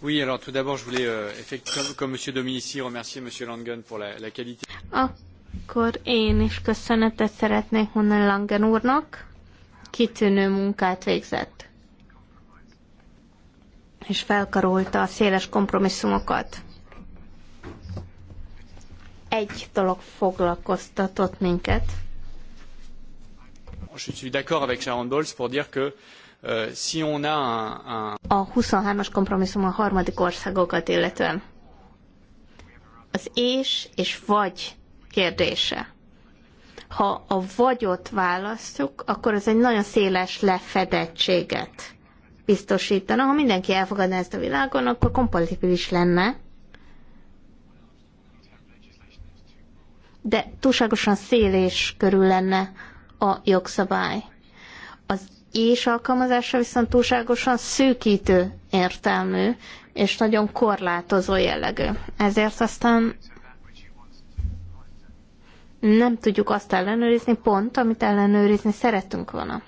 Oui, alors tout d'abord, je voulais, euh, comme, comme Monsieur Dominici, remercier Monsieur Langen pour la, la qualité. Akkor én is köszönetet szeretnék mondani Langen úrnak. Kitűnő munkát végzett. És felkarolta a széles kompromisszumokat. Egy dolog foglalkoztatott minket, Je suis d'accord avec Sharon Bowles pour dire que euh, si on a un, un... A 23-as kompromisszum a harmadik országokat illetően. Az és és vagy kérdése. Ha a vagyot választjuk, akkor ez egy nagyon széles lefedettséget biztosítana. Ha mindenki elfogadná ezt a világon, akkor kompatibilis lenne. De túlságosan szélés körül lenne a jogszabály. Az és alkalmazása viszont túlságosan szűkítő értelmű, és nagyon korlátozó jellegű. Ezért aztán nem tudjuk azt ellenőrizni, pont amit ellenőrizni szeretünk volna.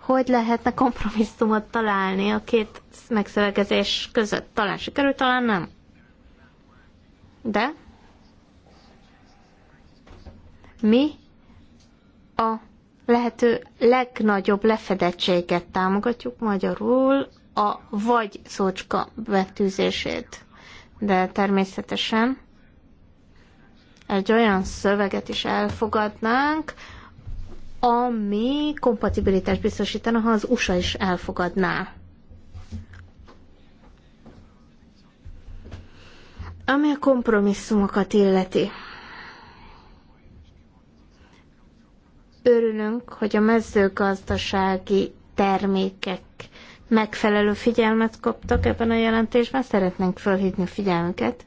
Hogy lehetne kompromisszumot találni a két megszövegezés között? Talán sikerült, talán nem. De mi a lehető legnagyobb lefedettséget támogatjuk magyarul, a vagy szócska betűzését. De természetesen egy olyan szöveget is elfogadnánk, ami kompatibilitást biztosítana, ha az USA is elfogadná. Ami a kompromisszumokat illeti. Örülünk, hogy a mezőgazdasági termékek megfelelő figyelmet kaptak ebben a jelentésben. Szeretnénk felhívni a figyelmüket.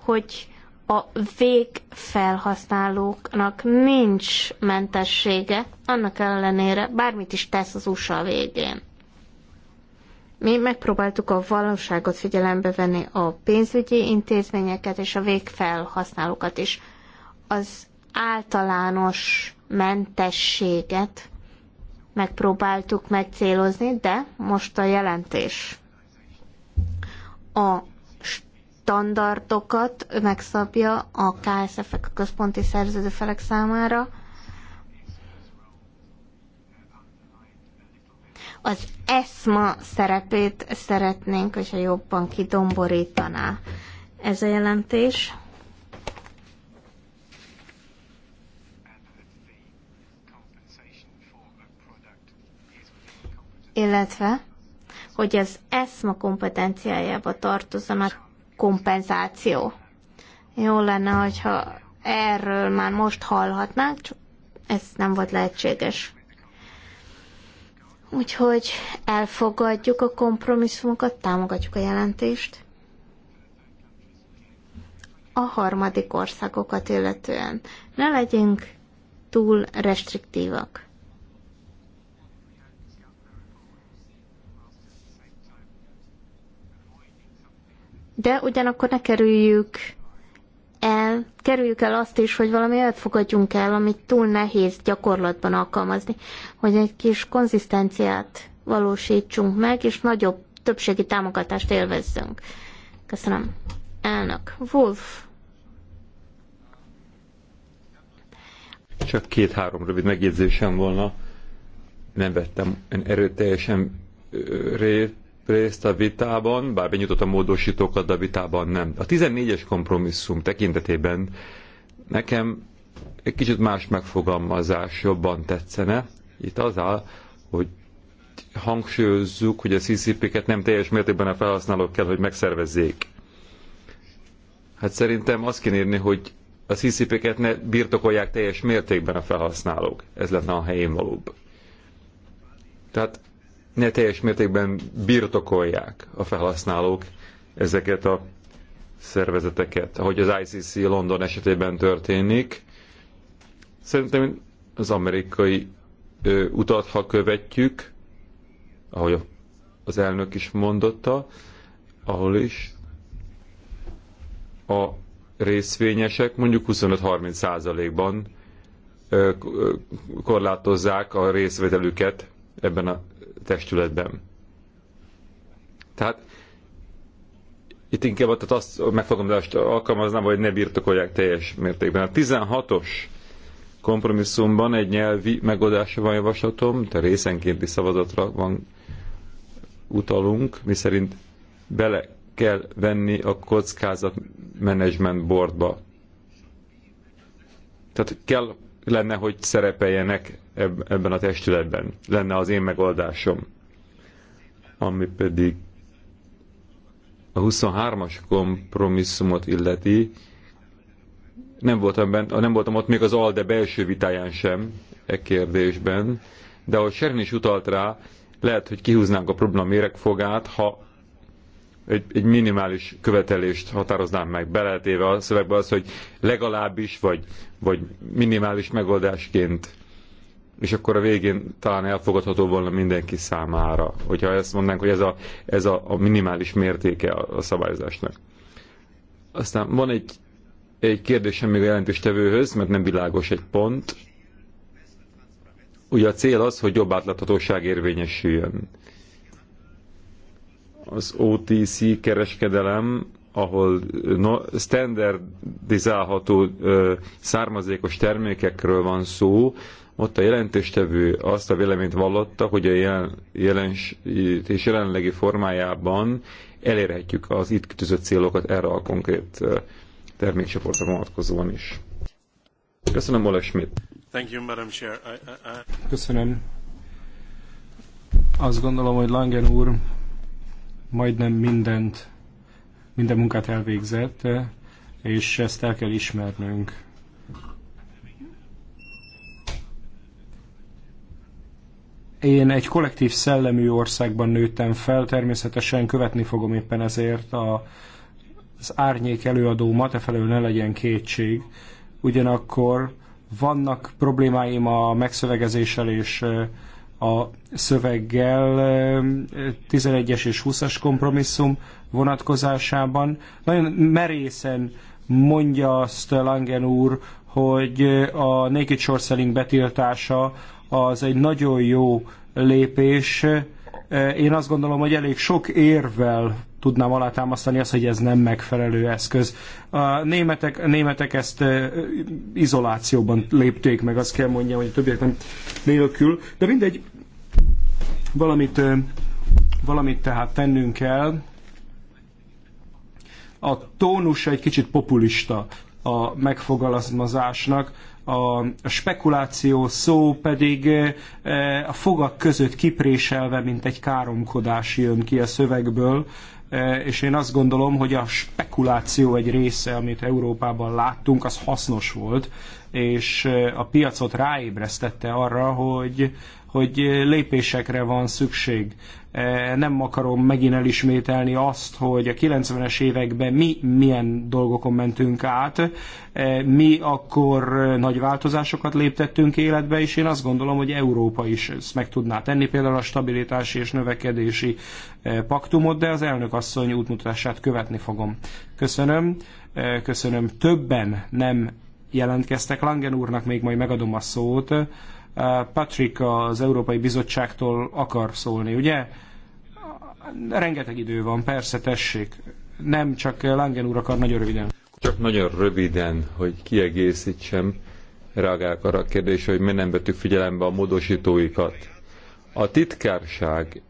hogy a végfelhasználóknak nincs mentessége, annak ellenére bármit is tesz az USA végén. Mi megpróbáltuk a valóságot figyelembe venni a pénzügyi intézményeket és a végfelhasználókat is. Az általános mentességet megpróbáltuk megcélozni, de most a jelentés a standardokat megszabja a KSF-ek, a központi szerződőfelek számára, Az ESMA szerepét szeretnénk, hogyha jobban kidomborítaná ez a jelentés. Illetve, hogy az ESMA kompetenciájába tartozon a kompenzáció. Jó lenne, hogyha erről már most hallhatnánk, csak ez nem volt lehetséges. Úgyhogy elfogadjuk a kompromisszumokat, támogatjuk a jelentést. A harmadik országokat illetően ne legyünk túl restriktívak. De ugyanakkor ne kerüljük el, kerüljük el azt is, hogy valami olyat fogadjunk el, amit túl nehéz gyakorlatban alkalmazni, hogy egy kis konzisztenciát valósítsunk meg, és nagyobb többségi támogatást élvezzünk. Köszönöm. Elnök. Wolf. Csak két-három rövid megjegyzésem volna. Nem vettem erőteljesen részt részt a vitában, bár benyújtott a módosítókat, de a vitában nem. A 14-es kompromisszum tekintetében nekem egy kicsit más megfogalmazás jobban tetszene. Itt az áll, hogy hangsúlyozzuk, hogy a CCP-ket nem teljes mértékben a felhasználók kell, hogy megszervezzék. Hát szerintem azt kéne írni, hogy a CCP-ket ne birtokolják teljes mértékben a felhasználók. Ez lenne a helyén valóbb. Tehát ne teljes mértékben birtokolják a felhasználók ezeket a szervezeteket, ahogy az ICC London esetében történik. Szerintem az amerikai ö, utat, ha követjük, ahogy az elnök is mondotta, ahol is a részvényesek mondjuk 25-30 százalékban korlátozzák a részvételüket ebben a testületben. Tehát itt inkább tehát azt megfogalmazást alkalmaznám, hogy ne birtokolják teljes mértékben. A 16-os kompromisszumban egy nyelvi megoldásra van javaslatom, tehát részenkénti szavazatra van utalunk, miszerint bele kell venni a kockázat management boardba. Tehát kell lenne, hogy szerepeljenek ebben a testületben. Lenne az én megoldásom. Ami pedig a 23-as kompromisszumot illeti, nem voltam, benne, nem voltam ott még az ALDE belső vitáján sem e kérdésben, de ahogy Sharon is utalt rá, lehet, hogy kihúznánk a probléma méregfogát, ha egy, egy minimális követelést határoznám meg, beletéve a szövegbe az, hogy legalábbis, vagy, vagy minimális megoldásként, és akkor a végén talán elfogadható volna mindenki számára, hogyha ezt mondanánk, hogy ez a, ez a, a minimális mértéke a, a szabályozásnak. Aztán van egy, egy kérdésem még a jelentéstevőhöz, mert nem világos egy pont. Ugye a cél az, hogy jobb átláthatóság érvényesüljön az OTC kereskedelem, ahol standardizálható származékos termékekről van szó, ott a jelentéstevő azt a véleményt vallotta, hogy a jelen, jelens, és jelenlegi formájában elérhetjük az itt kitűzött célokat erre a konkrét termékcsoportra vonatkozóan is. Köszönöm, Ole Schmidt. Thank you, Madam Chair. I, I, I... Köszönöm. Azt gondolom, hogy Langen úr majdnem mindent, minden munkát elvégzett, és ezt el kell ismernünk. Én egy kollektív szellemű országban nőttem fel, természetesen követni fogom éppen ezért a, az árnyék előadómat, e felől ne legyen kétség. Ugyanakkor vannak problémáim a megszövegezéssel és a szöveggel 11-es eh, és 20-as kompromisszum vonatkozásában. Nagyon merészen mondja azt Langen úr, hogy a naked short selling betiltása az egy nagyon jó lépés. Eh, én azt gondolom, hogy elég sok érvel tudnám alátámasztani azt, hogy ez nem megfelelő eszköz. A németek, a németek ezt eh, izolációban lépték meg, azt kell mondjam, hogy a többiek nem nélkül, de mindegy, Valamit, valamit tehát tennünk kell. A tónus egy kicsit populista a megfogalmazásnak, a spekuláció szó pedig a fogak között kipréselve, mint egy káromkodás jön ki a szövegből, és én azt gondolom, hogy a spekuláció egy része, amit Európában láttunk, az hasznos volt, és a piacot ráébresztette arra, hogy hogy eh, lépésekre van szükség. Eh, nem akarom megint elismételni azt, hogy a 90-es években mi milyen dolgokon mentünk át. Eh, mi akkor nagy változásokat léptettünk életbe, és én azt gondolom, hogy Európa is ezt meg tudná tenni, például a stabilitási és növekedési paktumot, de az elnök asszony útmutatását követni fogom. Köszönöm, köszönöm. Többen nem jelentkeztek. Langen úrnak még majd megadom a szót Patrick az Európai Bizottságtól akar szólni, ugye? Rengeteg idő van, persze, tessék. Nem, csak Langen úr akar nagyon röviden. Csak nagyon röviden, hogy kiegészítsem, reagálok arra a kérdésre, hogy miért nem vettük figyelembe a módosítóikat. A titkárság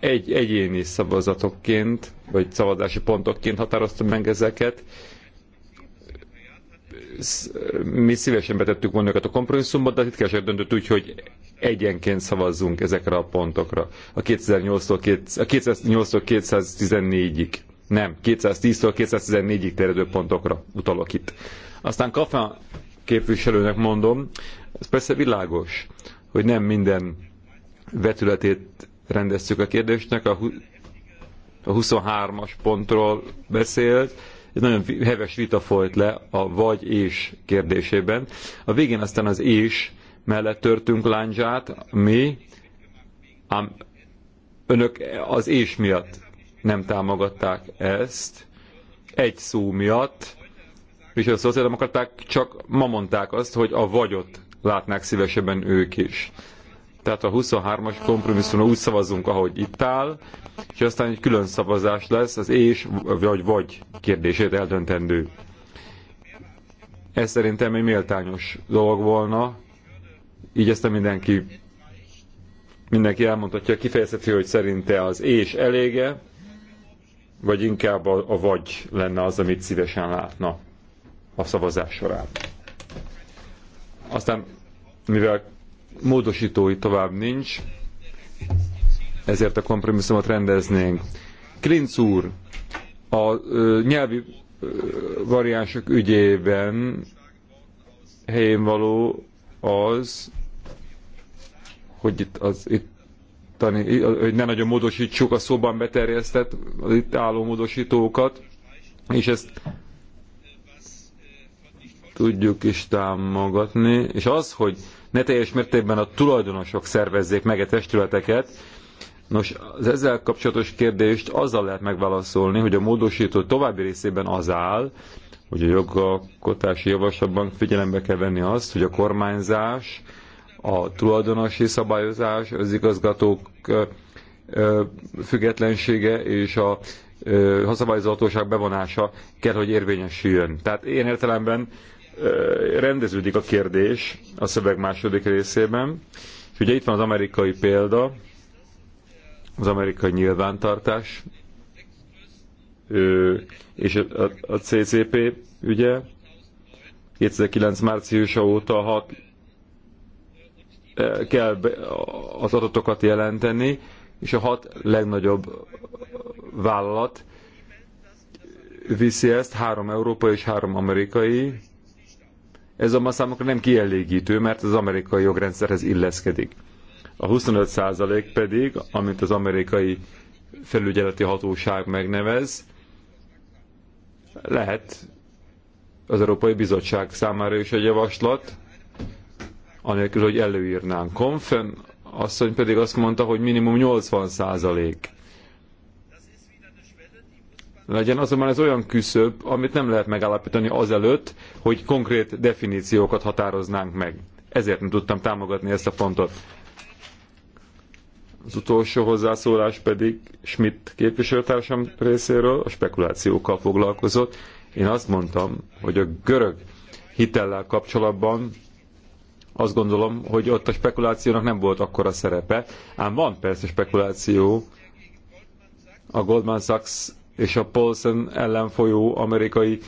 egy egyéni szavazatokként, vagy szavazási pontokként határozta meg ezeket, mi szívesen betettük volna őket a kompromisszumba, de a titkárság döntött úgy, hogy egyenként szavazzunk ezekre a pontokra. A 2008-tól 214-ig, nem, 210-től 214-ig terjedő pontokra utalok itt. Aztán Kafán képviselőnek mondom, ez persze világos, hogy nem minden vetületét rendeztük a kérdésnek, a, 23-as pontról beszélt, egy nagyon heves vita folyt le a vagy és kérdésében. A végén aztán az és mellett törtünk láncsát, mi, ám önök az és miatt nem támogatták ezt, egy szó miatt, és a szociáldemokraták csak ma mondták azt, hogy a vagyot látnák szívesebben ők is tehát a 23-as kompromisszumra úgy szavazunk, ahogy itt áll, és aztán egy külön szavazás lesz az és vagy vagy kérdését eldöntendő. Ez szerintem egy méltányos dolog volna, így ezt mindenki, mindenki elmondhatja, kifejezheti, hogy szerinte az és elége, vagy inkább a, a vagy lenne az, amit szívesen látna a szavazás során. Aztán, mivel módosítói tovább nincs, ezért a kompromisszumot rendeznénk. Klinc úr, a ö, nyelvi ö, variánsok ügyében helyén való az, hogy itt az itt tani, hogy ne nagyon módosítsuk a szóban beterjesztett, az itt álló módosítókat, és ezt tudjuk is támogatni, és az, hogy ne teljes mértékben a tulajdonosok szervezzék meg a testületeket. Nos, az ezzel kapcsolatos kérdést azzal lehet megválaszolni, hogy a módosító további részében az áll, hogy a jogalkotási javaslatban figyelembe kell venni azt, hogy a kormányzás, a tulajdonosi szabályozás, az igazgatók függetlensége és a ha bevonása kell, hogy érvényesüljön. Tehát én értelemben rendeződik a kérdés a szöveg második részében. És ugye itt van az amerikai példa, az amerikai nyilvántartás, és a CCP ugye, 2009 márciusa óta hat, kell az adatokat jelenteni, és a hat legnagyobb vállalat viszi ezt, három európai és három amerikai, ez a számokra nem kielégítő, mert az amerikai jogrendszerhez illeszkedik. A 25% pedig, amit az amerikai felügyeleti hatóság megnevez, lehet az Európai Bizottság számára is egy javaslat, anélkül, hogy előírnánk. Konfen asszony pedig azt mondta, hogy minimum 80 százalék legyen, azonban ez olyan küszöb, amit nem lehet megállapítani azelőtt, hogy konkrét definíciókat határoznánk meg. Ezért nem tudtam támogatni ezt a pontot. Az utolsó hozzászólás pedig Schmidt képviselőtársam részéről a spekulációkkal foglalkozott. Én azt mondtam, hogy a görög hitellel kapcsolatban azt gondolom, hogy ott a spekulációnak nem volt akkora szerepe, ám van persze spekuláció. A Goldman Sachs és a Paulson ellen folyó amerikai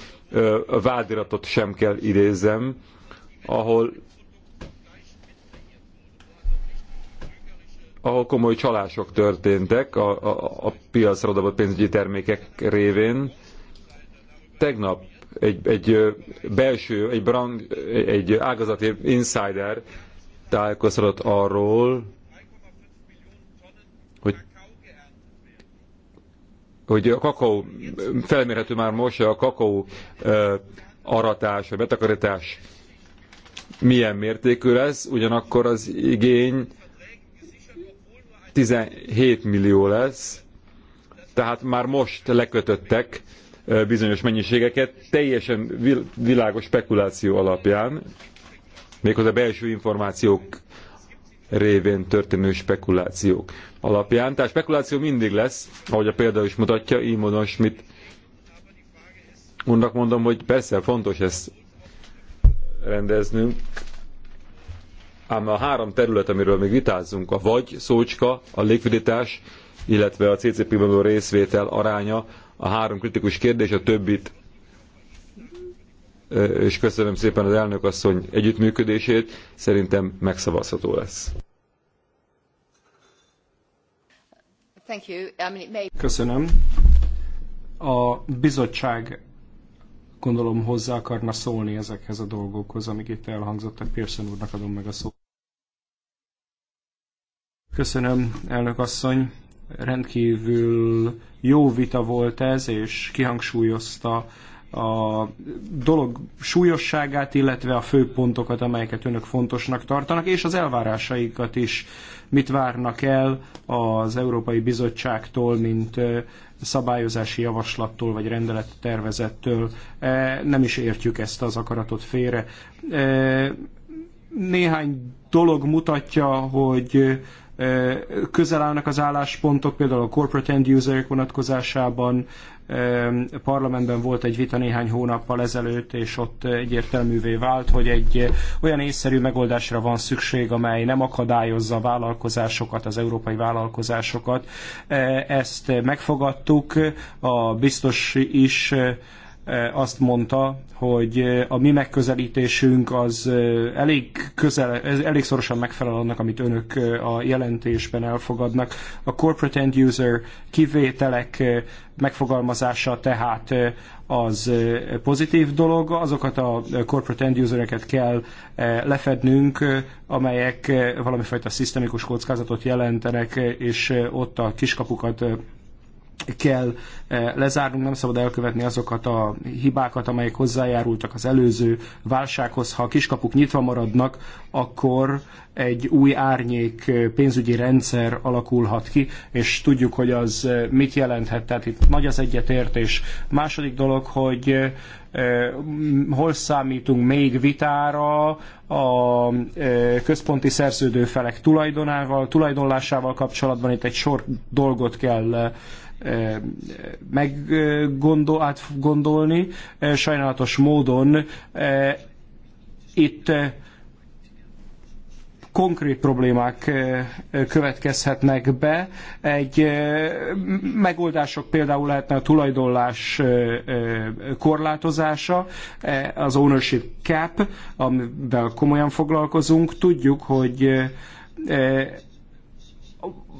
vádiratot sem kell idézzem, ahol ahol komoly csalások történtek a, a, a piacra odabott pénzügyi termékek révén. Tegnap egy, egy belső, egy, brand, egy ágazati insider tájékoztatott arról, hogy a kakaó, felmérhető már most, a kakaó aratás, a betakarítás milyen mértékű lesz, ugyanakkor az igény 17 millió lesz, tehát már most lekötöttek bizonyos mennyiségeket teljesen világos spekuláció alapján, méghozzá belső információk révén történő spekulációk alapján. Tehát spekuláció mindig lesz, ahogy a példa is mutatja, így módon Schmidt Mondnak mondom, hogy persze fontos ezt rendeznünk, ám a három terület, amiről még vitázzunk, a vagy szócska, a likviditás, illetve a ccp való részvétel aránya, a három kritikus kérdés, a többit és köszönöm szépen az elnök asszony együttműködését, szerintem megszavazható lesz. Köszönöm. A bizottság gondolom hozzá akarna szólni ezekhez a dolgokhoz, amik itt elhangzottak. Pearson úrnak adom meg a szót. Köszönöm, elnök asszony. Rendkívül jó vita volt ez, és kihangsúlyozta a dolog súlyosságát, illetve a fő pontokat, amelyeket önök fontosnak tartanak, és az elvárásaikat is mit várnak el az Európai Bizottságtól, mint szabályozási javaslattól vagy rendelettervezettől. E, nem is értjük ezt az akaratot félre. E, néhány dolog mutatja, hogy közel állnak az álláspontok, például a corporate end userek vonatkozásában, parlamentben volt egy vita néhány hónappal ezelőtt, és ott egyértelművé vált, hogy egy olyan észszerű megoldásra van szükség, amely nem akadályozza a vállalkozásokat, az európai vállalkozásokat. Ezt megfogadtuk, a biztos is E, azt mondta, hogy e, a mi megközelítésünk az e, elég, közel, elég szorosan megfelel annak, amit önök a jelentésben elfogadnak. A corporate end user kivételek megfogalmazása tehát az pozitív dolog, azokat a corporate end usereket kell lefednünk, amelyek valamifajta szisztemikus kockázatot jelentenek, és ott a kiskapukat kell eh, lezárnunk, nem szabad elkövetni azokat a hibákat, amelyek hozzájárultak az előző válsághoz. Ha a kiskapuk nyitva maradnak, akkor egy új árnyék eh, pénzügyi rendszer alakulhat ki, és tudjuk, hogy az eh, mit jelenthet. Tehát itt nagy az egyetértés. Második dolog, hogy hol számítunk még vitára a központi szerződőfelek tulajdonával, tulajdonlásával kapcsolatban itt egy sor dolgot kell meggondol, átgondolni. Sajnálatos módon itt konkrét problémák következhetnek be. Egy megoldások például lehetne a tulajdonlás korlátozása, az ownership cap, amivel komolyan foglalkozunk. Tudjuk, hogy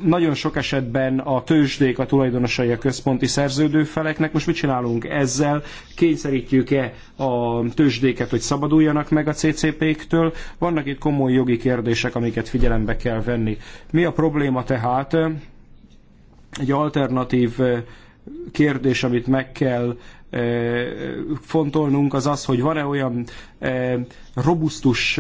nagyon sok esetben a tőzsdék a tulajdonosai a központi szerződő feleknek. Most mit csinálunk ezzel? Kényszerítjük-e a tőzsdéket, hogy szabaduljanak meg a ccp ktől Vannak itt komoly jogi kérdések, amiket figyelembe kell venni. Mi a probléma tehát? Egy alternatív eh, kérdés, amit meg kell eh, fontolnunk, az az, hogy van-e olyan eh, robusztus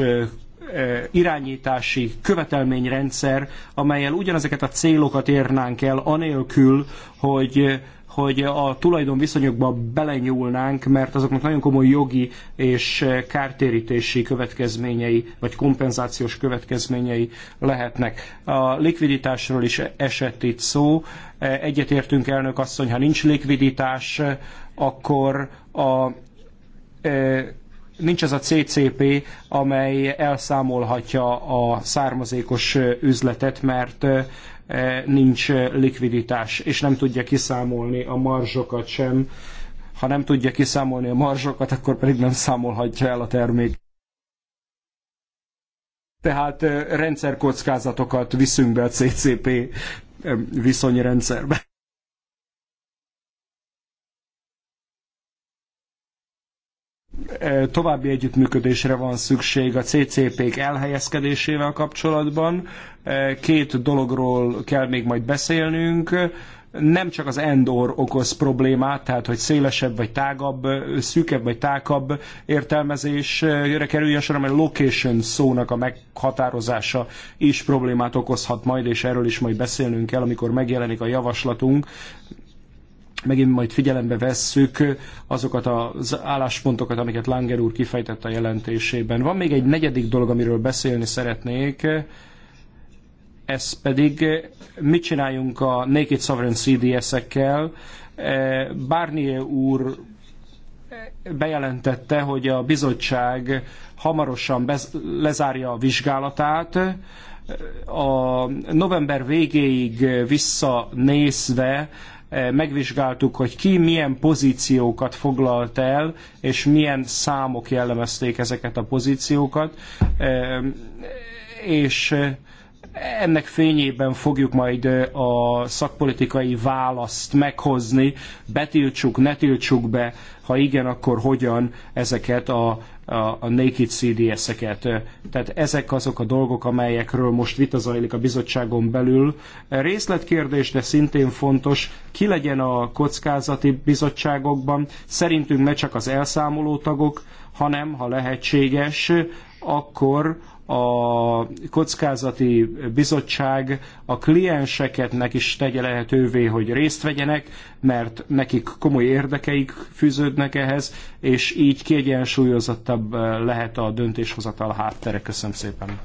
irányítási követelményrendszer, amelyel ugyanezeket a célokat érnánk el, anélkül, hogy hogy a tulajdonviszonyokba belenyúlnánk, mert azoknak nagyon komoly jogi és kártérítési következményei, vagy kompenzációs következményei lehetnek. A likviditásról is esett itt szó. Egyetértünk elnök asszony, ha nincs likviditás, akkor a nincs az a CCP, amely elszámolhatja a származékos üzletet, mert nincs likviditás, és nem tudja kiszámolni a marzsokat sem. Ha nem tudja kiszámolni a marzsokat, akkor pedig nem számolhatja el a termék. Tehát rendszerkockázatokat viszünk be a CCP viszonyrendszerbe. további együttműködésre van szükség a CCP-k elhelyezkedésével kapcsolatban. Két dologról kell még majd beszélnünk nem csak az Endor okoz problémát, tehát hogy szélesebb vagy tágabb, szűkebb vagy tágabb értelmezésre kerüljön sor, mert location szónak a meghatározása is problémát okozhat majd, és erről is majd beszélnünk kell, amikor megjelenik a javaslatunk megint majd figyelembe vesszük azokat az álláspontokat, amiket Langer úr kifejtett a jelentésében. Van még egy negyedik dolog, amiről beszélni szeretnék, ez pedig mit csináljunk a Naked Sovereign CDS-ekkel. E, Barnier úr bejelentette, hogy a bizottság hamarosan lezárja a vizsgálatát, a november végéig visszanézve Eh, megvizsgáltuk, hogy ki milyen pozíciókat foglalt el, és milyen számok jellemezték ezeket a pozíciókat, eh, és eh, ennek fényében fogjuk majd a szakpolitikai választ meghozni, betiltsuk, ne tiltsuk be, ha igen, akkor hogyan ezeket a, a, a naked CDS-eket. Tehát ezek azok a dolgok, amelyekről most vita zajlik a bizottságon belül. Részletkérdés, de szintén fontos, ki legyen a kockázati bizottságokban. Szerintünk ne csak az elszámoló tagok, hanem, ha lehetséges, akkor a kockázati bizottság a klienseketnek is tegye lehetővé, hogy részt vegyenek, mert nekik komoly érdekeik fűződnek ehhez, és így kiegyensúlyozottabb lehet a döntéshozatal háttere. Köszönöm szépen.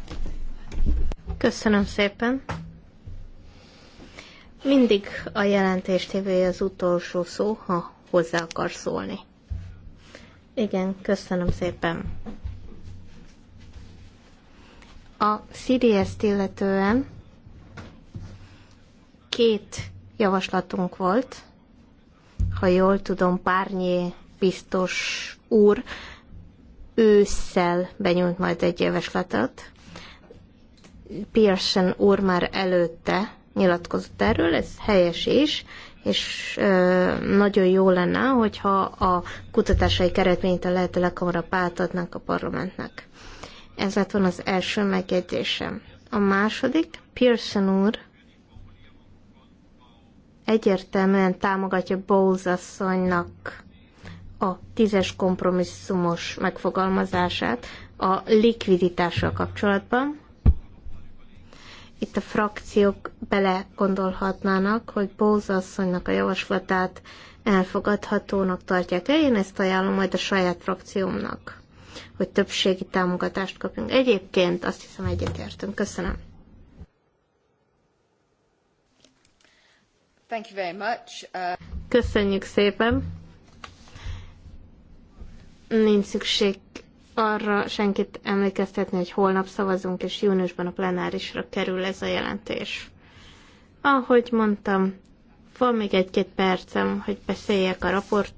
Köszönöm szépen. Mindig a jelentéstévője az utolsó szó, ha hozzá akar szólni. Igen, köszönöm szépen. A Sirius-t illetően két javaslatunk volt, ha jól tudom, Párnyé biztos úr ősszel benyújt majd egy javaslatot. Pearson úr már előtte nyilatkozott erről, ez helyes is, és ö, nagyon jó lenne, hogyha a kutatásai keretményt a lehető leghamarabb átadnánk a parlamentnek. Ez lett volna az első megjegyzésem. A második, Pearson úr egyértelműen támogatja Bowles asszonynak a tízes kompromisszumos megfogalmazását a likviditással kapcsolatban. Itt a frakciók bele gondolhatnának, hogy Bowles asszonynak a javaslatát elfogadhatónak tartják Én ezt ajánlom majd a saját frakciómnak hogy többségi támogatást kapjunk. Egyébként azt hiszem egyetértünk. Köszönöm. Thank you very much. Uh... Köszönjük szépen. Nincs szükség arra senkit emlékeztetni, hogy holnap szavazunk, és júniusban a plenárisra kerül ez a jelentés. Ahogy mondtam, van még egy-két percem, hogy beszéljek a raport